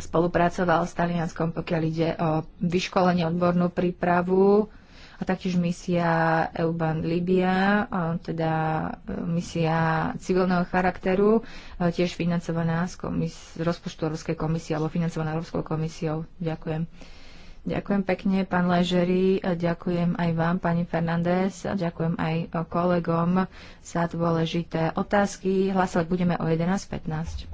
Speaker 3: spolupracoval s Talianskom, pokiaľ ide o vyškolenie, odbornú prípravu a taktiež misia EUBAN Libia, teda e, misia civilného charakteru, e, tiež financovaná z, komis- z rozpočtu Európskej komisie alebo financovaná Európskou komisiou. Ďakujem. Ďakujem pekne, pán Ležery, ďakujem aj vám, pani Fernández, ďakujem aj e, kolegom za dôležité otázky. Hlasovať budeme o 11.15.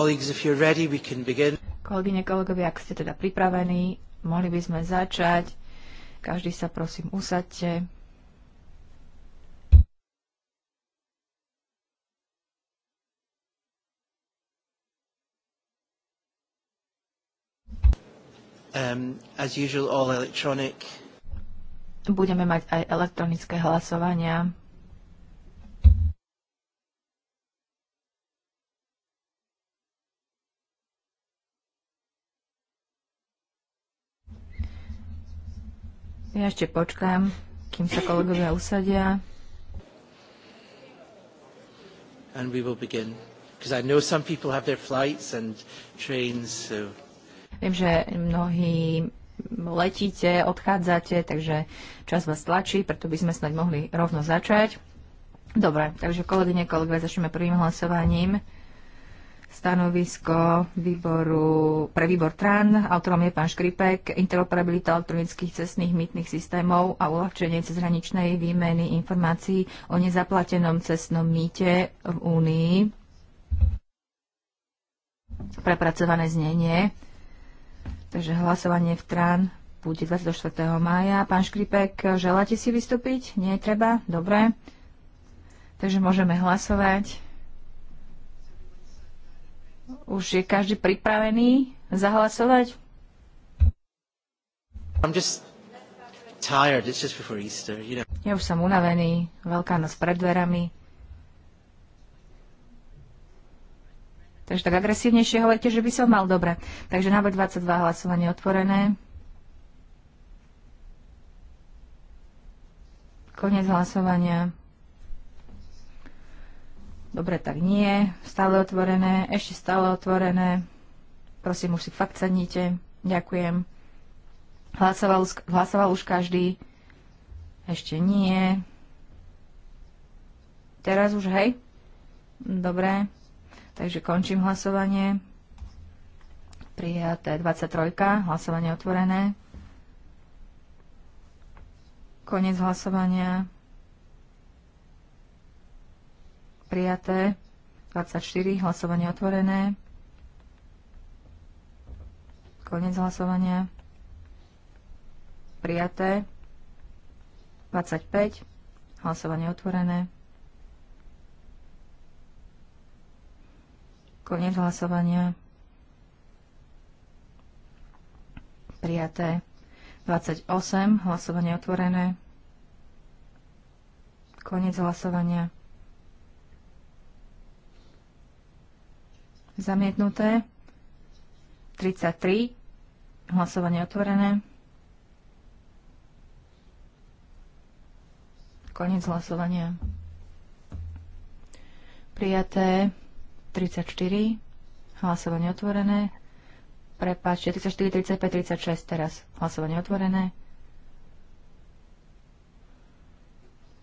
Speaker 1: Kolegyne,
Speaker 3: kolegovia, ak ste teda pripravení, mohli by sme začať. Každý sa prosím usadte.
Speaker 1: Um, as usual, all electronic.
Speaker 3: Budeme mať aj elektronické hlasovania. Ja ešte počkám, kým sa kolegovia usadia.
Speaker 1: And we will begin. I know some people have their flights and trains, so...
Speaker 3: Viem, že mnohí letíte, odchádzate, takže čas vás tlačí, preto by sme snáď mohli rovno začať. Dobre, takže kolegyne, kolegovia, začneme prvým hlasovaním stanovisko výboru, pre výbor TRAN, autorom je pán Škripek, interoperabilita elektronických cestných mýtnych systémov a uľahčenie cezhraničnej výmeny informácií o nezaplatenom cestnom mýte v Únii. Prepracované znenie. Takže hlasovanie v TRAN bude 24. mája. Pán Škripek, želáte si vystúpiť? Nie je treba? Dobre. Takže môžeme hlasovať. Už je každý pripravený zahlasovať?
Speaker 1: I'm just tired. It's just before Easter, you know.
Speaker 3: Ja už som unavený. Veľká noc pred dverami. Takže tak agresívnejšie hovoríte, že by som mal dobre. Takže návrh 22 hlasovanie otvorené. Konec hlasovania. Dobre, tak nie. Stále otvorené, ešte stále otvorené. Prosím, už si fakt sadnite. Ďakujem. Hlasoval, hlasoval už každý. Ešte nie. Teraz už, hej? Dobre. Takže končím hlasovanie. Prijaté 23. Hlasovanie otvorené. Konec hlasovania. prijaté. 24, hlasovanie otvorené. Konec hlasovania. Prijaté. 25, hlasovanie otvorené. Konec hlasovania. Prijaté. 28, hlasovanie otvorené. Konec hlasovania. Zamietnuté. 33. Hlasovanie otvorené. Koniec hlasovania. Prijaté 34. Hlasovanie otvorené. Prepačte, 34, 35, 36 teraz. Hlasovanie otvorené.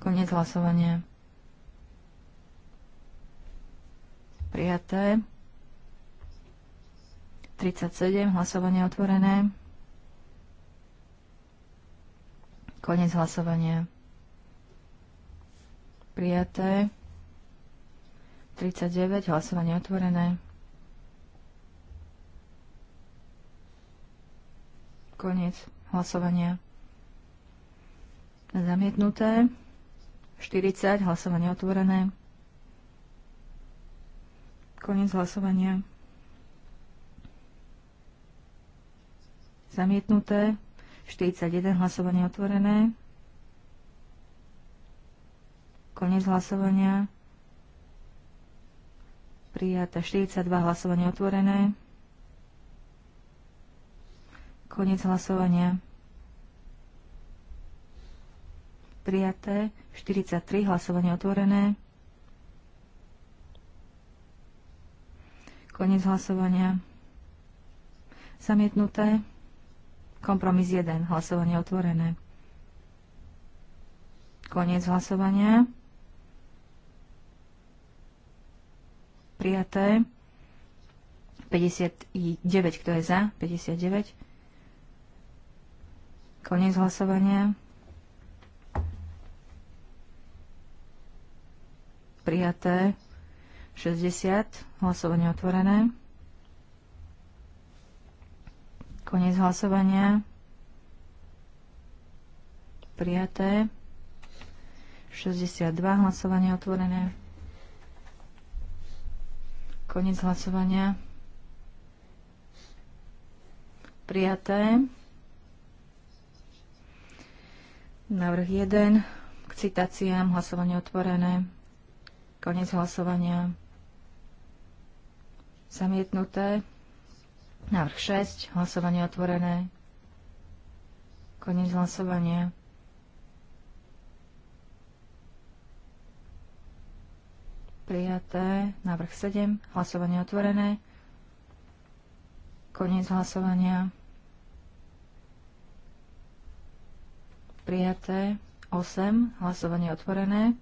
Speaker 3: Koniec hlasovania. Prijaté. 37, hlasovanie otvorené. Konec hlasovania. Prijaté. 39, hlasovanie otvorené. Koniec hlasovania. Zamietnuté. 40, hlasovanie otvorené. Koniec hlasovania. Zamietnuté. 41. Hlasovanie otvorené. Koniec hlasovania. Prijaté. 42. Hlasovanie otvorené. Koniec hlasovania. Prijaté. 43. Hlasovanie otvorené. Koniec hlasovania. Zamietnuté. Kompromis 1. Hlasovanie otvorené. Koniec hlasovania. Prijaté. 59, kto je za? 59. Koniec hlasovania. Prijaté. 60. Hlasovanie otvorené. Koniec hlasovania. Prijaté. 62 hlasovanie otvorené. Koniec hlasovania. Prijaté. Návrh 1. K citáciám hlasovanie otvorené. Koniec hlasovania. Zamietnuté. Návrh 6. Hlasovanie otvorené. Koniec hlasovania. Prijaté. Návrh 7. Hlasovanie otvorené. Koniec hlasovania. Prijaté. 8. Hlasovanie otvorené.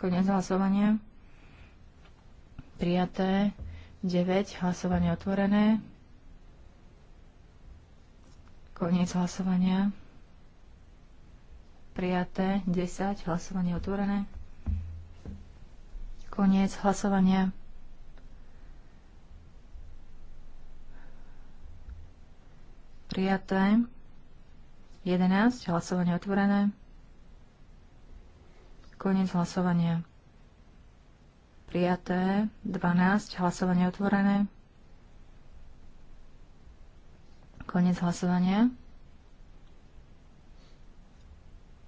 Speaker 3: Koniec hlasovania prijaté. 9. Hlasovanie otvorené. Koniec hlasovania. Prijaté. 10. Hlasovanie otvorené. Koniec hlasovania. Prijaté. 11. Hlasovanie otvorené. Koniec hlasovania prijaté. 12, hlasovanie otvorené. Konec hlasovania.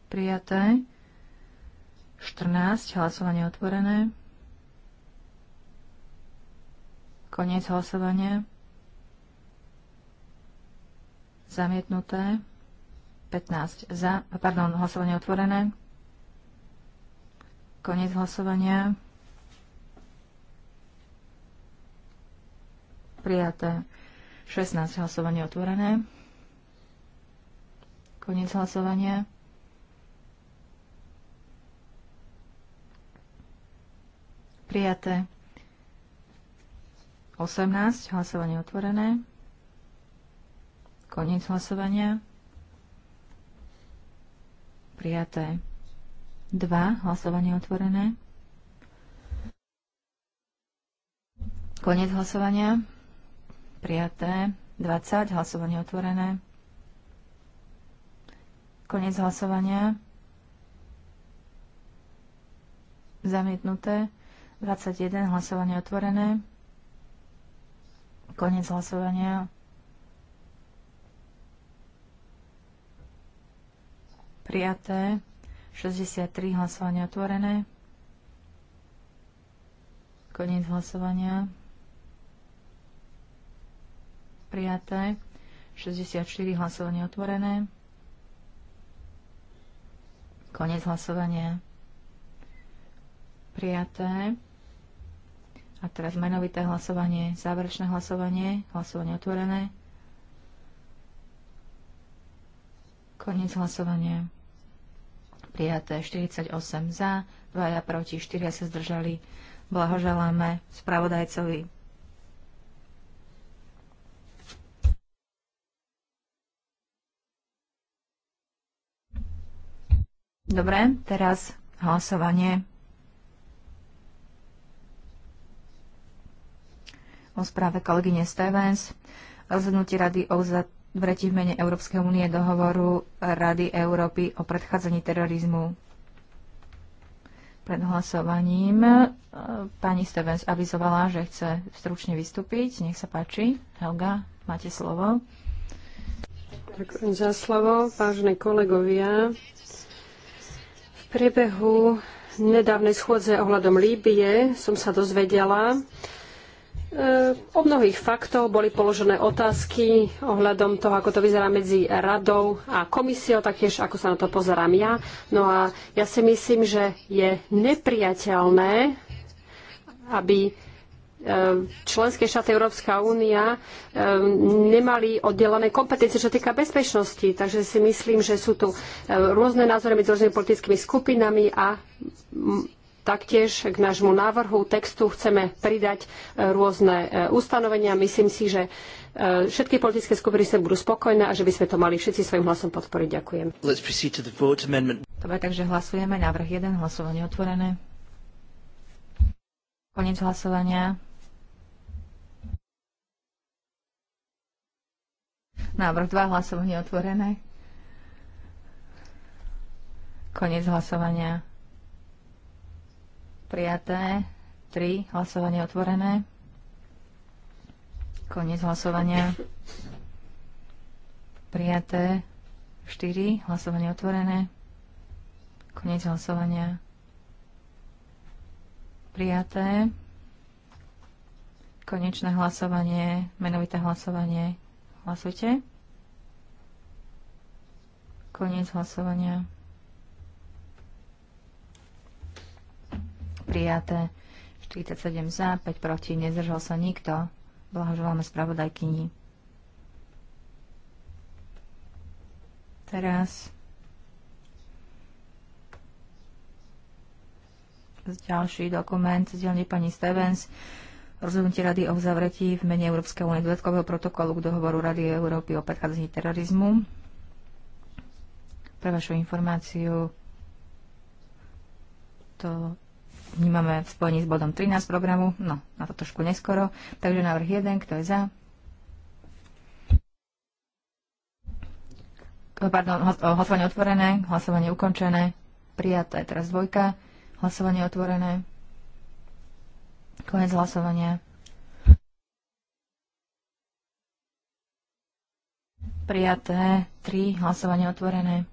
Speaker 3: Prijaté. 14, hlasovanie otvorené. Koniec hlasovania. Zamietnuté. 15 za, pardon, hlasovanie otvorené. Koniec hlasovania. Prijaté. 16. Hlasovanie otvorené. Koniec hlasovania. Prijaté. 18. Hlasovanie otvorené. Koniec hlasovania. Prijaté. 2. Hlasovanie otvorené. Koniec hlasovania prijaté. 20, hlasovanie otvorené. Konec hlasovania. Zamietnuté. 21, hlasovanie otvorené. Konec hlasovania. Prijaté. 63, hlasovanie otvorené. Koniec hlasovania prijaté. 64 hlasovanie otvorené. Konec hlasovania. Prijaté. A teraz menovité hlasovanie, záverečné hlasovanie, hlasovanie otvorené. Konec hlasovania. Prijaté 48 za, 2 proti, 4 sa zdržali. Blahoželáme spravodajcovi. Dobre, teraz hlasovanie o správe kolegyne Stevens, rozhodnutie Rady o uzavretí v mene Európskej únie dohovoru Rady Európy o predchádzaní terorizmu. Pred hlasovaním e, pani Stevens avizovala, že chce stručne vystúpiť. Nech sa páči. Helga, máte slovo. Ďakujem za slovo, vážne kolegovia
Speaker 2: priebehu nedávnej schôdze ohľadom Líbie som sa dozvedela, e, O mnohých faktov boli položené otázky ohľadom toho, ako to vyzerá medzi radou a komisiou, taktiež ako sa na to pozerám ja. No a ja si myslím, že je nepriateľné, aby Ehm, členské štáty Európska únia ehm, nemali oddelené kompetencie, čo týka bezpečnosti. Takže si myslím, že sú tu ehm, rôzne názory medzi rôznymi politickými skupinami a taktiež k nášmu návrhu textu chceme pridať rôzne ustanovenia. Myslím si, že všetky politické skupiny sa budú spokojné a že by sme to mali všetci svojim hlasom podporiť. Ďakujem.
Speaker 3: Dobre, takže hlasujeme. Návrh 1, hlasovanie otvorené. Koniec hlasovania. Návrh 2, hlasovanie otvorené. Konec hlasovania. Prijaté. 3, hlasovanie otvorené. Konec hlasovania. Prijaté. 4, hlasovanie otvorené. Konec hlasovania. Prijaté. Konečné hlasovanie, menovité hlasovanie. Hlasujte. Koniec hlasovania. Prijaté. 47 za, 5 proti, nezdržal sa nikto. Blahoželáme spravodajkyni. Teraz ďalší dokument z dielne pani Stevens rozhodnutie Rady o uzavretí v mene Európskej únie dodatkového protokolu k dohovoru Rady Európy o predchádzaní terorizmu. Pre vašu informáciu to vnímame v spojení s bodom 13 programu, no na to trošku neskoro. Takže návrh 1, kto je za? Pardon, hlasovanie otvorené, hlasovanie ukončené, prijaté, teraz dvojka, hlasovanie otvorené, Konec hlasovania. Prijaté. tri, Hlasovanie otvorené.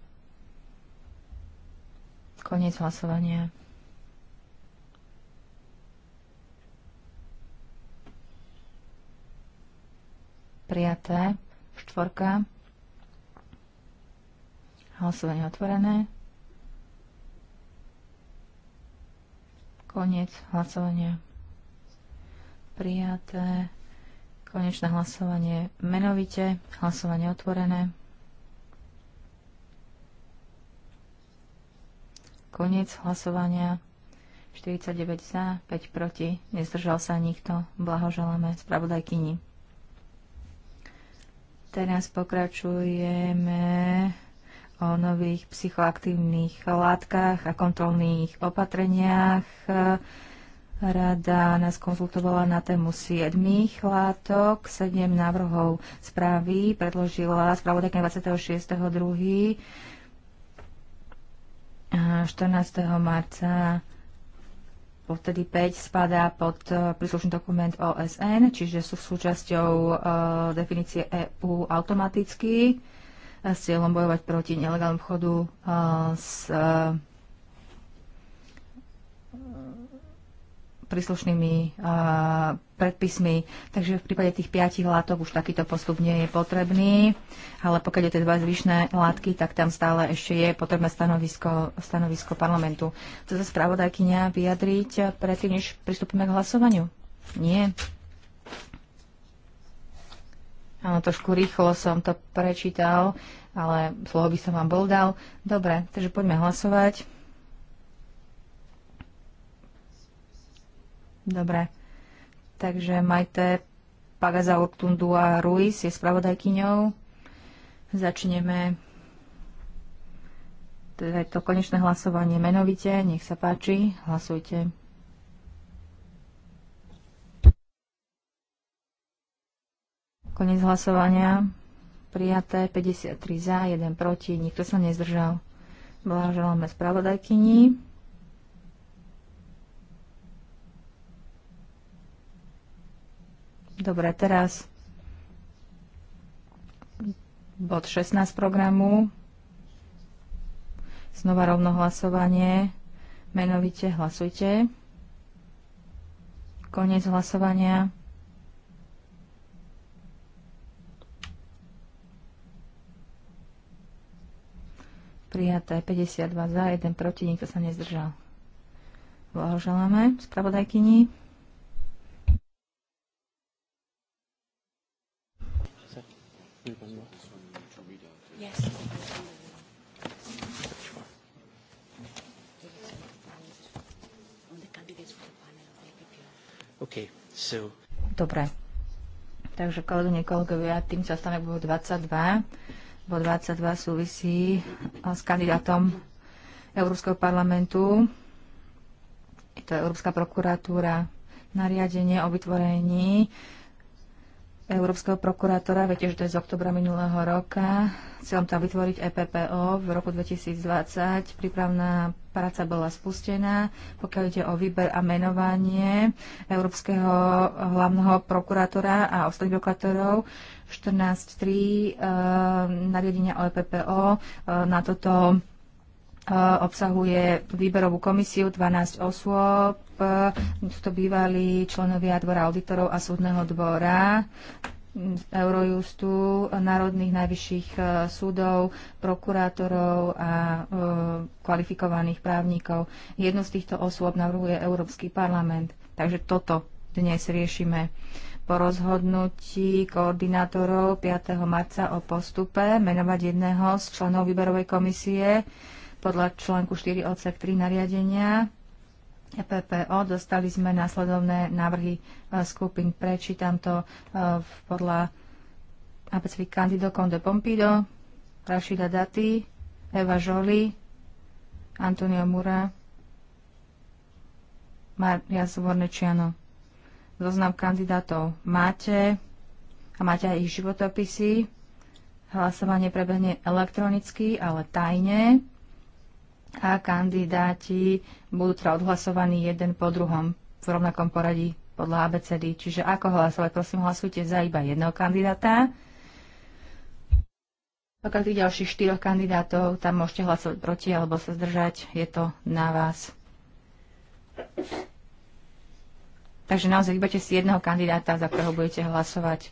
Speaker 3: Koniec hlasovania. Prijaté. Štvorka. Hlasovanie otvorené. Koniec hlasovania prijaté. Konečné hlasovanie menovite, hlasovanie otvorené. Koniec hlasovania. 49 za, 5 proti. Nezdržal sa nikto. Blahoželáme spravodajkyni. Teraz pokračujeme o nových psychoaktívnych látkach a kontrolných opatreniach. Rada nás konzultovala na tému 7 látok, 7 návrhov správy predložila spravodajka 26.2. 14. marca vtedy 5 spadá pod e, príslušný dokument OSN, čiže sú súčasťou e, definície EU automaticky s cieľom bojovať proti nelegálnom chodu e, s príslušnými predpismi. Takže v prípade tých piatich látok už takýto postup nie je potrebný, ale pokiaľ je tie dva zvyšné látky, tak tam stále ešte je potrebné stanovisko, stanovisko parlamentu. Chce sa spravodajkynia vyjadriť predtým, než pristúpime k hlasovaniu? Nie. Áno, trošku rýchlo som to prečítal, ale slovo by som vám bol dal. Dobre, takže poďme hlasovať. Dobre. Takže Majte, Pagaza Urtundu a Ruiz je spravodajkyňou. Začneme teda to konečné hlasovanie menovite. Nech sa páči, hlasujte. Konec hlasovania. Prijaté 53 za, 1 proti, nikto sa nezdržal. Blahoželáme spravodajkyni. Dobre, teraz bod 16 programu. Znova rovno hlasovanie. Menovite hlasujte. Koniec hlasovania. Prijaté 52 za, 1 proti, nikto sa nezdržal. Blahoželáme spravodajkyni.
Speaker 1: Yes. Okay, so.
Speaker 3: Dobre. Takže kolegyne, kolegovia, tým sa stane bodu 22. bo 22 súvisí s kandidátom Európskeho parlamentu. Je to Európska prokuratúra nariadenie o vytvorení Európskeho prokurátora, viete, že to je z oktobra minulého roka. Cieľom tam vytvoriť EPPO v roku 2020. Prípravná práca bola spustená, pokiaľ ide o výber a menovanie Európskeho hlavného prokurátora a ostatných prokurátorov. 14.3 e, eh, nariadenia o EPPO eh, na toto eh, obsahuje výberovú komisiu 12 osôb, sú e, to bývalí členovia Dvora auditorov a Súdneho dvora. Eurojustu, národných najvyšších e, súdov, prokurátorov a e, kvalifikovaných právnikov. Jednu z týchto osôb navrhuje Európsky parlament. Takže toto dnes riešime. Po rozhodnutí koordinátorov 5. marca o postupe menovať jedného z členov výberovej komisie podľa článku 4 odsek 3 nariadenia E PPO. Dostali sme následovné návrhy e, skupín. Prečítam to e, podľa abecedy Candido Conde Pompido, Rašida Dati, Eva Žoli, Antonio Mura, Maria Zvornečiano. Zoznam kandidátov máte a máte aj ich životopisy. Hlasovanie prebehne elektronicky, ale tajne a kandidáti budú teda odhlasovaní jeden po druhom v rovnakom poradí podľa ABCD. Čiže ako hlasovať? Prosím, hlasujte za iba jedného kandidáta. Pokiaľ tých ďalších štyroch kandidátov, tam môžete hlasovať proti alebo sa zdržať. Je to na vás. Takže naozaj vyberte si jedného kandidáta, za ktorého budete hlasovať.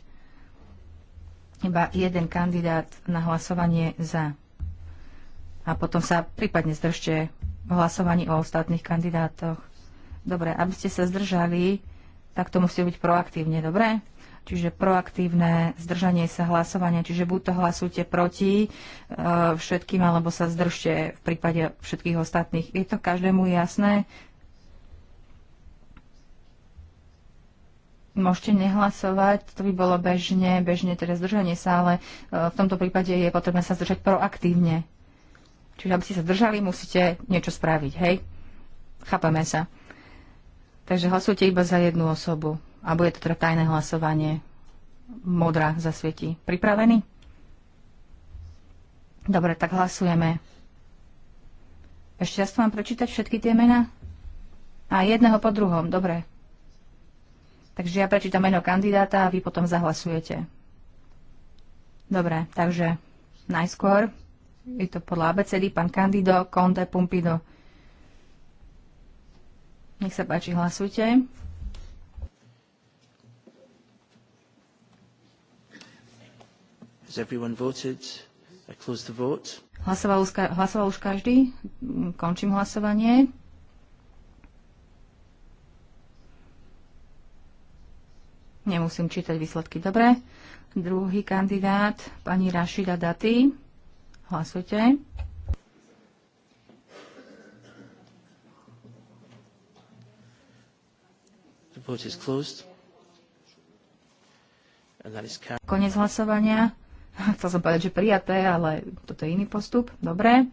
Speaker 3: Iba jeden kandidát na hlasovanie za a potom sa prípadne zdržte v hlasovaní o ostatných kandidátoch. Dobre, aby ste sa zdržali, tak to musí byť proaktívne, dobre? Čiže proaktívne zdržanie sa hlasovania, čiže buď to hlasujte proti e, všetkým, alebo sa zdržte v prípade všetkých ostatných. Je to každému jasné? Môžete nehlasovať, to by bolo bežne, bežne teda zdržanie sa, ale e, v tomto prípade je potrebné sa zdržať proaktívne. Čiže aby ste sa držali, musíte niečo spraviť, hej? Chápame sa. Takže hlasujte iba za jednu osobu. A bude to teda tajné hlasovanie. Modrá zasvietí. Pripravený? Dobre, tak hlasujeme. Ešte raz to mám prečítať všetky tie mená? A jedného po druhom, dobre. Takže ja prečítam meno kandidáta a vy potom zahlasujete. Dobre, takže najskôr je to podľa ABCD, pán Candido, Conte, Pumpido. Nech sa páči, hlasujte.
Speaker 1: Has everyone voted? I close the vote.
Speaker 3: Hlasoval už, hlasoval už každý? Končím hlasovanie. Nemusím čítať výsledky. Dobre. Druhý kandidát, pani Rašida Daty. Hlasujte. Konec hlasovania. Chcel som povedať, že prijaté, ale toto je iný postup. Dobre.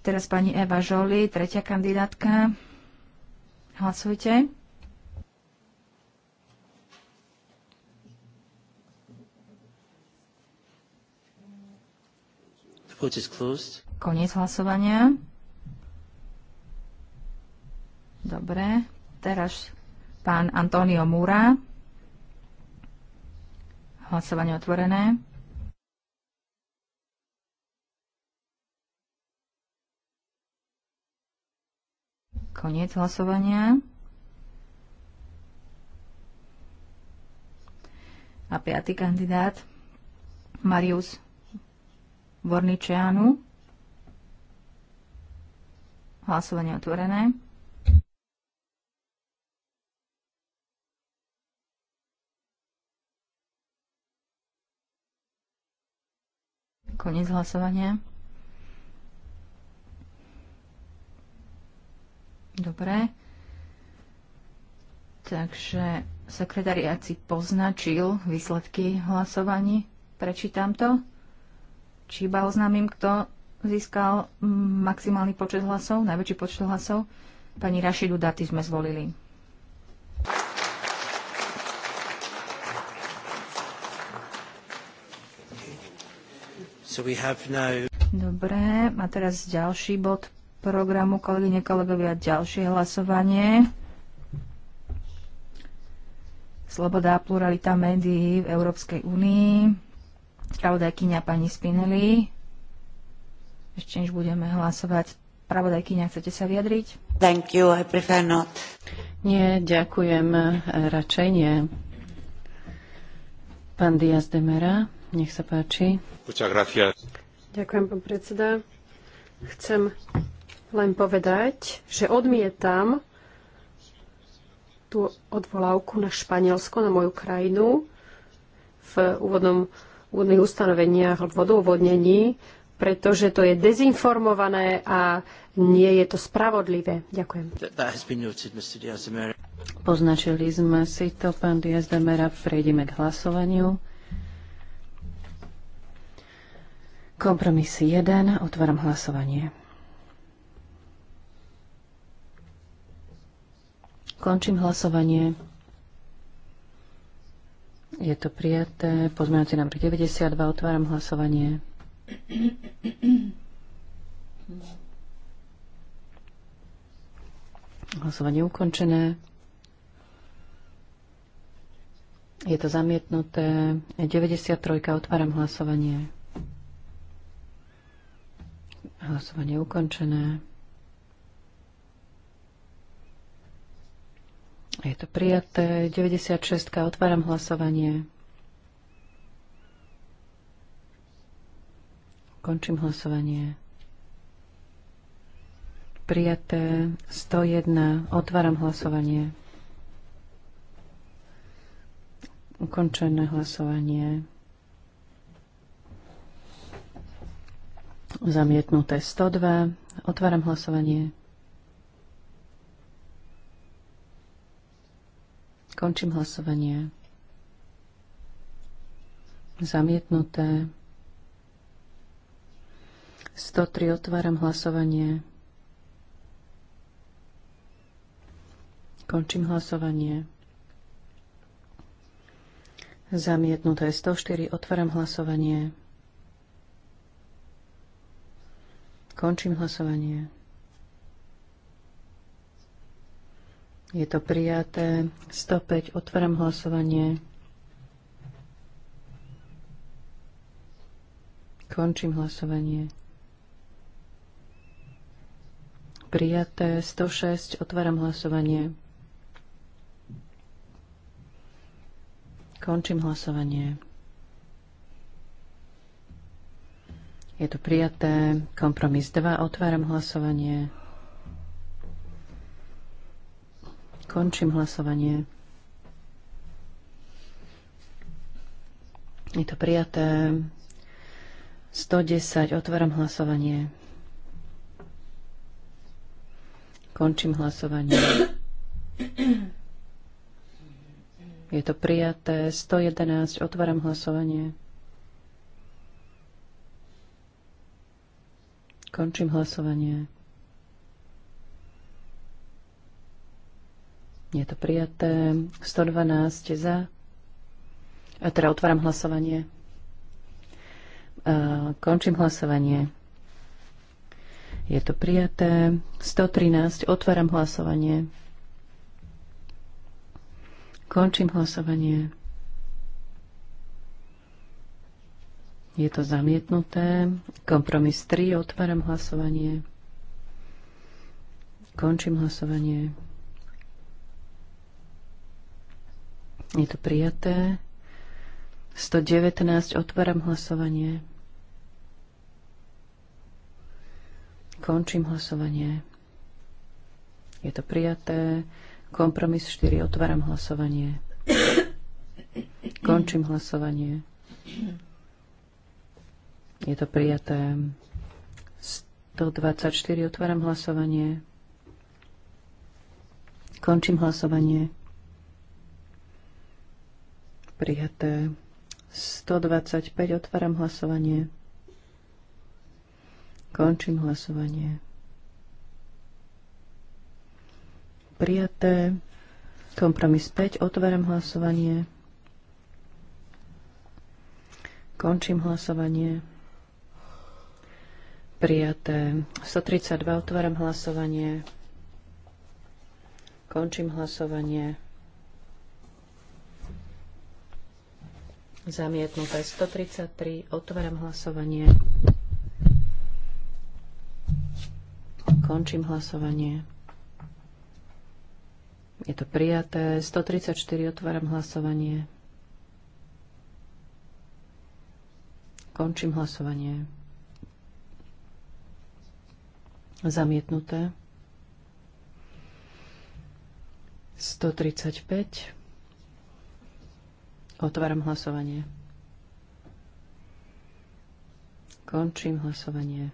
Speaker 3: Teraz pani Eva Žoli, tretia kandidátka. Hlasujte. Koniec hlasovania. Dobre, teraz pán Antonio Múra. Hlasovanie otvorené. Koniec hlasovania. A piatý kandidát, Marius Vorničianu. Hlasovanie otvorené. Koniec hlasovania. Dobre. Takže sekretariat si poznačil výsledky hlasovaní. Prečítam to či iba oznámim, kto získal mm, maximálny počet hlasov, najväčší počet hlasov. Pani Rašidu Daty sme zvolili.
Speaker 1: So we have now...
Speaker 3: Dobre, a teraz ďalší bod programu, kolegyne, kolegovia, ďalšie hlasovanie. Sloboda a pluralita médií v Európskej únii. Spravodajkyňa pani Spinelli. Ešte než budeme hlasovať. Spravodajkyňa, chcete sa vyjadriť? Thank you, I prefer not.
Speaker 4: Nie, ďakujem, e, radšej nie. Pán Diaz de Mera, nech sa páči.
Speaker 1: Ďakujem,
Speaker 2: pán predseda. Chcem len povedať, že odmietam tú odvolávku na Španielsko, na moju krajinu. V úvodnom úvodných ustanoveniach alebo v odôvodnení, pretože to je
Speaker 4: dezinformované a nie je to spravodlivé. Ďakujem. Poznačili sme si to, pán Diaz de Mera. Prejdeme k hlasovaniu. Kompromis 1. Otváram hlasovanie. Končím hlasovanie. Je to prijaté. Pozmeňujúci nám 92. Otváram hlasovanie. Hlasovanie ukončené. Je to zamietnuté. 93. Otváram hlasovanie. Hlasovanie ukončené. Je to prijaté. 96. Otváram hlasovanie. Končím hlasovanie. Prijaté 101. Otváram hlasovanie. Ukončené hlasovanie. Zamietnuté 102. Otváram hlasovanie. Končím hlasovanie. Zamietnuté. 103 otváram hlasovanie. Končím hlasovanie. Zamietnuté 104 otváram hlasovanie. Končím hlasovanie. Je to prijaté. 105. Otváram hlasovanie. Končím hlasovanie. Prijaté. 106. Otváram hlasovanie. Končím hlasovanie. Je to prijaté. Kompromis 2. Otváram hlasovanie. Končím hlasovanie. Je to prijaté. 110. Otváram hlasovanie. Končím hlasovanie. Je to prijaté. 111. Otváram hlasovanie. Končím hlasovanie. Je to prijaté. 112 za. E, teda otváram hlasovanie. E, končím hlasovanie. Je to prijaté. 113. Otváram hlasovanie. Končím hlasovanie. Je to zamietnuté. Kompromis 3. Otváram hlasovanie. Končím hlasovanie. Je to prijaté. 119. Otváram hlasovanie. Končím hlasovanie. Je to prijaté. Kompromis 4. Otváram hlasovanie. Končím hlasovanie. Je to prijaté. 124. Otváram hlasovanie. Končím hlasovanie prijaté. 125. Otváram hlasovanie. Končím hlasovanie. Prijaté. Kompromis 5. Otváram hlasovanie. Končím hlasovanie. Prijaté. 132. Otváram hlasovanie. Končím hlasovanie. Zamietnuté 133. Otváram hlasovanie. Končím hlasovanie. Je to prijaté. 134. Otváram hlasovanie. Končím hlasovanie. Zamietnuté. 135. Otváram hlasovanie. Končím hlasovanie.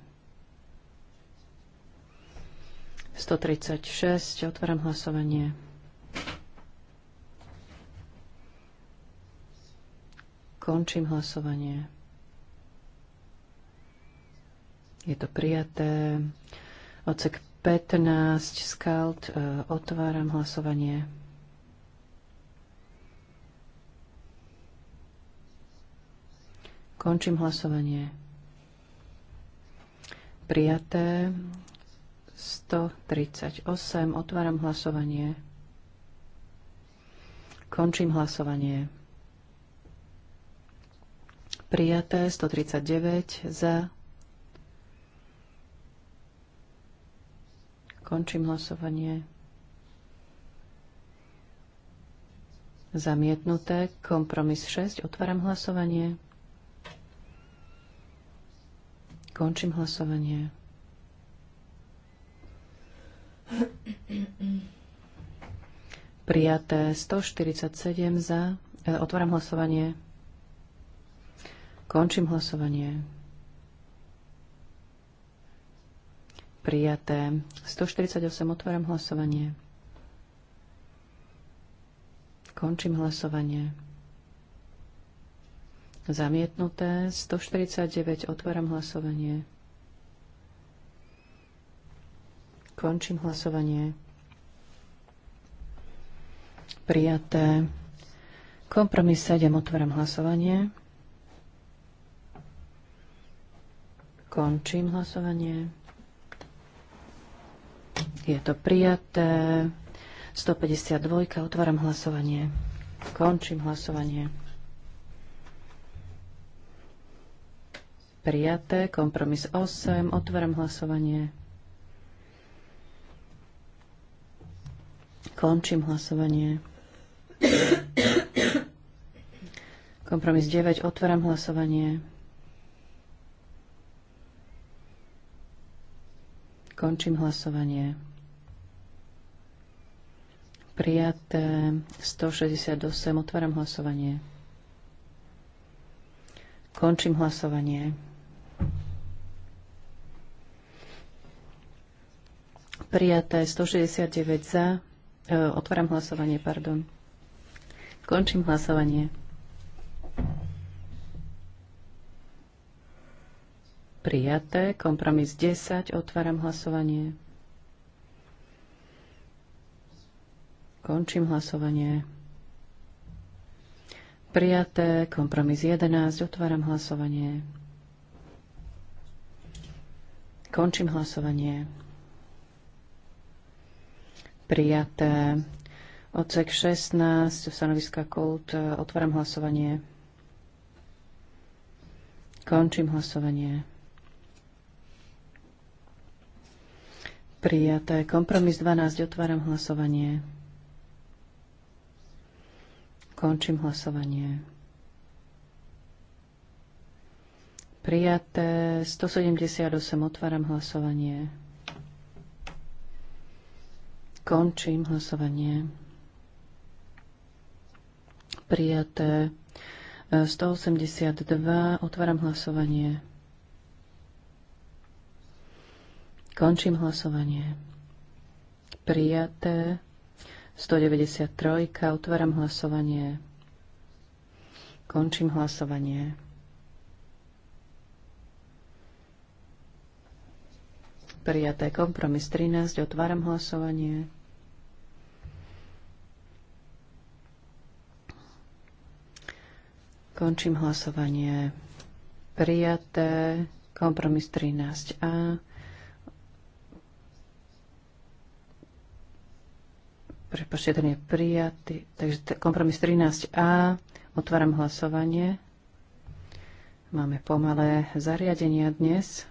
Speaker 4: 136. Otváram hlasovanie. Končím hlasovanie. Je to prijaté. Odsek 15. Skalt. E, otváram hlasovanie. Končím hlasovanie. Prijaté 138. Otváram hlasovanie. Končím hlasovanie. Prijaté 139 za. Končím hlasovanie. Zamietnuté. Kompromis 6. Otváram hlasovanie. Končím hlasovanie. Prijaté 147 za. E, otváram hlasovanie. Končím hlasovanie. Prijaté 148. Otváram hlasovanie. Končím hlasovanie. Zamietnuté. 149. Otváram hlasovanie. Končím hlasovanie. Prijaté. Kompromis 7. Otváram hlasovanie. Končím hlasovanie. Je to prijaté. 152. Otváram hlasovanie. Končím hlasovanie. Prijaté. Kompromis 8. otvorím hlasovanie. Končím hlasovanie. Kompromis 9. Otváram hlasovanie. Končím hlasovanie. Prijaté 168. Otváram hlasovanie. Končím hlasovanie. Prijaté 169 za. E, otváram hlasovanie, pardon. Končím hlasovanie. Prijaté. Kompromis 10. Otváram hlasovanie. Končím hlasovanie. Prijaté. Kompromis 11. Otváram hlasovanie. Končím hlasovanie prijaté. Odsek 16, stanoviska kult, otváram hlasovanie. Končím hlasovanie. Prijaté. Kompromis 12, otváram hlasovanie. Končím hlasovanie. Prijaté 178, otváram hlasovanie. Končím hlasovanie. Prijaté 182. Otváram hlasovanie. Končím hlasovanie. Prijaté 193. Otváram hlasovanie. Končím hlasovanie. Prijaté kompromis 13. Otváram hlasovanie. Končím hlasovanie. Prijaté. Kompromis 13a. Prepočte, ten je prijatý. Takže kompromis 13a. Otváram hlasovanie. Máme pomalé zariadenia dnes.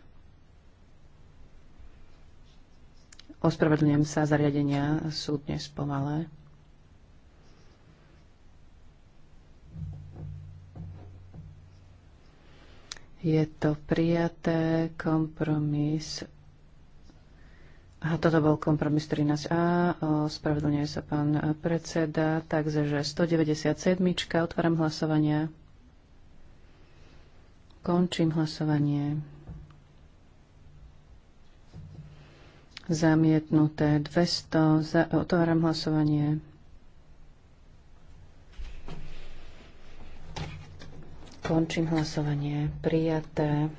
Speaker 4: Ospravedlňujem sa, zariadenia sú dnes pomalé. Je to prijaté kompromis. A toto bol kompromis 13a. Spravedlňuje sa pán predseda. Takže 197. Otváram hlasovanie. Končím hlasovanie. Zamietnuté 200. Za, otváram hlasovanie. Končím hlasovanie. Prijaté.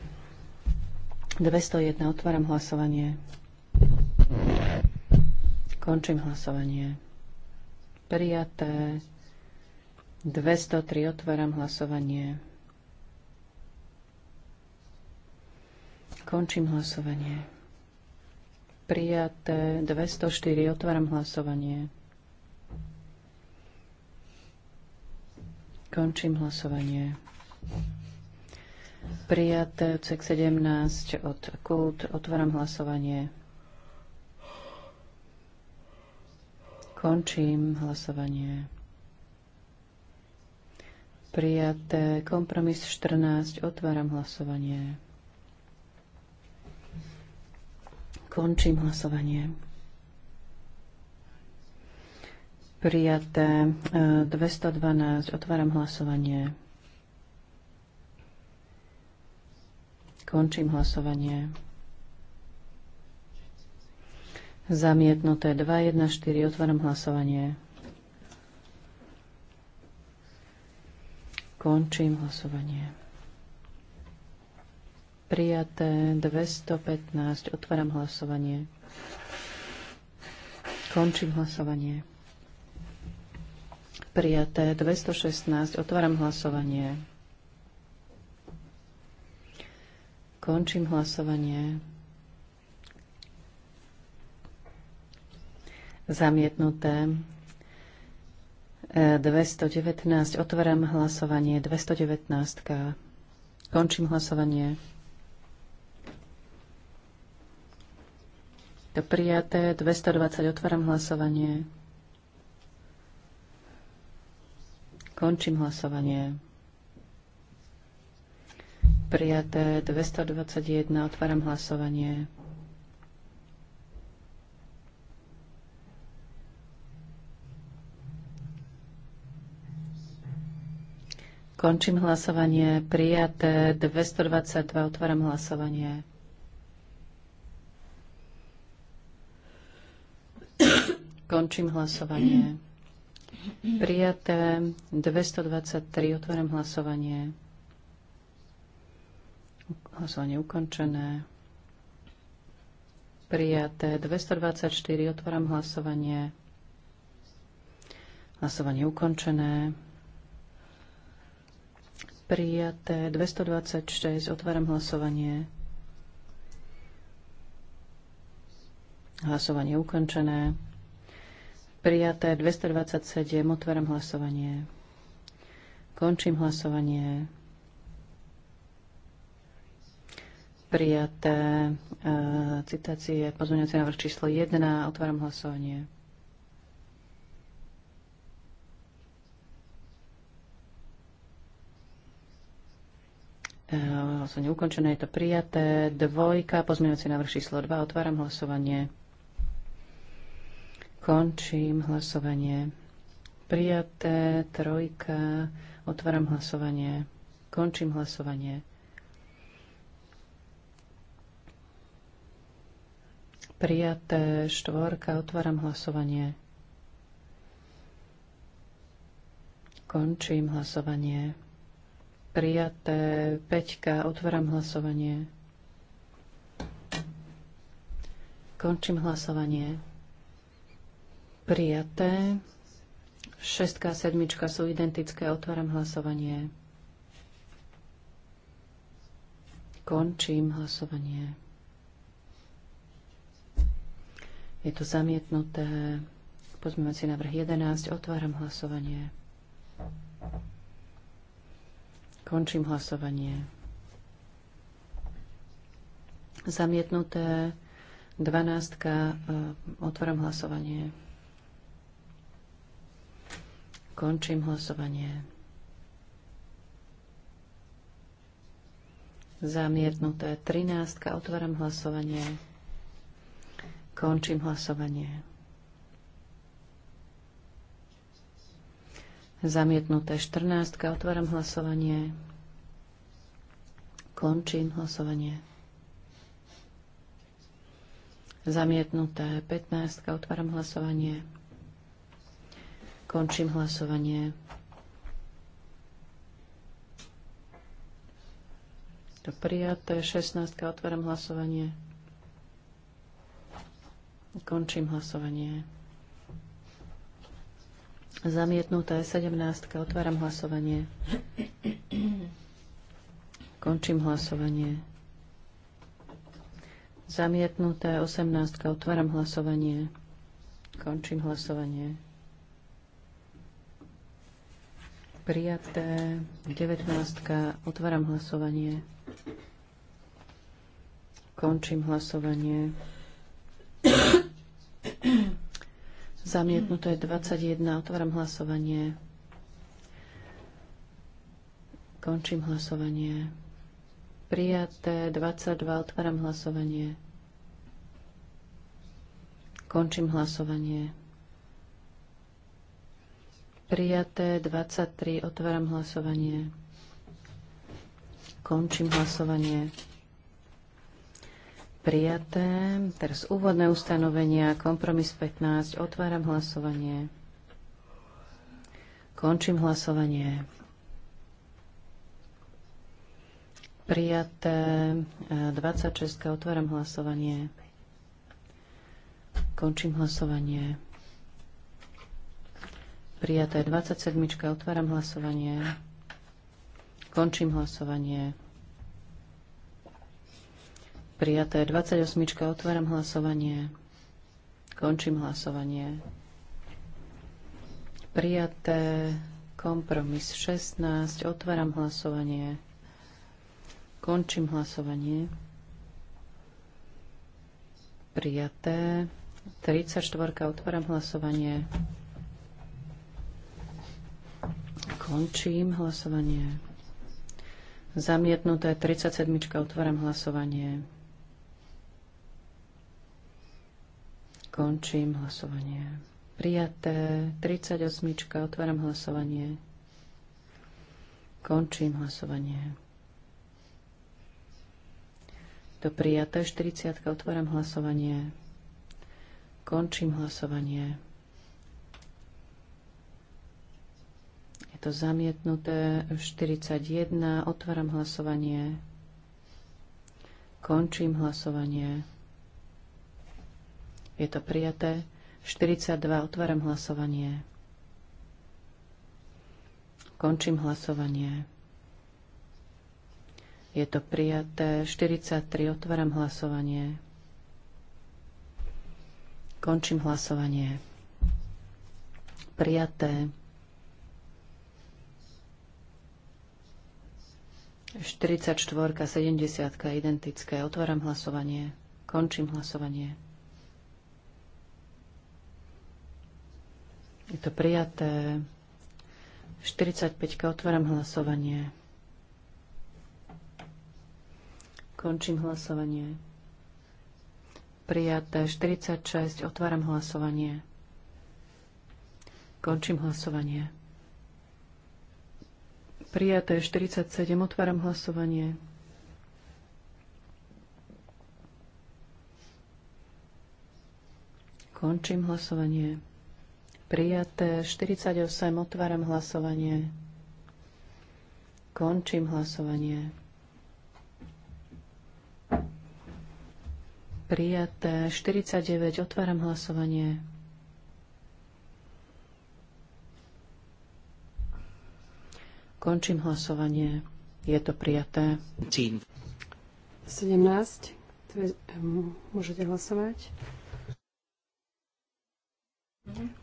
Speaker 4: 201. Otváram hlasovanie. Končím hlasovanie. Prijaté. 203. Otváram hlasovanie. Končím hlasovanie. Prijaté. 204. Otváram hlasovanie. Končím hlasovanie. Prijaté odsek 17 od kult. Otváram hlasovanie. Končím hlasovanie. Prijaté kompromis 14. Otváram hlasovanie. Končím hlasovanie. Prijaté 212. E, Otváram hlasovanie. Končím hlasovanie. Zamietnuté 2, 1, 4, Otváram hlasovanie. Končím hlasovanie. Prijaté 215. Otváram hlasovanie. Končím hlasovanie. Prijaté 216. Otváram hlasovanie. Končím hlasovanie. Zamietnuté. 219. E, Otváram hlasovanie. 219. Končím hlasovanie. To prijaté. 220. Otváram hlasovanie. Končím hlasovanie. Prijaté 221. Otváram hlasovanie. Končím hlasovanie. Prijaté 222. Otváram hlasovanie. Končím hlasovanie. Prijaté 223. Otváram hlasovanie. Hlasovanie ukončené. Prijaté 224. Otváram hlasovanie. Hlasovanie ukončené. Prijaté 226. Otváram hlasovanie. Hlasovanie ukončené. Prijaté 227. Otváram hlasovanie. Končím hlasovanie. prijaté e, citácie, pozvňujúce návrh číslo 1. Otváram hlasovanie. E, hlasovanie ukončené, je to prijaté. Dvojka, pozmeňujúci návrh číslo 2. Otváram hlasovanie. Končím hlasovanie. Prijaté. Trojka. Otváram hlasovanie. Končím hlasovanie. Prijaté štvorka. Otváram hlasovanie. Končím hlasovanie. Prijaté peťka. Otváram hlasovanie. Končím hlasovanie. Prijaté. Šestka a sedmička sú identické. Otváram hlasovanie. Končím hlasovanie. Je to zamietnuté. si návrh 11. Otváram hlasovanie. Končím hlasovanie. Zamietnuté. 12. E, otváram hlasovanie. Končím hlasovanie. Zamietnuté. 13. Otváram hlasovanie. Končím hlasovanie. Zamietnuté 14. Otváram hlasovanie. Končím hlasovanie. Zamietnuté 15. Otváram hlasovanie. Končím hlasovanie. To prijaté 16. Otváram hlasovanie. Končím hlasovanie. je 17. Otváram hlasovanie. Končím hlasovanie. je 18. Otváram hlasovanie. Končím hlasovanie. Prijaté 19. Otváram hlasovanie. Končím hlasovanie. Zamietnuté 21. Otváram hlasovanie. Končím hlasovanie. Prijaté 22. Otváram hlasovanie. Končím hlasovanie. Prijaté 23. Otváram hlasovanie. Končím hlasovanie. Prijaté. Teraz úvodné ustanovenia. Kompromis 15. Otváram hlasovanie. Končím hlasovanie. Prijaté. 26. Otváram hlasovanie. Končím hlasovanie. Prijaté 27. Otváram hlasovanie. Končím hlasovanie. Prijaté 28. Otváram hlasovanie. Končím hlasovanie. Prijaté kompromis 16. Otváram hlasovanie. Končím hlasovanie. Prijaté. 34. Otváram hlasovanie. Končím hlasovanie. Zamietnuté. 37. Otváram hlasovanie. Končím hlasovanie. Prijaté. 38. Otváram hlasovanie. Končím hlasovanie. Do prijaté 40. Otváram hlasovanie. Končím hlasovanie. Je to zamietnuté 41. Otváram hlasovanie. Končím hlasovanie. Je to prijaté. 42. Otváram hlasovanie. Končím hlasovanie. Je to prijaté. 43. Otváram hlasovanie. Končím hlasovanie. Prijaté. 44, 70, identické. Otváram hlasovanie. Končím hlasovanie. Je to prijaté. 45. Otváram hlasovanie. Končím hlasovanie. Prijaté. 46. Otváram hlasovanie. Končím hlasovanie. Prijaté 47. Otváram hlasovanie. Končím hlasovanie. Prijaté 48. Otváram hlasovanie. Končím hlasovanie. Prijaté 49. Otváram hlasovanie. Končím hlasovanie. Je to prijaté. 17. Môžete
Speaker 2: hlasovať.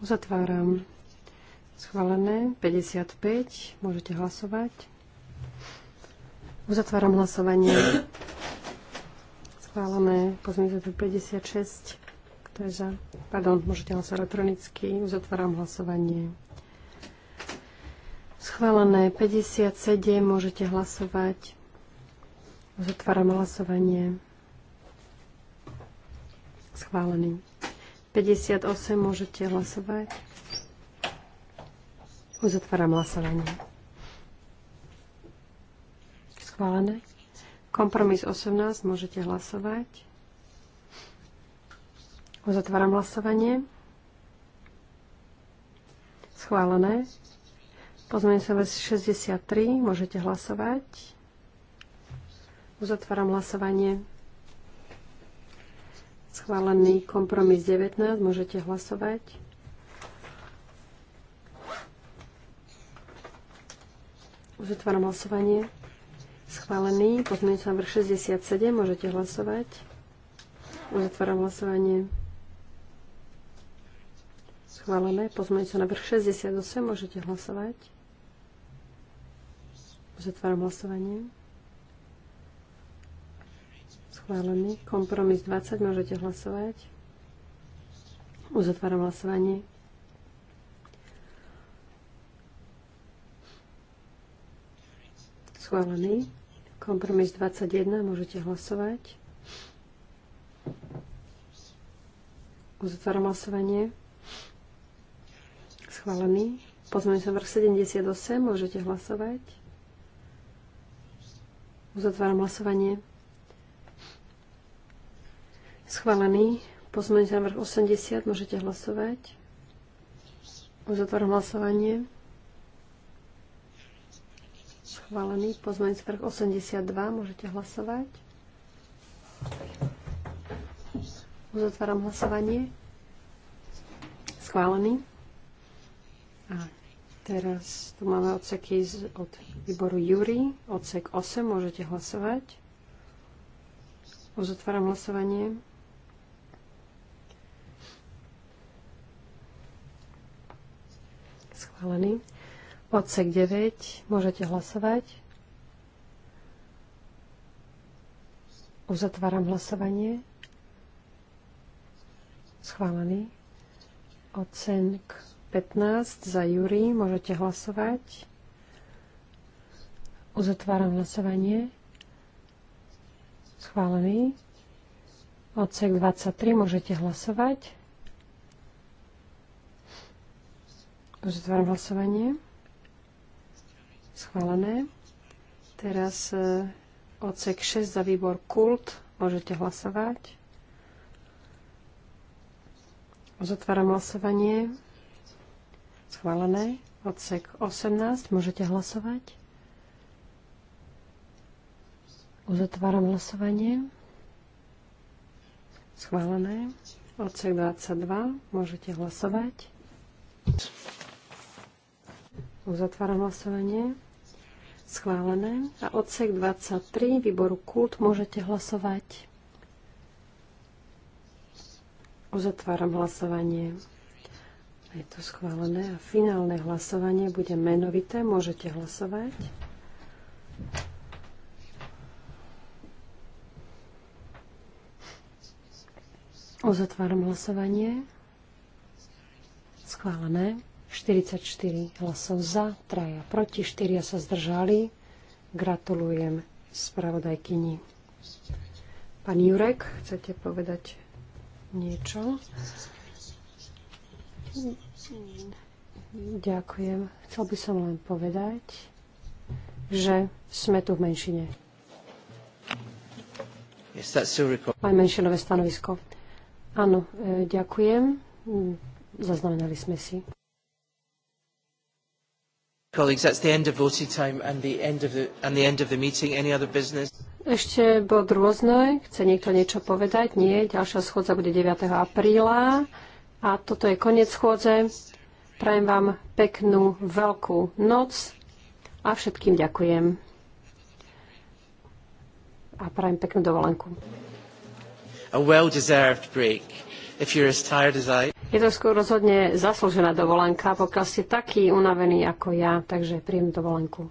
Speaker 2: Uzatváram. Schválené. 55. Môžete hlasovať. Uzatváram hlasovanie. Schválené. tu, 56. Kto je za? Pardon, môžete hlasovať elektronicky. Uzatváram hlasovanie. Schválené 57. Môžete hlasovať. Uzatváram hlasovanie. Schválený. 58 môžete hlasovať. Uzatváram hlasovanie. Schválené. Kompromis 18 môžete hlasovať. Uzatváram hlasovanie. Schválené. Pozmeň sa 63, môžete hlasovať. Uzatváram hlasovanie. Schválený kompromis 19. Môžete hlasovať. Uzatváram hlasovanie. Schválený pozmeňujúci návrh 67. Môžete hlasovať. Uzatváram hlasovanie. Schválené. Pozmeňujúci návrh 68. Môžete hlasovať. Uzatváram hlasovanie. Schválený. Kompromis 20. Môžete hlasovať. Uzatváram hlasovanie. Schválený. Kompromis 21. Môžete hlasovať. Uzatváram hlasovanie. Schválený. Pozmeň sa vrch 78. Môžete hlasovať. Uzatváram hlasovanie. Schválený. Pozmeňte návrh 80. Môžete hlasovať. Uzatváram hlasovanie. Schválený. Pozmeňte návrh 82. Môžete hlasovať. Uzatváram hlasovanie. Schválený. A teraz tu máme odseky od výboru Júri. Odsek 8. Môžete hlasovať. Uzatváram hlasovanie. Schválený. Odsek 9. Môžete hlasovať. Uzatváram hlasovanie. Schválený. Ocenk 15 za Júri. Môžete hlasovať. Uzatváram hlasovanie. Schválený. Odsek 23. Môžete hlasovať. Uzatváram hlasovanie. Schválené. Teraz e, odsek 6 za výbor kult. Môžete hlasovať. Uzatváram hlasovanie. Schválené. Odsek 18. Môžete hlasovať. Uzatváram hlasovanie. Schválené. Odsek 22. Môžete hlasovať. Uzatváram hlasovanie. Schválené. A odsek 23 výboru kult môžete hlasovať. Uzatváram hlasovanie. Je to schválené. A finálne hlasovanie bude menovité. Môžete hlasovať. Uzatváram hlasovanie. Schválené. 44 hlasov za, traja proti, 4 sa zdržali. Gratulujem spravodajkyni. Pán Jurek, chcete povedať niečo? Ďakujem. Chcel by som len povedať, že sme tu v menšine. Aj menšinové stanovisko. Áno, e, ďakujem. Zaznamenali sme si.
Speaker 1: Colleagues, that's the end of voting time and the end of the, and the end of the meeting. Any other business?
Speaker 2: Ešte bod rôzne. Chce niekto niečo povedať? Nie. Ďalšia schôdza bude 9. apríla. A toto je koniec schôdze. Prajem vám peknú veľkú noc a všetkým ďakujem. A prajem peknú dovolenku.
Speaker 1: A well-deserved break, if you're as tired as I.
Speaker 2: Je to skôr rozhodne zaslúžená dovolenka, pokiaľ ste taký unavený ako ja, takže príjem dovolenku.